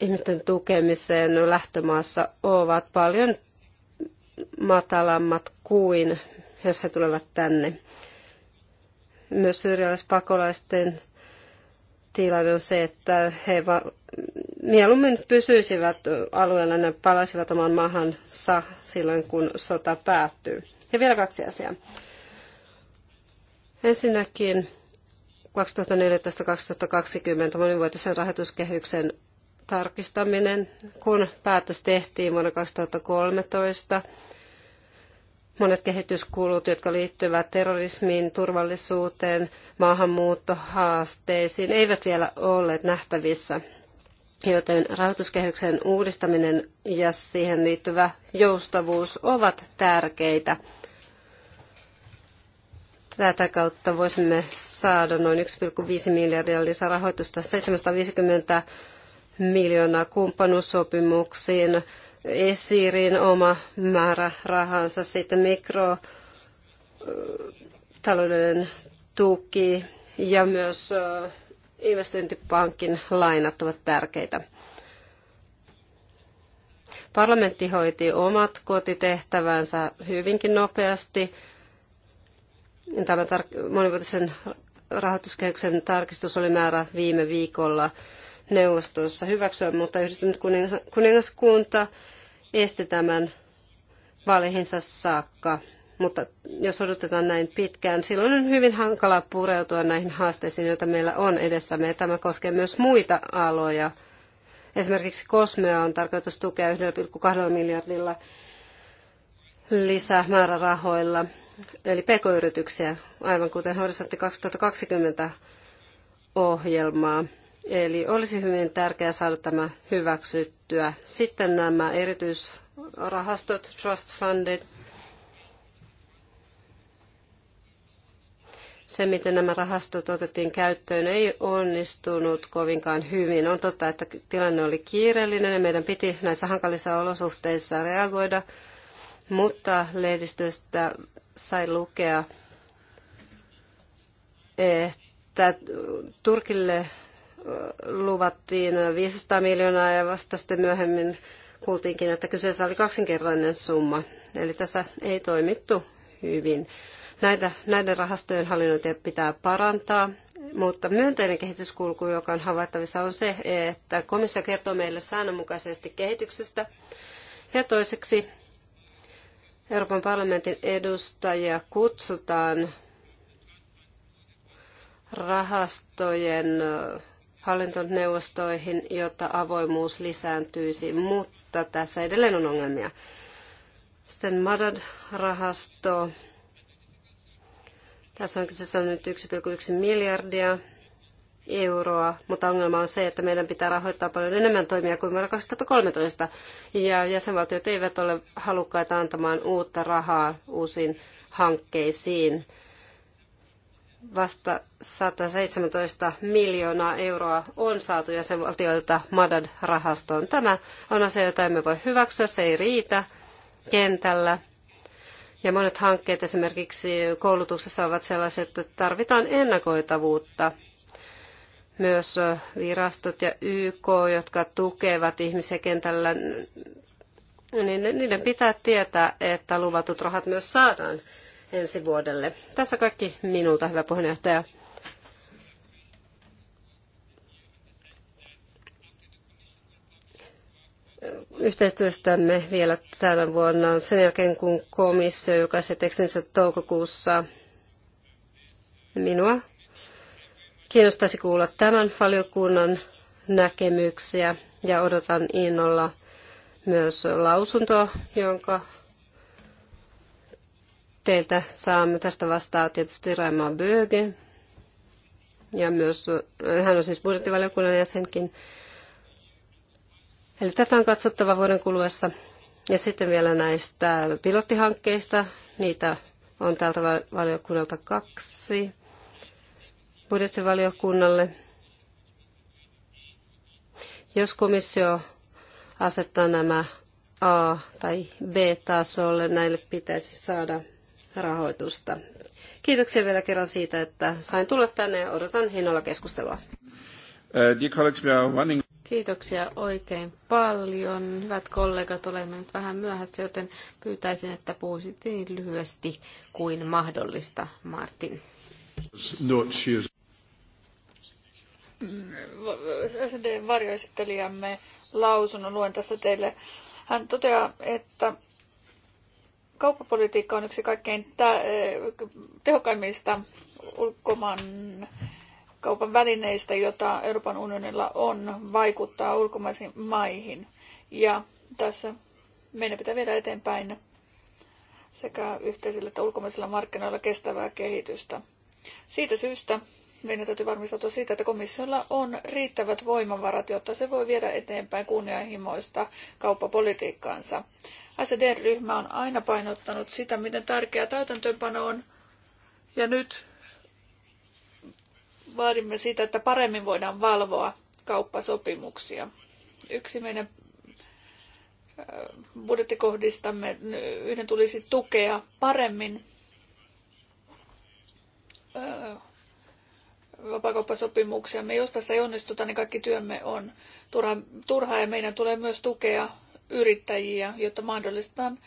ihmisten tukemiseen lähtömaassa ovat paljon matalammat kuin jos he tulevat tänne. Myös syyrialaispakolaisten tilanne on se, että he va- mieluummin pysyisivät alueella ja palasivat oman maahansa silloin, kun sota päättyy. Ja vielä kaksi asiaa. Ensinnäkin 2014-2020 monivuotisen rahoituskehyksen tarkistaminen, kun päätös tehtiin vuonna 2013. Monet kehityskulut, jotka liittyvät terrorismiin, turvallisuuteen, maahanmuuttohaasteisiin, eivät vielä olleet nähtävissä. Joten rahoituskehyksen uudistaminen ja siihen liittyvä joustavuus ovat tärkeitä. Tätä kautta voisimme saada noin 1,5 miljardia lisärahoitusta, 750 miljoonaa kumppanuussopimuksiin, esirin oma määrä rahansa, sitten mikrotaloudellinen tuki ja myös investointipankin lainat ovat tärkeitä. Parlamentti hoiti omat kotitehtävänsä hyvinkin nopeasti. Tämä tar- monivuotisen rahoituskehyksen tarkistus oli määrä viime viikolla neuvostossa hyväksyä, mutta yhdistynyt kuningaskunta esti tämän valihinsa saakka. Mutta jos odotetaan näin pitkään, silloin on hyvin hankala pureutua näihin haasteisiin, joita meillä on edessämme. tämä koskee myös muita aloja. Esimerkiksi Kosmea on tarkoitus tukea 1,2 miljardilla lisämäärärahoilla, eli pk-yrityksiä, aivan kuten Horisontti 2020 ohjelmaa. Eli olisi hyvin tärkeää saada tämä hyväksyttyä. Sitten nämä erityisrahastot, trust fundit, se, miten nämä rahastot otettiin käyttöön, ei onnistunut kovinkaan hyvin. On totta, että tilanne oli kiireellinen ja meidän piti näissä hankalissa olosuhteissa reagoida, mutta lehdistöstä sai lukea, että Turkille luvattiin 500 miljoonaa ja vasta sitten myöhemmin kuultiinkin, että kyseessä oli kaksinkertainen summa. Eli tässä ei toimittu hyvin. Näitä, näiden rahastojen hallinnointia pitää parantaa, mutta myönteinen kehityskulku, joka on havaittavissa, on se, että komissio kertoo meille säännönmukaisesti kehityksestä. Ja toiseksi Euroopan parlamentin edustajia kutsutaan rahastojen hallintoneuvostoihin, jotta avoimuus lisääntyisi, mutta tässä edelleen on ongelmia. Sitten Madad-rahasto. Tässä on kyseessä nyt 1,1 miljardia euroa, mutta ongelma on se, että meidän pitää rahoittaa paljon enemmän toimia kuin vuonna 2013, ja jäsenvaltiot eivät ole halukkaita antamaan uutta rahaa uusiin hankkeisiin vasta 117 miljoonaa euroa on saatu jäsenvaltioilta MADAD-rahastoon. Tämä on asia, jota emme voi hyväksyä, se ei riitä kentällä. Ja monet hankkeet esimerkiksi koulutuksessa ovat sellaiset, että tarvitaan ennakoitavuutta. Myös virastot ja YK, jotka tukevat ihmisiä kentällä, niin niiden pitää tietää, että luvatut rahat myös saadaan ensi vuodelle. Tässä kaikki minulta, hyvä puheenjohtaja. yhteistyöstämme vielä tänä vuonna sen jälkeen, kun komissio julkaisi tekstinsä toukokuussa. Minua kiinnostaisi kuulla tämän valiokunnan näkemyksiä ja odotan innolla myös lausuntoa, jonka teiltä saamme. Tästä vastaa tietysti Raima Böge. Ja myös, hän on siis budjettivaliokunnan jäsenkin. Eli tätä on katsottava vuoden kuluessa. Ja sitten vielä näistä pilottihankkeista. Niitä on täältä valiokunnalta kaksi budjettivaliokunnalle. Jos komissio asettaa nämä A- tai B-tasolle, näille pitäisi saada rahoitusta. Kiitoksia vielä kerran siitä, että sain tulla tänne ja odotan hinnalla keskustelua. Uh,
Kiitoksia oikein paljon. Hyvät kollegat, olemme nyt vähän myöhässä, joten pyytäisin, että puhuisit niin lyhyesti kuin mahdollista, Martin.
SD-varjoesittelijämme lausunnon luen tässä teille. Hän toteaa, että Kauppapolitiikka on yksi kaikkein eh, tehokkaimmista ulkomaan kaupan välineistä, jota Euroopan unionilla on vaikuttaa ulkomaisiin maihin. Ja tässä meidän pitää viedä eteenpäin sekä yhteisillä että ulkomaisilla markkinoilla kestävää kehitystä. Siitä syystä meidän täytyy varmistautua siitä, että komissiolla on riittävät voimavarat, jotta se voi viedä eteenpäin kunnianhimoista kauppapolitiikkaansa. SD-ryhmä on aina painottanut sitä, miten tärkeä täytäntöönpano on, ja nyt vaadimme sitä, että paremmin voidaan valvoa kauppasopimuksia. Yksi meidän budjettikohdistamme yhden tulisi tukea paremmin vapaakauppasopimuksiamme. Jos tässä ei onnistuta, niin kaikki työmme on turhaa, turha, ja meidän tulee myös tukea yrittäjiä, jotta mahdollistetaan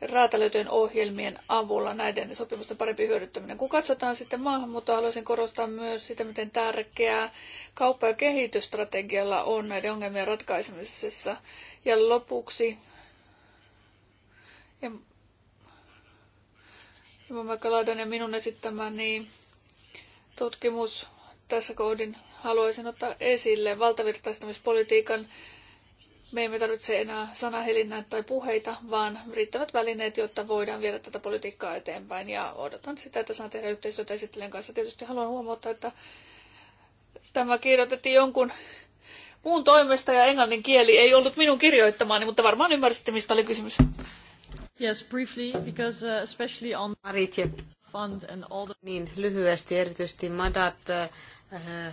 räätälöityjen ohjelmien avulla näiden sopimusten parempi hyödyttäminen. Kun katsotaan sitten maahanmuuttoa, haluaisin korostaa myös sitä, miten tärkeää kauppa- ja kehitysstrategialla on näiden ongelmien ratkaisemisessa. Ja lopuksi, ja Michael Laidan ja minun esittämäni niin tutkimus tässä kohdin haluaisin ottaa esille valtavirtaistamispolitiikan. Me emme tarvitse enää sanahelinnää tai puheita, vaan riittävät välineet, jotta voidaan viedä tätä politiikkaa eteenpäin. Ja odotan sitä, että saan tehdä yhteistyötä esittelijän kanssa. Tietysti haluan huomauttaa, että tämä kirjoitettiin jonkun muun toimesta ja englannin kieli ei ollut minun kirjoittamaani, mutta varmaan ymmärsitte, mistä oli kysymys.
Yes, briefly, because uh, especially on fund and all the... Niin, lyhyesti erityisesti Madat eh,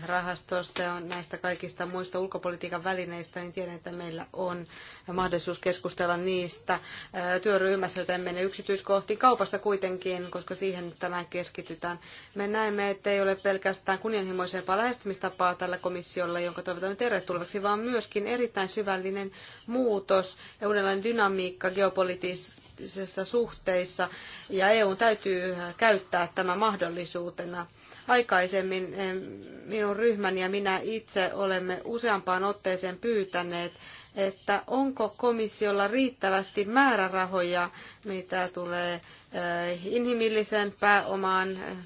rahastosta ja näistä kaikista muista ulkopolitiikan välineistä, niin tiedän, että meillä on mahdollisuus keskustella niistä eh, työryhmässä, joten mene yksityiskohti kaupasta kuitenkin, koska siihen tänään keskitytään. Me näemme, että ei ole pelkästään kunnianhimoisempaa lähestymistapaa tällä komissiolla, jonka toivotamme tervetulleeksi, vaan myöskin erittäin syvällinen muutos ja uudenlainen dynamiikka geopolitiikassa kahdenvälisessä suhteissa ja EU täytyy käyttää tämä mahdollisuutena. Aikaisemmin eh, minun ryhmäni ja minä itse olemme useampaan otteeseen pyytäneet, että onko komissiolla riittävästi määrärahoja, mitä tulee eh, inhimilliseen pääomaan, eh,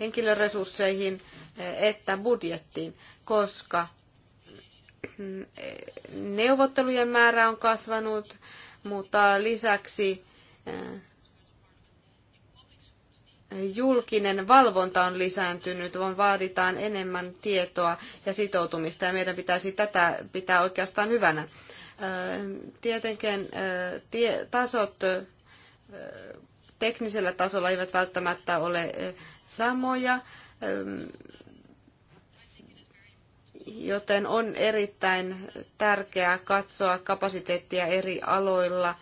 henkilöresursseihin, että budjettiin, koska neuvottelujen määrä on kasvanut, mutta lisäksi julkinen valvonta on lisääntynyt, vaan vaaditaan enemmän tietoa ja sitoutumista, ja meidän pitäisi tätä pitää oikeastaan hyvänä. Tietenkin tasot teknisellä tasolla eivät välttämättä ole samoja, joten on erittäin tärkeää katsoa kapasiteettia eri aloilla –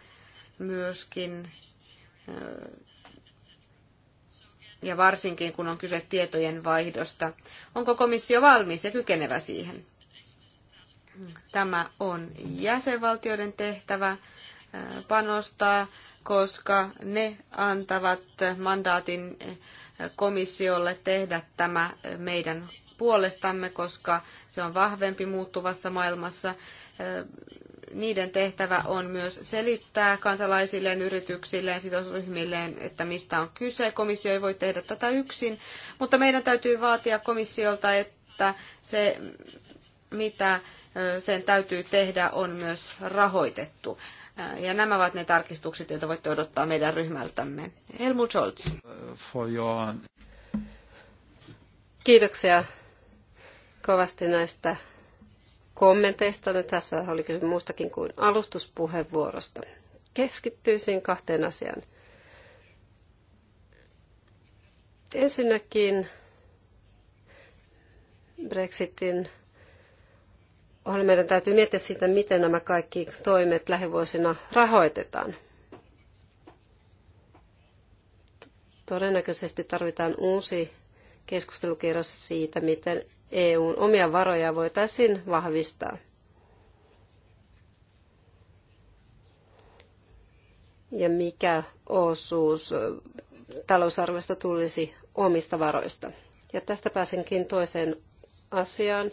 myöskin ja varsinkin kun on kyse tietojen vaihdosta. Onko komissio valmis ja kykenevä siihen? Tämä on jäsenvaltioiden tehtävä panostaa, koska ne antavat mandaatin komissiolle tehdä tämä meidän puolestamme, koska se on vahvempi muuttuvassa maailmassa niiden tehtävä on myös selittää kansalaisilleen, yrityksilleen, sidosryhmilleen, että mistä on kyse. Komissio ei voi tehdä tätä yksin, mutta meidän täytyy vaatia komissiolta, että se mitä sen täytyy tehdä on myös rahoitettu. Ja nämä ovat ne tarkistukset, joita voitte odottaa meidän ryhmältämme. Helmut Scholz. Kiitoksia
kovasti näistä kommenteista. Tässä oli kyse muustakin kuin alustuspuheenvuorosta. Keskittyisin kahteen asiaan. Ensinnäkin Brexitin ohjelma meidän täytyy miettiä sitä, miten nämä kaikki toimet lähivuosina rahoitetaan. Todennäköisesti tarvitaan uusi keskustelukierros siitä, miten EUn omia varoja voitaisiin vahvistaa. Ja mikä osuus talousarvosta tulisi omista varoista. Ja tästä pääsenkin toiseen asiaan.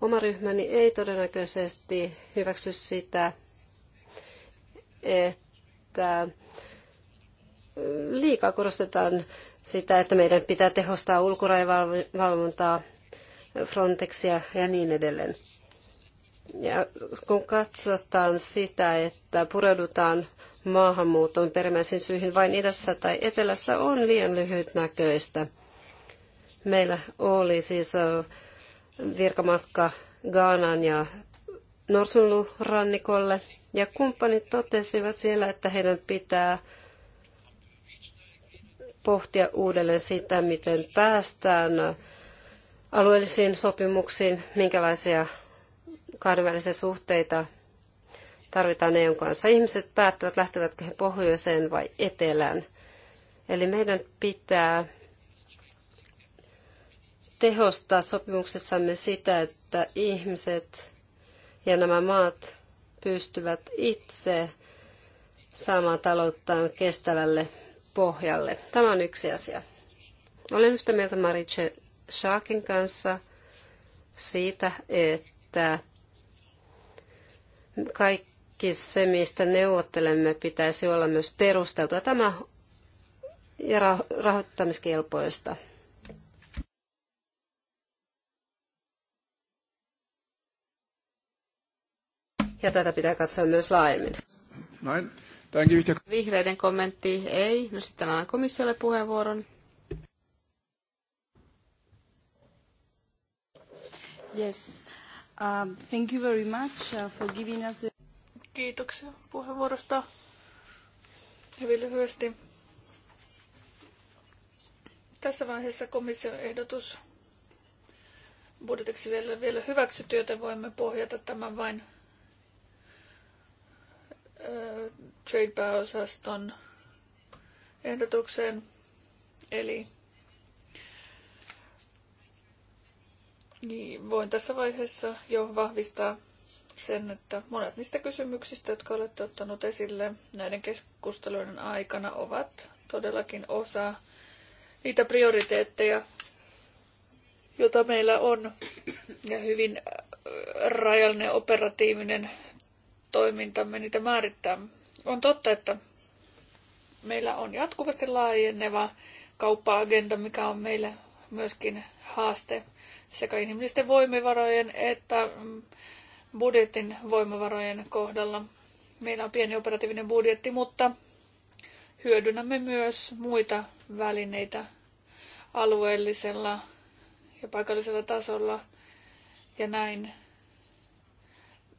Oma ryhmäni ei todennäköisesti hyväksy sitä, että liikaa korostetaan sitä, että meidän pitää tehostaa ulkorajavalvontaa Frontexia ja niin edelleen. Ja kun katsotaan sitä, että pureudutaan maahanmuuton perimmäisiin syihin vain idässä tai etelässä, on liian lyhytnäköistä. Meillä oli siis virkamatka Gaanan ja norsunlu rannikolle. ja kumppanit totesivat siellä, että heidän pitää pohtia uudelleen sitä, miten päästään alueellisiin sopimuksiin, minkälaisia kahdenvälisiä suhteita tarvitaan EUn kanssa. Ihmiset päättävät, lähtevätkö he pohjoiseen vai etelään. Eli meidän pitää tehostaa sopimuksessamme sitä, että ihmiset ja nämä maat pystyvät itse saamaan talouttaan kestävälle pohjalle. Tämä on yksi asia. Olen yhtä mieltä Marice Shaakin kanssa siitä, että kaikki se, mistä neuvottelemme, pitäisi olla myös perusteltua. Tämä ja rahoittamiskelpoista.
Ja tätä pitää katsoa myös laajemmin. Näin. Vihreiden kommentti ei. No sitten annan komissiolle puheenvuoron.
Yes. Um, thank you very much uh, for giving us the... Kiitoksia puheenvuorosta. Hyvin lyhyesti. Tässä vaiheessa komission ehdotus budjetiksi vielä, vielä hyväksytty, joten voimme pohjata tämän vain trade-pääosaston ehdotukseen. Eli Niin, voin tässä vaiheessa jo vahvistaa sen, että monet niistä kysymyksistä, jotka olette ottanut esille näiden keskusteluiden aikana, ovat todellakin osa niitä prioriteetteja, jota meillä on, ja hyvin äh, rajallinen operatiivinen toimintamme niitä määrittää. On totta, että meillä on jatkuvasti laajeneva kauppa-agenda, mikä on meille myöskin haaste sekä inhimillisten voimavarojen että budjetin voimavarojen kohdalla. Meillä on pieni operatiivinen budjetti, mutta hyödynnämme myös muita välineitä alueellisella ja paikallisella tasolla ja näin.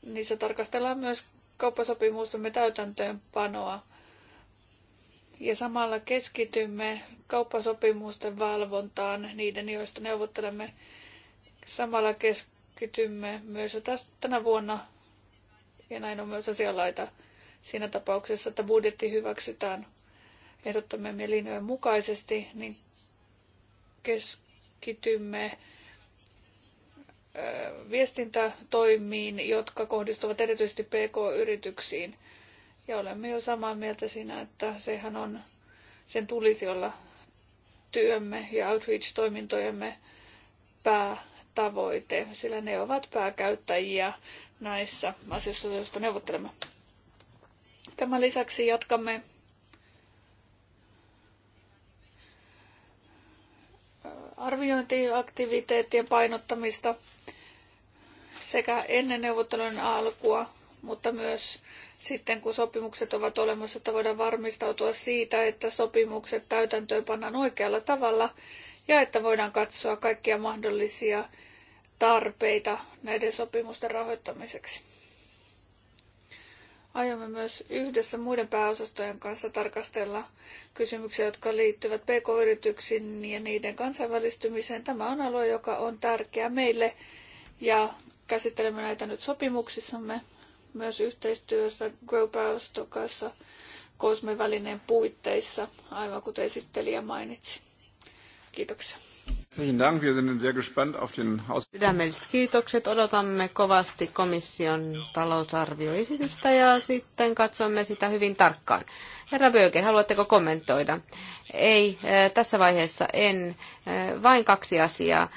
Niissä tarkastellaan myös kauppasopimustamme täytäntöönpanoa ja samalla keskitymme kauppasopimusten valvontaan, niiden joista neuvottelemme Samalla keskitymme myös jo tänä vuonna, ja näin on myös asialaita, siinä tapauksessa, että budjetti hyväksytään ehdottamiemme linjojen mukaisesti, niin keskitymme viestintätoimiin, jotka kohdistuvat erityisesti PK-yrityksiin. Ja olemme jo samaa mieltä siinä, että sehän on, sen tulisi olla työmme ja outreach-toimintojemme pää tavoite, sillä ne ovat pääkäyttäjiä näissä asioissa, joista neuvottelemme. Tämän lisäksi jatkamme äh, arviointiaktiviteettien painottamista sekä ennen neuvottelujen alkua, mutta myös sitten kun sopimukset ovat olemassa, että voidaan varmistautua siitä, että sopimukset täytäntöön pannaan oikealla tavalla ja että voidaan katsoa kaikkia mahdollisia tarpeita näiden sopimusten rahoittamiseksi. Aiomme myös yhdessä muiden pääosastojen kanssa tarkastella kysymyksiä, jotka liittyvät pk-yrityksiin ja niiden kansainvälistymiseen. Tämä on alue, joka on tärkeä meille ja käsittelemme näitä nyt sopimuksissamme myös yhteistyössä Grow-pääosaston kanssa COSME-välineen puitteissa, aivan kuten esittelijä mainitsi. Kiitoksia.
Sydämelliset kiitokset. Odotamme kovasti komission talousarvioesitystä ja sitten katsomme sitä hyvin tarkkaan. Herra Böger, haluatteko kommentoida? Ei, eh, tässä vaiheessa en. Eh, vain kaksi asiaa.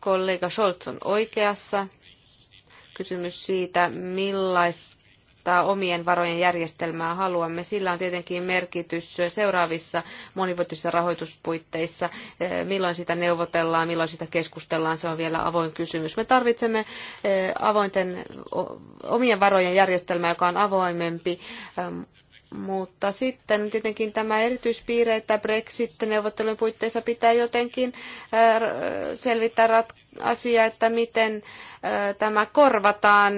Kollega Scholz on oikeassa. Kysymys siitä, millaista uudistaa omien varojen järjestelmää haluamme. Sillä on tietenkin merkitys seuraavissa monivuotisissa rahoituspuitteissa. Eh, milloin sitä neuvotellaan, milloin sitä keskustellaan, se on vielä avoin kysymys. Me tarvitsemme eh, avointen, omien varojen järjestelmää, joka on avoimempi, mutta sitten tietenkin tämä erityispiirre, että Brexit-neuvottelujen puitteissa pitää jotenkin eh, selvittää rat- asia, että miten tämä korvataan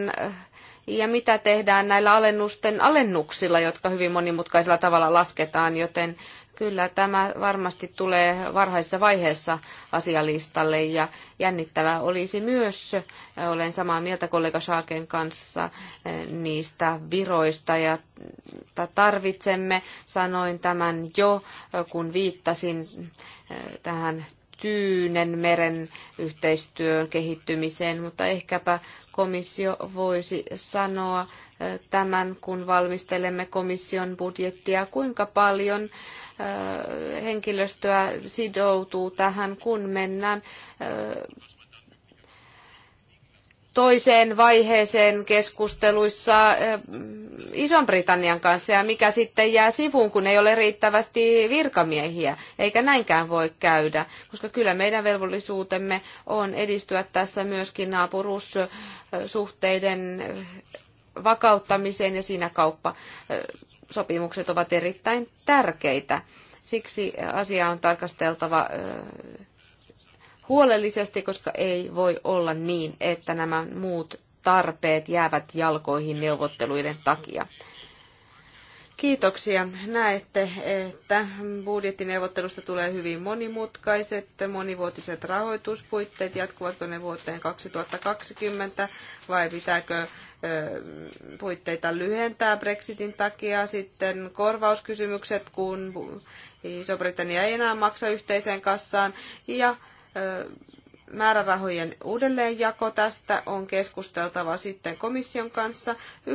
ja mitä tehdään näillä alennusten alennuksilla, jotka hyvin monimutkaisella tavalla lasketaan, joten kyllä tämä varmasti tulee varhaisessa vaiheessa asialistalle ja jännittävää olisi myös, olen samaa mieltä kollega Saaken kanssa eh, niistä viroista ja tarvitsemme, sanoin tämän jo eh, kun viittasin eh, tähän Tyynen meren yhteistyön kehittymiseen, mutta ehkäpä komissio voisi sanoa tämän, kun valmistelemme komission budjettia, kuinka paljon henkilöstöä sidoutuu tähän, kun mennään toiseen vaiheeseen keskusteluissa eh, Ison-Britannian kanssa ja mikä sitten jää sivuun, kun ei ole riittävästi virkamiehiä, eikä näinkään voi käydä, koska kyllä meidän velvollisuutemme on edistyä tässä myöskin naapurussuhteiden eh, vakauttamiseen ja siinä kauppasopimukset eh, ovat erittäin tärkeitä. Siksi asia on tarkasteltava huolellisesti, koska ei voi olla niin, että nämä muut tarpeet jäävät jalkoihin neuvotteluiden takia. Kiitoksia. Näette, että budjettineuvottelusta tulee hyvin monimutkaiset, monivuotiset rahoituspuitteet. Jatkuvatko ne vuoteen 2020 vai pitääkö puitteita lyhentää Brexitin takia? Sitten korvauskysymykset, kun Iso-Britannia ei enää maksa yhteiseen kassaan. Ja määrärahojen uudelleenjako tästä on keskusteltava sitten komission kanssa. 19.20.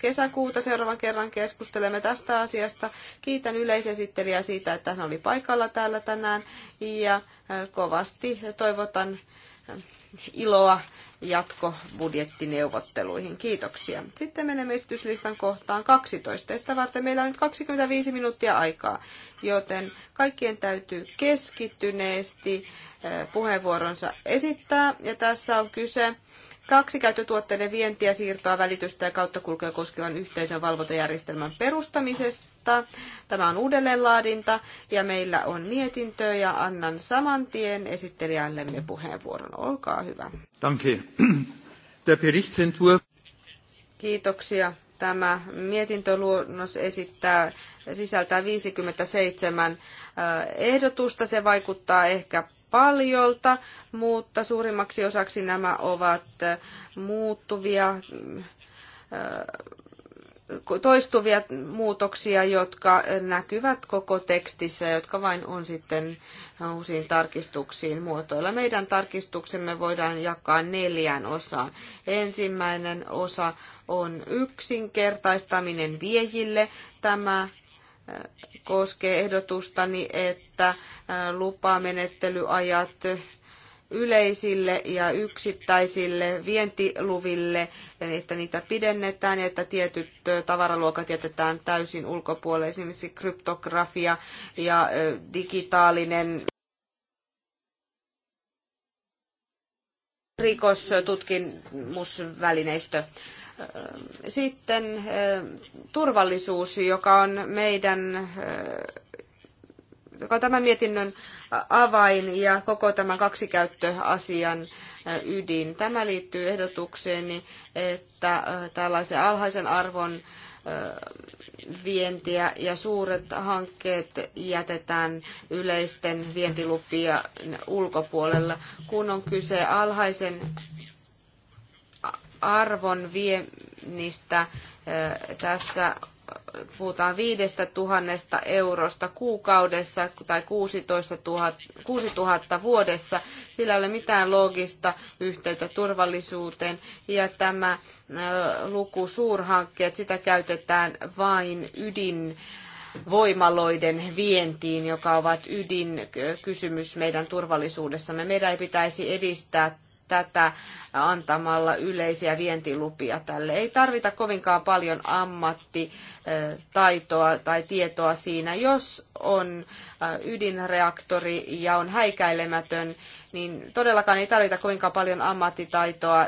kesäkuuta seuraavan kerran keskustelemme tästä asiasta. Kiitän yleisesittelijää siitä, että hän oli paikalla täällä tänään ja kovasti toivotan iloa jatkobudjettineuvotteluihin. Kiitoksia. Sitten menemme esityslistan kohtaan 12. Sitä varten meillä on nyt 25 minuuttia aikaa, joten kaikkien täytyy keskittyneesti eh, puheenvuoronsa esittää. Ja tässä on kyse Kaksi vientiä, siirtoa, välitystä ja kauttakulkuja koskevan yhteisön valvontajärjestelmän perustamisesta. Tämä on uudelleenlaadinta ja meillä on mietintö ja annan saman tien esittelijällemme puheenvuoron. Olkaa hyvä.
Danke. (clears throat) Der
Kiitoksia. Tämä mietintöluonnos esittää, sisältää 57 ehdotusta. Se vaikuttaa ehkä paljolta, mutta suurimmaksi osaksi nämä ovat äh, muuttuvia äh, toistuvia muutoksia, jotka näkyvät koko tekstissä, jotka vain on sitten uusiin tarkistuksiin muotoilla. Meidän tarkistuksemme voidaan jakaa neljään osaan. Ensimmäinen osa on yksinkertaistaminen viejille. Tämä äh, koskee ehdotustani, että äh, lupamenettelyajat yleisille ja yksittäisille vientiluville, että niitä pidennetään ja että tietyt äh, tavaraluokat jätetään täysin ulkopuolelle, esimerkiksi kryptografia ja äh, digitaalinen rikostutkimusvälineistö. Sitten eh, turvallisuus, joka on meidän, eh, joka on tämän mietinnön avain ja koko tämän kaksikäyttöasian eh, ydin. Tämä liittyy ehdotukseeni, että tällaisen alhaisen arvon vientiä ja suuret hankkeet jätetään yleisten vientilupia ulkopuolella, kun on kyse alhaisen arvon viennistä. Tässä puhutaan viidestä tuhannesta eurosta kuukaudessa tai 16 000, 6 vuodessa. Sillä ei ole mitään loogista yhteyttä turvallisuuteen ja tämä luku suurhankkeet, sitä käytetään vain ydinvoimaloiden vientiin, joka ovat ydinkysymys meidän turvallisuudessamme. Meidän ei pitäisi edistää tätä antamalla yleisiä vientilupia tälle. Ei tarvita kovinkaan paljon ammattitaitoa tai tietoa siinä. Jos on ydinreaktori ja on häikäilemätön, niin todellakaan ei tarvita kovinkaan paljon ammattitaitoa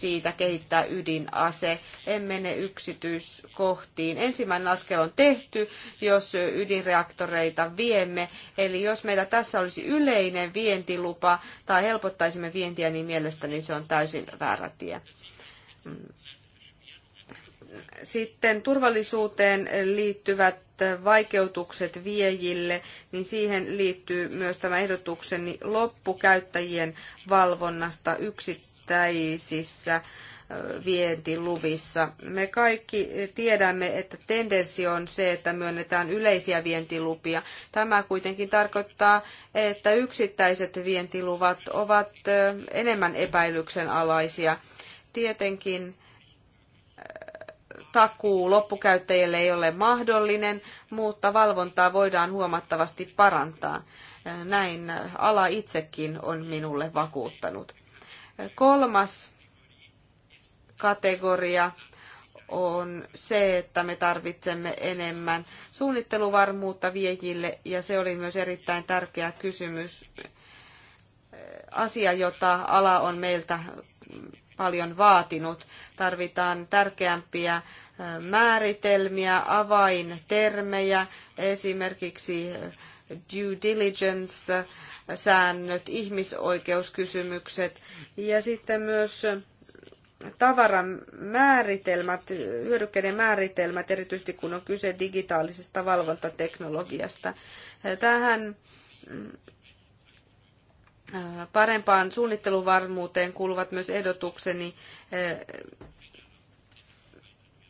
siitä kehittää ydinase. En mene yksityiskohtiin. Ensimmäinen askel on tehty, jos ydinreaktoreita viemme. Eli jos meillä tässä olisi yleinen vientilupa tai helpottaisimme vientiä, niin mielestäni se on täysin väärä tie. Sitten turvallisuuteen liittyvät vaikeutukset viejille, niin siihen liittyy myös tämä ehdotukseni loppukäyttäjien valvonnasta yksittäin yksittäisissä vientiluvissa. Me kaikki tiedämme, että tendenssi on se, että myönnetään yleisiä vientilupia. Tämä kuitenkin tarkoittaa, että yksittäiset vientiluvat ovat enemmän epäilyksen alaisia. Tietenkin takuu loppukäyttäjille ei ole mahdollinen, mutta valvontaa voidaan huomattavasti parantaa. Näin ala itsekin on minulle vakuuttanut. Kolmas kategoria on se, että me tarvitsemme enemmän suunnitteluvarmuutta viejille, ja se oli myös erittäin tärkeä kysymys, asia, jota ala on meiltä paljon vaatinut. Tarvitaan tärkeämpiä määritelmiä, avaintermejä, esimerkiksi due diligence, säännöt, ihmisoikeuskysymykset ja sitten myös tavaran määritelmät, hyödykkeiden määritelmät, erityisesti kun on kyse digitaalisesta valvontateknologiasta. Tähän äh, parempaan suunnitteluvarmuuteen kuuluvat myös ehdotukseni äh,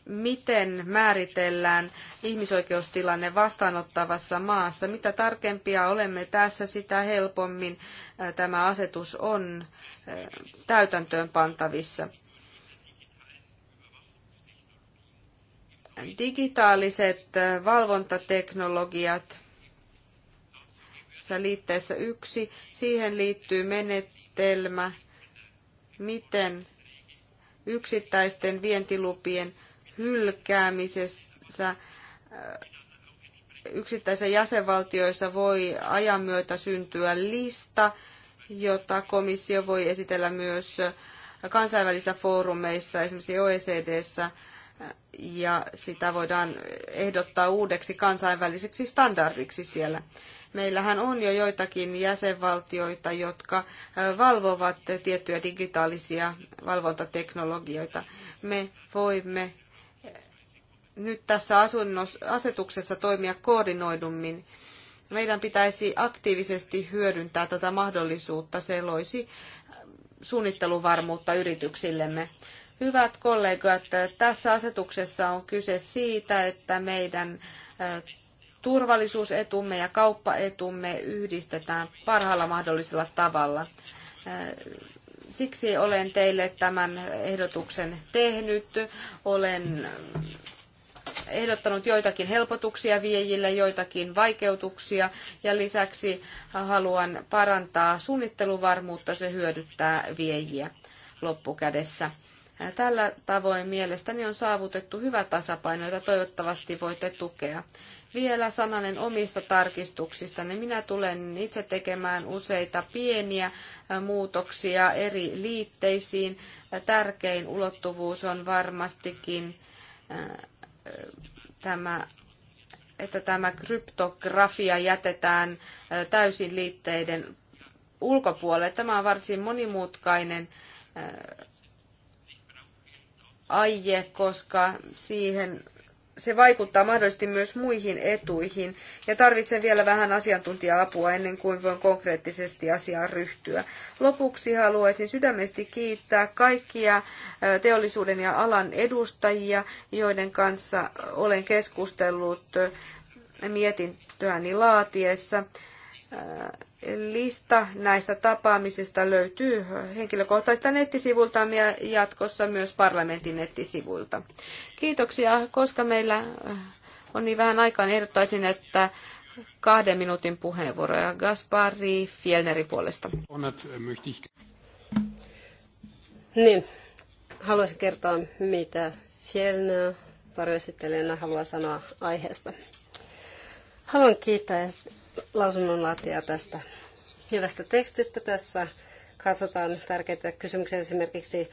miten määritellään ihmisoikeustilanne vastaanottavassa maassa. Mitä tarkempia olemme tässä, sitä helpommin tämä asetus on täytäntöön pantavissa. Digitaaliset valvontateknologiat tässä liitteessä yksi. Siihen liittyy menetelmä, miten yksittäisten vientilupien hylkäämisessä yksittäisissä jäsenvaltioissa voi ajan myötä syntyä lista, jota komissio voi esitellä myös kansainvälisissä foorumeissa, esimerkiksi OECDssä, ja sitä voidaan ehdottaa uudeksi kansainväliseksi standardiksi siellä. Meillähän on jo joitakin jäsenvaltioita, jotka valvovat tiettyjä digitaalisia valvontateknologioita. Me voimme nyt tässä asunnos, asetuksessa toimia koordinoidummin. Meidän pitäisi aktiivisesti hyödyntää tätä mahdollisuutta. Se loisi suunnitteluvarmuutta yrityksillemme. Hyvät kollegat, tässä asetuksessa on kyse siitä, että meidän turvallisuusetumme ja kauppaetumme yhdistetään parhaalla mahdollisella tavalla. Siksi olen teille tämän ehdotuksen tehnyt. Olen ehdottanut joitakin helpotuksia viejille, joitakin vaikeutuksia ja lisäksi haluan parantaa suunnitteluvarmuutta, se hyödyttää viejiä loppukädessä. Tällä tavoin mielestäni on saavutettu hyvä tasapaino, jota toivottavasti voitte tukea. Vielä sananen omista tarkistuksista. Niin minä tulen itse tekemään useita pieniä muutoksia eri liitteisiin. Tärkein ulottuvuus on varmastikin tämä, että tämä kryptografia jätetään täysin liitteiden ulkopuolelle. Tämä on varsin monimutkainen aie, koska siihen se vaikuttaa mahdollisesti myös muihin etuihin ja tarvitsen vielä vähän asiantuntija-apua ennen kuin voin konkreettisesti asiaan ryhtyä. Lopuksi haluaisin sydämesti kiittää kaikkia teollisuuden ja alan edustajia, joiden kanssa olen keskustellut mietintöäni laatiessa. Lista näistä tapaamisista löytyy henkilökohtaista nettisivultamme ja jatkossa myös parlamentin nettisivuilta. Kiitoksia, koska meillä on niin vähän aikaa, niin ehdottaisin, että kahden minuutin puheenvuoroja Gaspari Fielnerin puolesta.
Niin, haluaisin kertoa, mitä Fielner varjoesittelijänä haluaa sanoa aiheesta. Haluan kiittää lausunnonlaatijaa tästä hyvästä tekstistä. Tässä katsotaan tärkeitä kysymyksiä esimerkiksi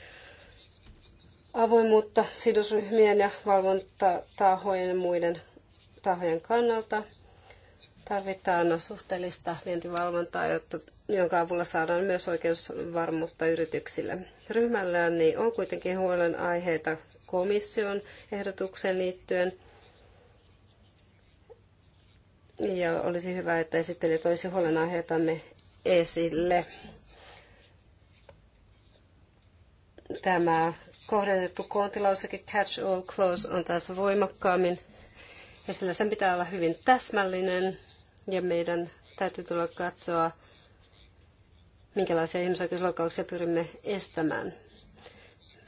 avoimuutta sidosryhmien ja valvontatahojen ja muiden tahojen kannalta. Tarvitaan suhteellista vientivalvontaa, jotta, jonka avulla saadaan myös oikeusvarmuutta yrityksille. Ryhmällään niin on kuitenkin huolenaiheita komission ehdotuksen liittyen – ja olisi hyvä, että esittelijä toisi huolenaiheitamme esille. Tämä kohdennettu koontilauseke catch all close on taas voimakkaammin ja sillä sen pitää olla hyvin täsmällinen ja meidän täytyy tulla katsoa, minkälaisia ihmisoikeusloukkauksia pyrimme estämään.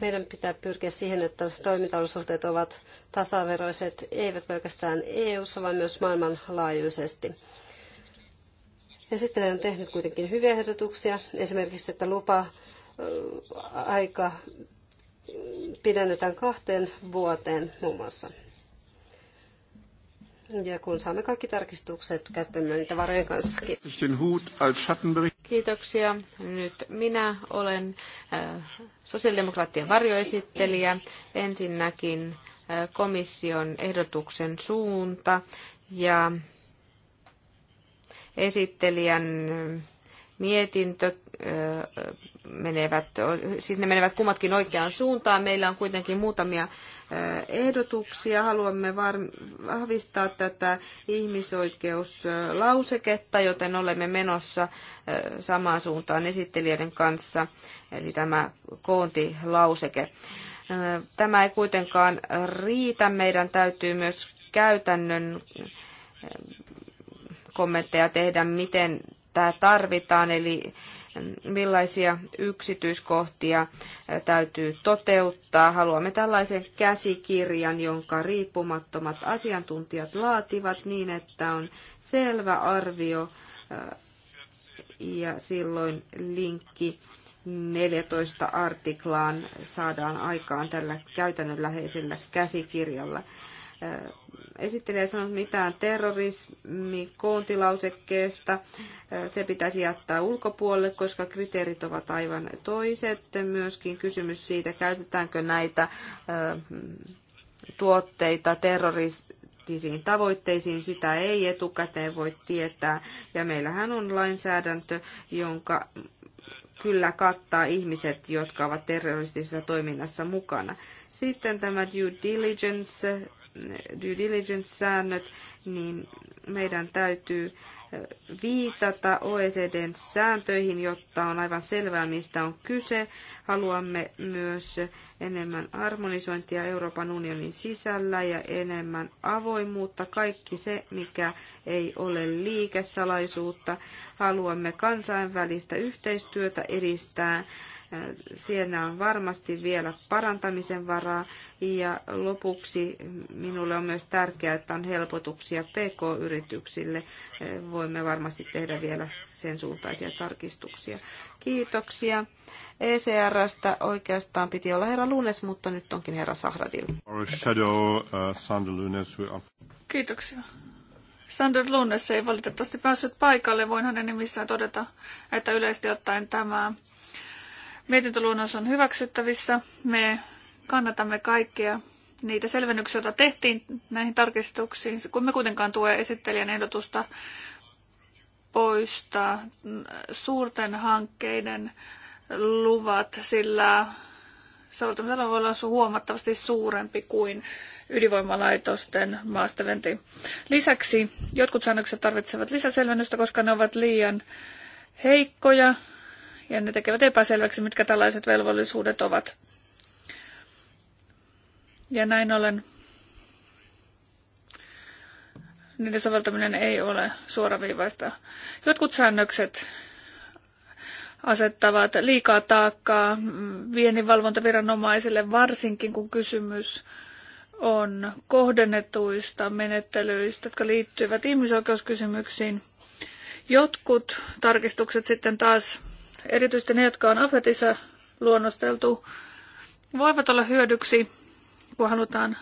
Meidän pitää pyrkiä siihen, että toimintaolosuhteet ovat tasaveroiset, eivät pelkästään EU-ssa, vaan myös maailmanlaajuisesti. Esittelijä on tehnyt kuitenkin hyviä ehdotuksia, esimerkiksi, että lupa-aika pidennetään kahteen vuoteen muun muassa. Ja kun saamme kaikki tarkistukset, käsittelemme
niitä varojen kanssa. Kiitoksia. Nyt minä olen äh, sosiaalidemokraattien varjoesittelijä. Ensinnäkin äh, komission ehdotuksen suunta ja esittelijän mietintö äh, menevät, siis ne menevät kummatkin oikeaan suuntaan. Meillä on kuitenkin muutamia ehdotuksia. Haluamme vahvistaa tätä ihmisoikeuslauseketta, joten olemme menossa samaan suuntaan esittelijöiden kanssa, eli tämä koontilauseke. Tämä ei kuitenkaan riitä. Meidän täytyy myös käytännön kommentteja tehdä, miten tämä tarvitaan, eli millaisia yksityiskohtia täytyy toteuttaa. Haluamme tällaisen käsikirjan, jonka riippumattomat asiantuntijat laativat niin, että on selvä arvio ja silloin linkki 14 artiklaan saadaan aikaan tällä käytännönläheisellä käsikirjalla. Äh, esittelijä ei sanonut mitään terrorismi koontilausekkeesta. Äh, se pitäisi jättää ulkopuolelle, koska kriteerit ovat aivan toiset. Myöskin kysymys siitä, käytetäänkö näitä äh, tuotteita terroristisiin tavoitteisiin, sitä ei etukäteen voi tietää. Ja meillähän on lainsäädäntö, jonka kyllä kattaa ihmiset, jotka ovat terroristisessa toiminnassa mukana. Sitten tämä due diligence due diligence-säännöt, niin meidän täytyy viitata OECDn sääntöihin, jotta on aivan selvää, mistä on kyse. Haluamme myös enemmän harmonisointia Euroopan unionin sisällä ja enemmän avoimuutta. Kaikki se, mikä ei ole liikesalaisuutta. Haluamme kansainvälistä yhteistyötä edistää siellä on varmasti vielä parantamisen varaa ja lopuksi minulle on myös tärkeää, että on helpotuksia PK-yrityksille. Voimme varmasti tehdä vielä sen suuntaisia tarkistuksia. Kiitoksia. ECRstä oikeastaan piti olla herra Lunes, mutta nyt onkin herra Sahradil.
Uh, Kiitoksia. Sander Lunnes ei valitettavasti päässyt paikalle. Voin hänen nimissään todeta, että yleisesti ottaen tämä Mietintöluonnos on hyväksyttävissä. Me kannatamme kaikkia niitä selvennyksiä, joita tehtiin näihin tarkistuksiin, kun me kuitenkaan tue esittelijän ehdotusta poistaa suurten hankkeiden luvat, sillä soveltamisella voi olla huomattavasti suurempi kuin ydinvoimalaitosten maastaventi. Lisäksi jotkut säännökset tarvitsevat lisäselvennystä, koska ne ovat liian heikkoja ja ne tekevät epäselväksi, mitkä tällaiset velvollisuudet ovat. Ja näin ollen niiden soveltaminen ei ole suoraviivaista. Jotkut säännökset asettavat liikaa taakkaa valvontaviranomaisille, varsinkin kun kysymys on kohdennetuista menettelyistä, jotka liittyvät ihmisoikeuskysymyksiin. Jotkut tarkistukset sitten taas erityisesti ne, jotka on AFETissa luonnosteltu, voivat olla hyödyksi, kun halutaan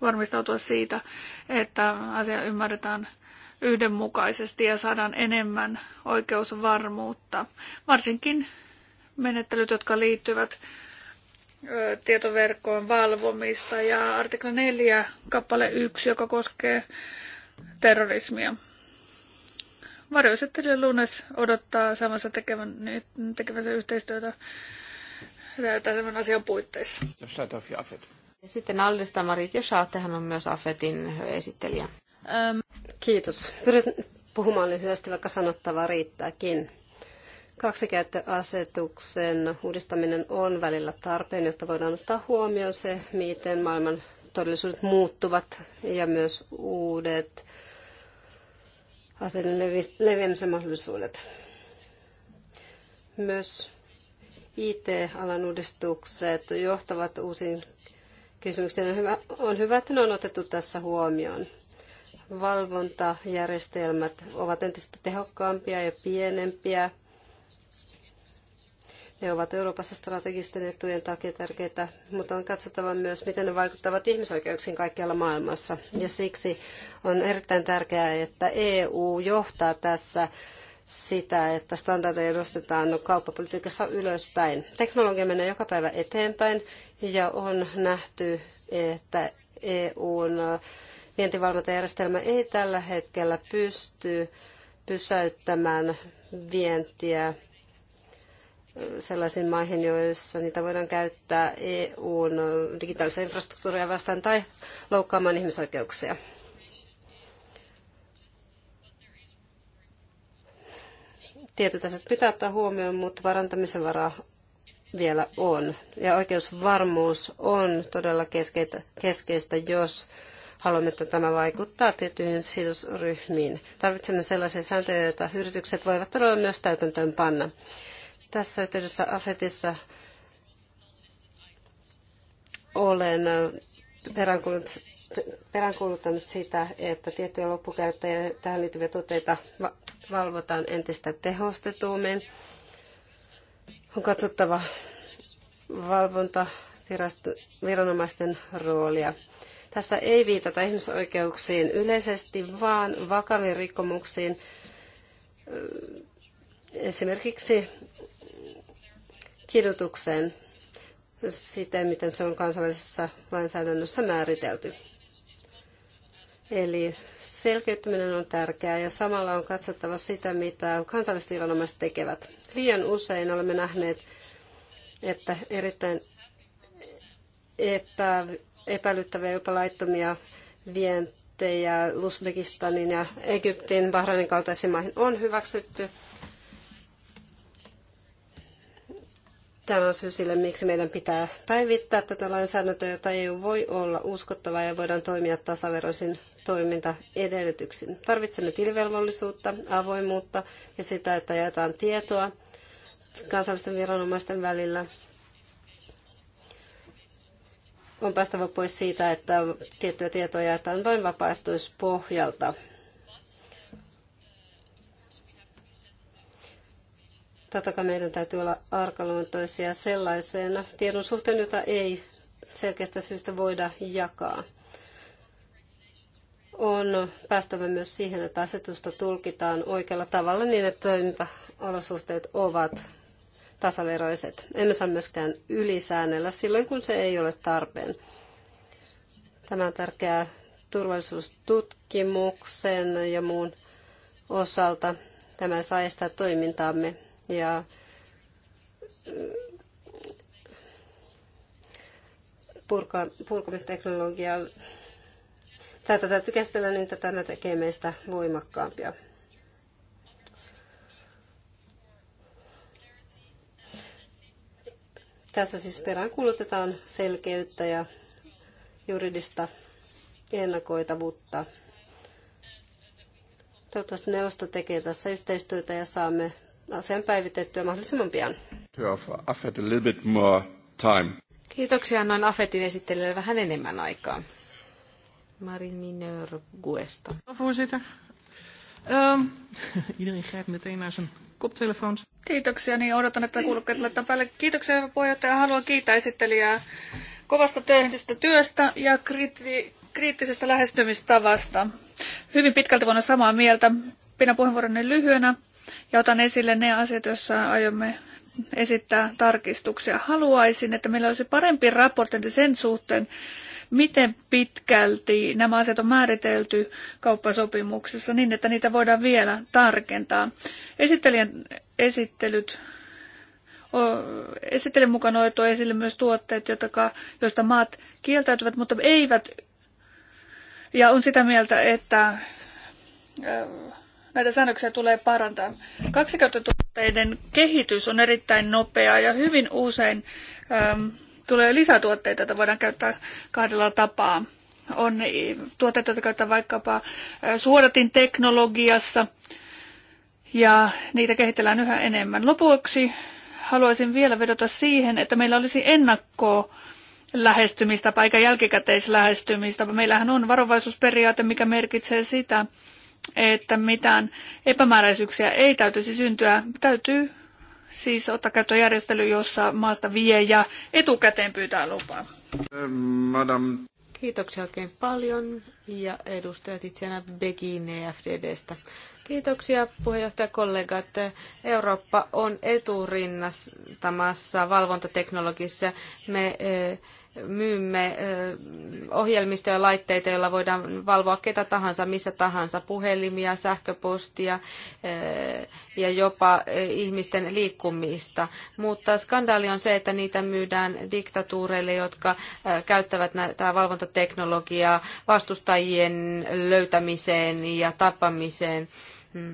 varmistautua siitä, että asia ymmärretään yhdenmukaisesti ja saadaan enemmän oikeusvarmuutta. Varsinkin menettelyt, jotka liittyvät tietoverkkoon valvomista ja artikla 4 kappale 1, joka koskee terrorismia. Varjoesittelijä Lunes odottaa samassa tekevän, niin tekevänsä yhteistyötä tämän asian puitteissa. Ja sitten Aldesta Marit ja
Saatehan on myös Afetin esittelijä. Öm. Ähm, Kiitos. Pyrin puhumaan
lyhyesti, vaikka sanottavaa riittääkin. Kaksikäyttöasetuksen uudistaminen on välillä tarpeen, jotta voidaan ottaa huomioon se, miten maailman todellisuudet muuttuvat ja myös uudet aseiden leviämisen mahdollisuudet. Myös IT-alan uudistukset johtavat uusiin kysymyksiin. On hyvä, on hyvä, että ne on otettu tässä huomioon. Valvontajärjestelmät ovat entistä tehokkaampia ja pienempiä ne ovat Euroopassa strategisten etujen takia tärkeitä, mutta on katsottava myös, miten ne vaikuttavat ihmisoikeuksiin kaikkialla maailmassa. Ja siksi on erittäin tärkeää, että EU johtaa tässä sitä, että standardeja nostetaan kauppapolitiikassa ylöspäin. Teknologia menee joka päivä eteenpäin ja on nähty, että EUn vientivalvontajärjestelmä ei tällä hetkellä pysty pysäyttämään vientiä sellaisiin maihin, joissa niitä voidaan käyttää EUn digitaalista infrastruktuuria vastaan tai loukkaamaan ihmisoikeuksia. Tietyt asiat pitää ottaa huomioon, mutta parantamisen varaa vielä on. Ja oikeusvarmuus on todella keskeistä, jos haluamme, että tämä vaikuttaa tiettyihin sidosryhmiin. Tarvitsemme sellaisia sääntöjä, joita yritykset voivat todella myös täytäntöön panna. Tässä yhteydessä AFETissa olen peräänkuuluttanut sitä, että tiettyjä loppukäyttäjiä tähän liittyviä tuotteita valvotaan entistä tehostetummin. On katsottava viranomaisten roolia. Tässä ei viitata ihmisoikeuksiin yleisesti, vaan vakaviin rikkomuksiin, esimerkiksi kidutukseen siten, miten se on kansainvälisessä lainsäädännössä määritelty. Eli selkeyttäminen on tärkeää ja samalla on katsottava sitä, mitä kansalliset viranomaiset tekevät. Liian usein olemme nähneet, että erittäin epä, epäilyttäviä jopa laittomia vientejä Uzbekistanin ja Egyptin, Bahrainin kaltaisiin maihin on hyväksytty Tämä on syy sille, miksi meidän pitää päivittää tätä lainsäädäntöä, jota EU voi olla uskottava ja voidaan toimia tasaveroisin toimintaedellytyksin. Tarvitsemme tilivelvollisuutta, avoimuutta ja sitä, että jaetaan tietoa kansallisten viranomaisten välillä. On päästävä pois siitä, että tiettyjä tietoja jaetaan vain vapaaehtoispohjalta. Totta kai meidän täytyy olla arkaluontoisia sellaisena tiedon suhteen, jota ei selkeästä syystä voida jakaa. On päästävä myös siihen, että asetusta tulkitaan oikealla tavalla niin, että toimintaolosuhteet ovat tasaveroiset. Emme saa myöskään ylisäännellä silloin, kun se ei ole tarpeen. Tämä on tärkeää turvallisuustutkimuksen ja muun osalta. Tämä saa estää toimintaamme ja purka, purkamisteknologiaa, tätä täytyy käsitellä niin, että tämä tekee meistä voimakkaampia. Tässä siis peräänkuulutetaan selkeyttä ja juridista ennakoitavuutta. Toivottavasti neuvosto tekee tässä yhteistyötä ja saamme asian päivitettyä mahdollisimman pian.
Kiitoksia, annoin Afetin esittelijälle vähän enemmän aikaa. Marin Mineur Guesta.
Voorzitter. Ehm, (laughs) iedereen grijpt meteen naar zijn koptelefoons. Kiitoksia, niin odotan, että kuulokkeet laittaa päälle. Kiitoksia, hyvä puheenjohtaja. Haluan kiittää esittelijää kovasta tehdystä työstä ja kriti- kriittisestä lähestymistavasta. Hyvin pitkälti voin samaa mieltä. Pidän puheenvuoroni lyhyenä ja otan esille ne asiat, joissa aiomme esittää tarkistuksia. Haluaisin, että meillä olisi parempi raportointi sen suhteen, miten pitkälti nämä asiat on määritelty kauppasopimuksessa niin, että niitä voidaan vielä tarkentaa. Esittelijän esittelyt esittelyn mukana otettu esille myös tuotteet, joista maat kieltäytyvät, mutta eivät. Ja on sitä mieltä, että näitä säännöksiä tulee parantaa. Kaksikäyttötuotteiden kehitys on erittäin nopeaa ja hyvin usein äm, tulee lisätuotteita, joita voidaan käyttää kahdella tapaa. On tuotteita, joita käytetään vaikkapa äh, suodatin teknologiassa ja niitä kehitellään yhä enemmän. Lopuksi haluaisin vielä vedota siihen, että meillä olisi ennakkoa lähestymistä, eikä jälkikäteislähestymistä. Meillähän on varovaisuusperiaate, mikä merkitsee sitä, että mitään epämääräisyyksiä ei täytyisi syntyä. Täytyy siis ottaa käyttöön järjestely, jossa maasta vie ja etukäteen pyytää lupaa. Madam. Kiitoksia oikein
paljon ja edustajat itseänä Begine FDDstä. Kiitoksia kollegat. Eurooppa on eturinnastamassa valvontateknologissa. Me eh, myymme ohjelmistoja ja laitteita, joilla voidaan valvoa ketä tahansa, missä tahansa, puhelimia, sähköpostia ja jopa ihmisten liikkumista. Mutta skandaali on se, että niitä myydään diktatuureille, jotka käyttävät tätä valvontateknologiaa vastustajien löytämiseen ja tappamiseen mm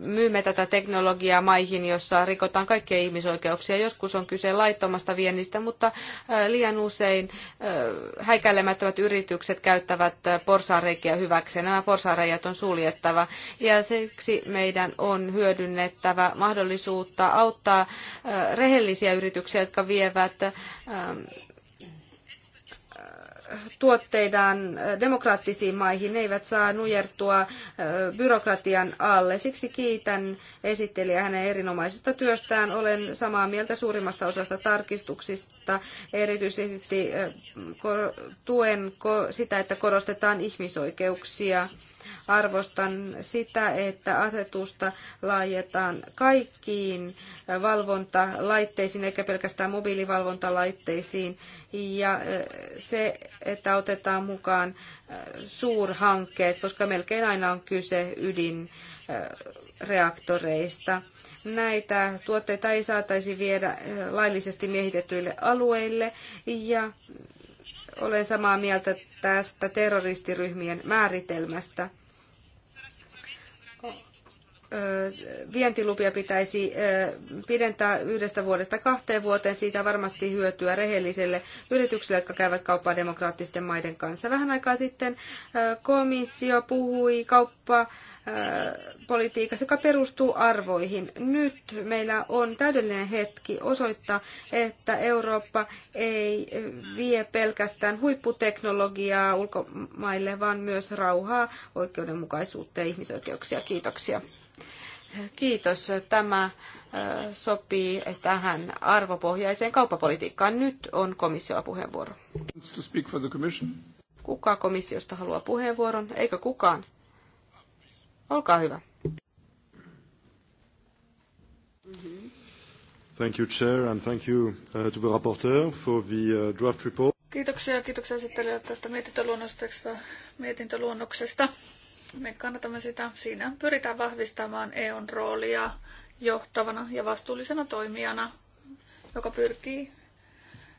myymme tätä teknologiaa maihin, jossa rikotaan kaikkia ihmisoikeuksia. Joskus on kyse laittomasta viennistä, mutta äh, liian usein äh, häikäilemättömät yritykset käyttävät äh, porsaanreikiä hyväkseen. Nämä porsaanreijät on suljettava ja siksi meidän on hyödynnettävä mahdollisuutta auttaa rehellisiä yrityksiä, jotka vievät tuotteidaan äh, demokraattisiin maihin, ne eivät saa nujertua äh, byrokratian alle. Siksi kiitän esittelijää hänen erinomaisesta työstään. Olen samaa mieltä suurimmasta osasta tarkistuksista. Erityisesti äh, tuen sitä, että korostetaan ihmisoikeuksia Arvostan sitä, että asetusta laajetaan kaikkiin valvontalaitteisiin, eikä pelkästään mobiilivalvontalaitteisiin. Ja se, että otetaan mukaan suurhankkeet, koska melkein aina on kyse ydinreaktoreista näitä tuotteita ei saataisi viedä laillisesti miehitetyille alueille ja olen samaa mieltä tästä terroristiryhmien määritelmästä vientilupia pitäisi pidentää yhdestä vuodesta kahteen vuoteen. Siitä varmasti hyötyä rehellisille yrityksille, jotka käyvät kauppaa demokraattisten maiden kanssa. Vähän aikaa sitten komissio puhui kauppapolitiikasta, joka perustuu arvoihin. Nyt meillä on täydellinen hetki osoittaa, että Eurooppa ei vie pelkästään huipputeknologiaa ulkomaille, vaan myös rauhaa, oikeudenmukaisuutta ja ihmisoikeuksia. Kiitoksia. Kiitos. Tämä äh, sopii tähän arvopohjaiseen kauppapolitiikkaan. Nyt on komissiolla puheenvuoro. Kuka komissiosta haluaa puheenvuoron? Eikö kukaan? Olkaa hyvä. Mm-hmm. Thank you, Chair, and thank you uh, to the rapporteur for the uh, draft report.
Kiitoksia, kiitoksia esittelijä tästä mietintöluonnoksesta. mietintöluonnoksesta. Me kannatamme sitä. Siinä pyritään vahvistamaan EUn roolia johtavana ja vastuullisena toimijana, joka pyrkii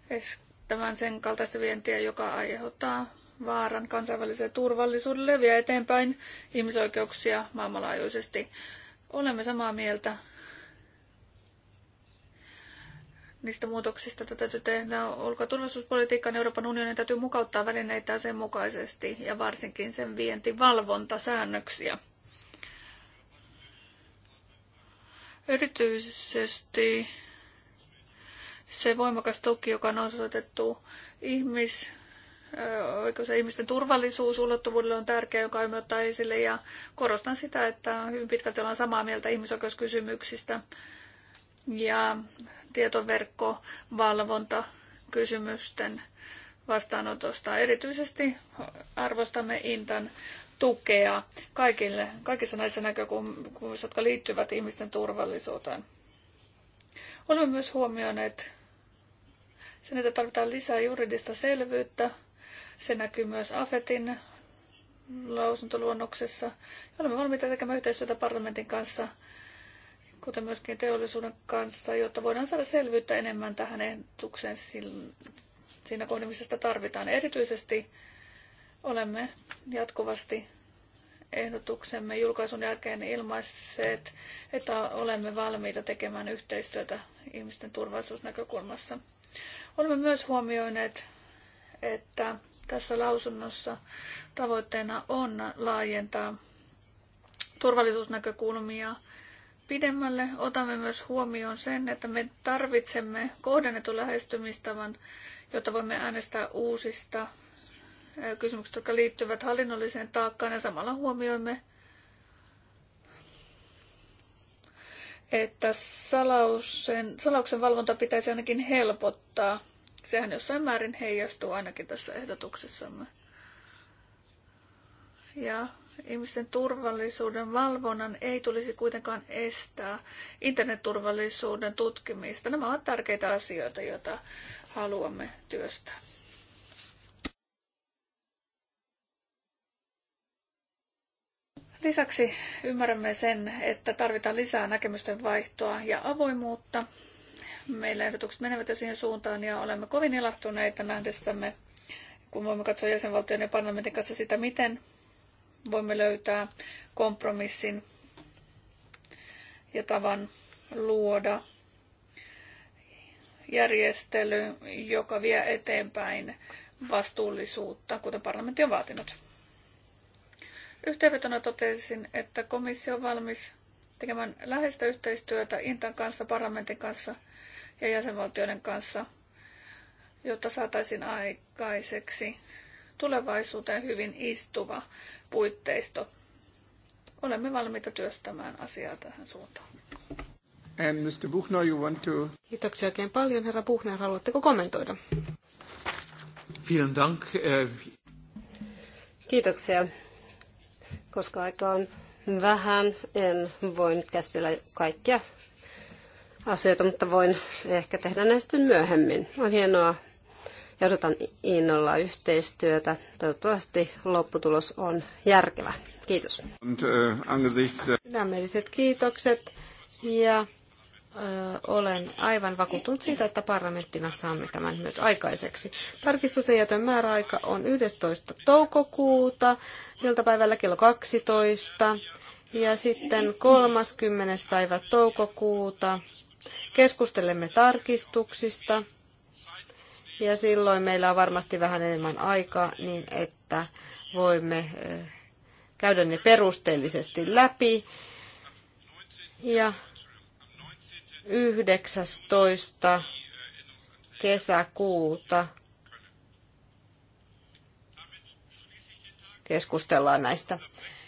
estämään sen kaltaista vientiä, joka aiheuttaa vaaran kansainväliselle turvallisuudelle ja vie eteenpäin ihmisoikeuksia maailmanlaajuisesti. Olemme samaa mieltä niistä muutoksista, tätä täytyy tehdä ulko- ja turvallisuuspolitiikkaan, Euroopan unionin täytyy mukauttaa välineitä sen mukaisesti ja varsinkin sen vientivalvontasäännöksiä. Erityisesti se voimakas tuki, joka on osoitettu ihmis, oikeus ja ihmisten turvallisuusulottuvuudelle on tärkeä, joka aiomme ottaa esille. Ja korostan sitä, että hyvin pitkälti ollaan samaa mieltä ihmisoikeuskysymyksistä. Ja tietoverkkovalvontakysymysten kysymysten vastaanotosta. Erityisesti arvostamme Intan tukea kaikille, kaikissa näissä näkökulmissa, jotka liittyvät ihmisten turvallisuuteen. Olemme myös huomioineet sen, että tarvitaan lisää juridista selvyyttä. Se näkyy myös AFETin lausuntoluonnoksessa. olemme valmiita tekemään yhteistyötä parlamentin kanssa kuten myöskin teollisuuden kanssa, jotta voidaan saada selvyyttä enemmän tähän ehdotukseen siinä kohdin, missä sitä tarvitaan. Erityisesti olemme jatkuvasti ehdotuksemme julkaisun jälkeen ilmaisseet, että olemme valmiita tekemään yhteistyötä ihmisten turvallisuusnäkökulmassa. Olemme myös huomioineet, että tässä lausunnossa tavoitteena on laajentaa turvallisuusnäkökulmia pidemmälle. Otamme myös huomioon sen, että me tarvitsemme kohdennetun lähestymistavan, jotta voimme äänestää uusista kysymyksistä, jotka liittyvät hallinnolliseen taakkaan ja samalla huomioimme, että salauksen, salauksen valvonta pitäisi ainakin helpottaa. Sehän jossain määrin heijastuu ainakin tässä ehdotuksessamme. Ja ihmisten turvallisuuden valvonnan ei tulisi kuitenkaan estää internetturvallisuuden tutkimista. Nämä ovat tärkeitä asioita, joita haluamme työstää. Lisäksi ymmärrämme sen, että tarvitaan lisää näkemysten vaihtoa ja avoimuutta. Meillä ehdotukset menevät jo siihen suuntaan ja olemme kovin ilahtuneita nähdessämme, kun voimme katsoa jäsenvaltion ja parlamentin kanssa sitä, miten voimme löytää kompromissin ja tavan luoda järjestely, joka vie eteenpäin vastuullisuutta, kuten parlamentti on vaatinut. Yhteenvetona totesin, että komissio on valmis tekemään läheistä yhteistyötä Intan kanssa, parlamentin kanssa ja jäsenvaltioiden kanssa, jotta saataisiin aikaiseksi tulevaisuuteen hyvin istuva puitteisto. Olemme valmiita työstämään asiaa tähän suuntaan. And Mr. Buchner, you want to...
Kiitoksia oikein paljon, herra Buchner. Haluatteko kommentoida?
Vielen Dank. Äh,
Kiitoksia. Koska aika on vähän, en voi nyt käsitellä kaikkia asioita, mutta voin ehkä tehdä näistä myöhemmin. On hienoa ja odotan innolla yhteistyötä. Toivottavasti
lopputulos on järkevä. Kiitos.
Äh,
Sydämelliset kiitokset ja ö, äh, olen aivan vakuuttunut siitä, että parlamenttina saamme tämän myös aikaiseksi. Tarkistusten jätön määräaika on 11. toukokuuta, iltapäivällä kello 12. Ja sitten 30. päivä toukokuuta keskustelemme tarkistuksista ja silloin meillä on varmasti vähän enemmän aikaa niin, että voimme käydä ne perusteellisesti läpi. Ja 19. kesäkuuta keskustellaan näistä.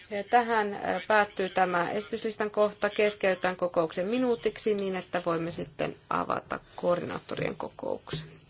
Ja tähän päättyy tämä esityslistan kohta. Keskeytän kokouksen minuutiksi niin, että voimme sitten avata koordinaattorien kokouksen.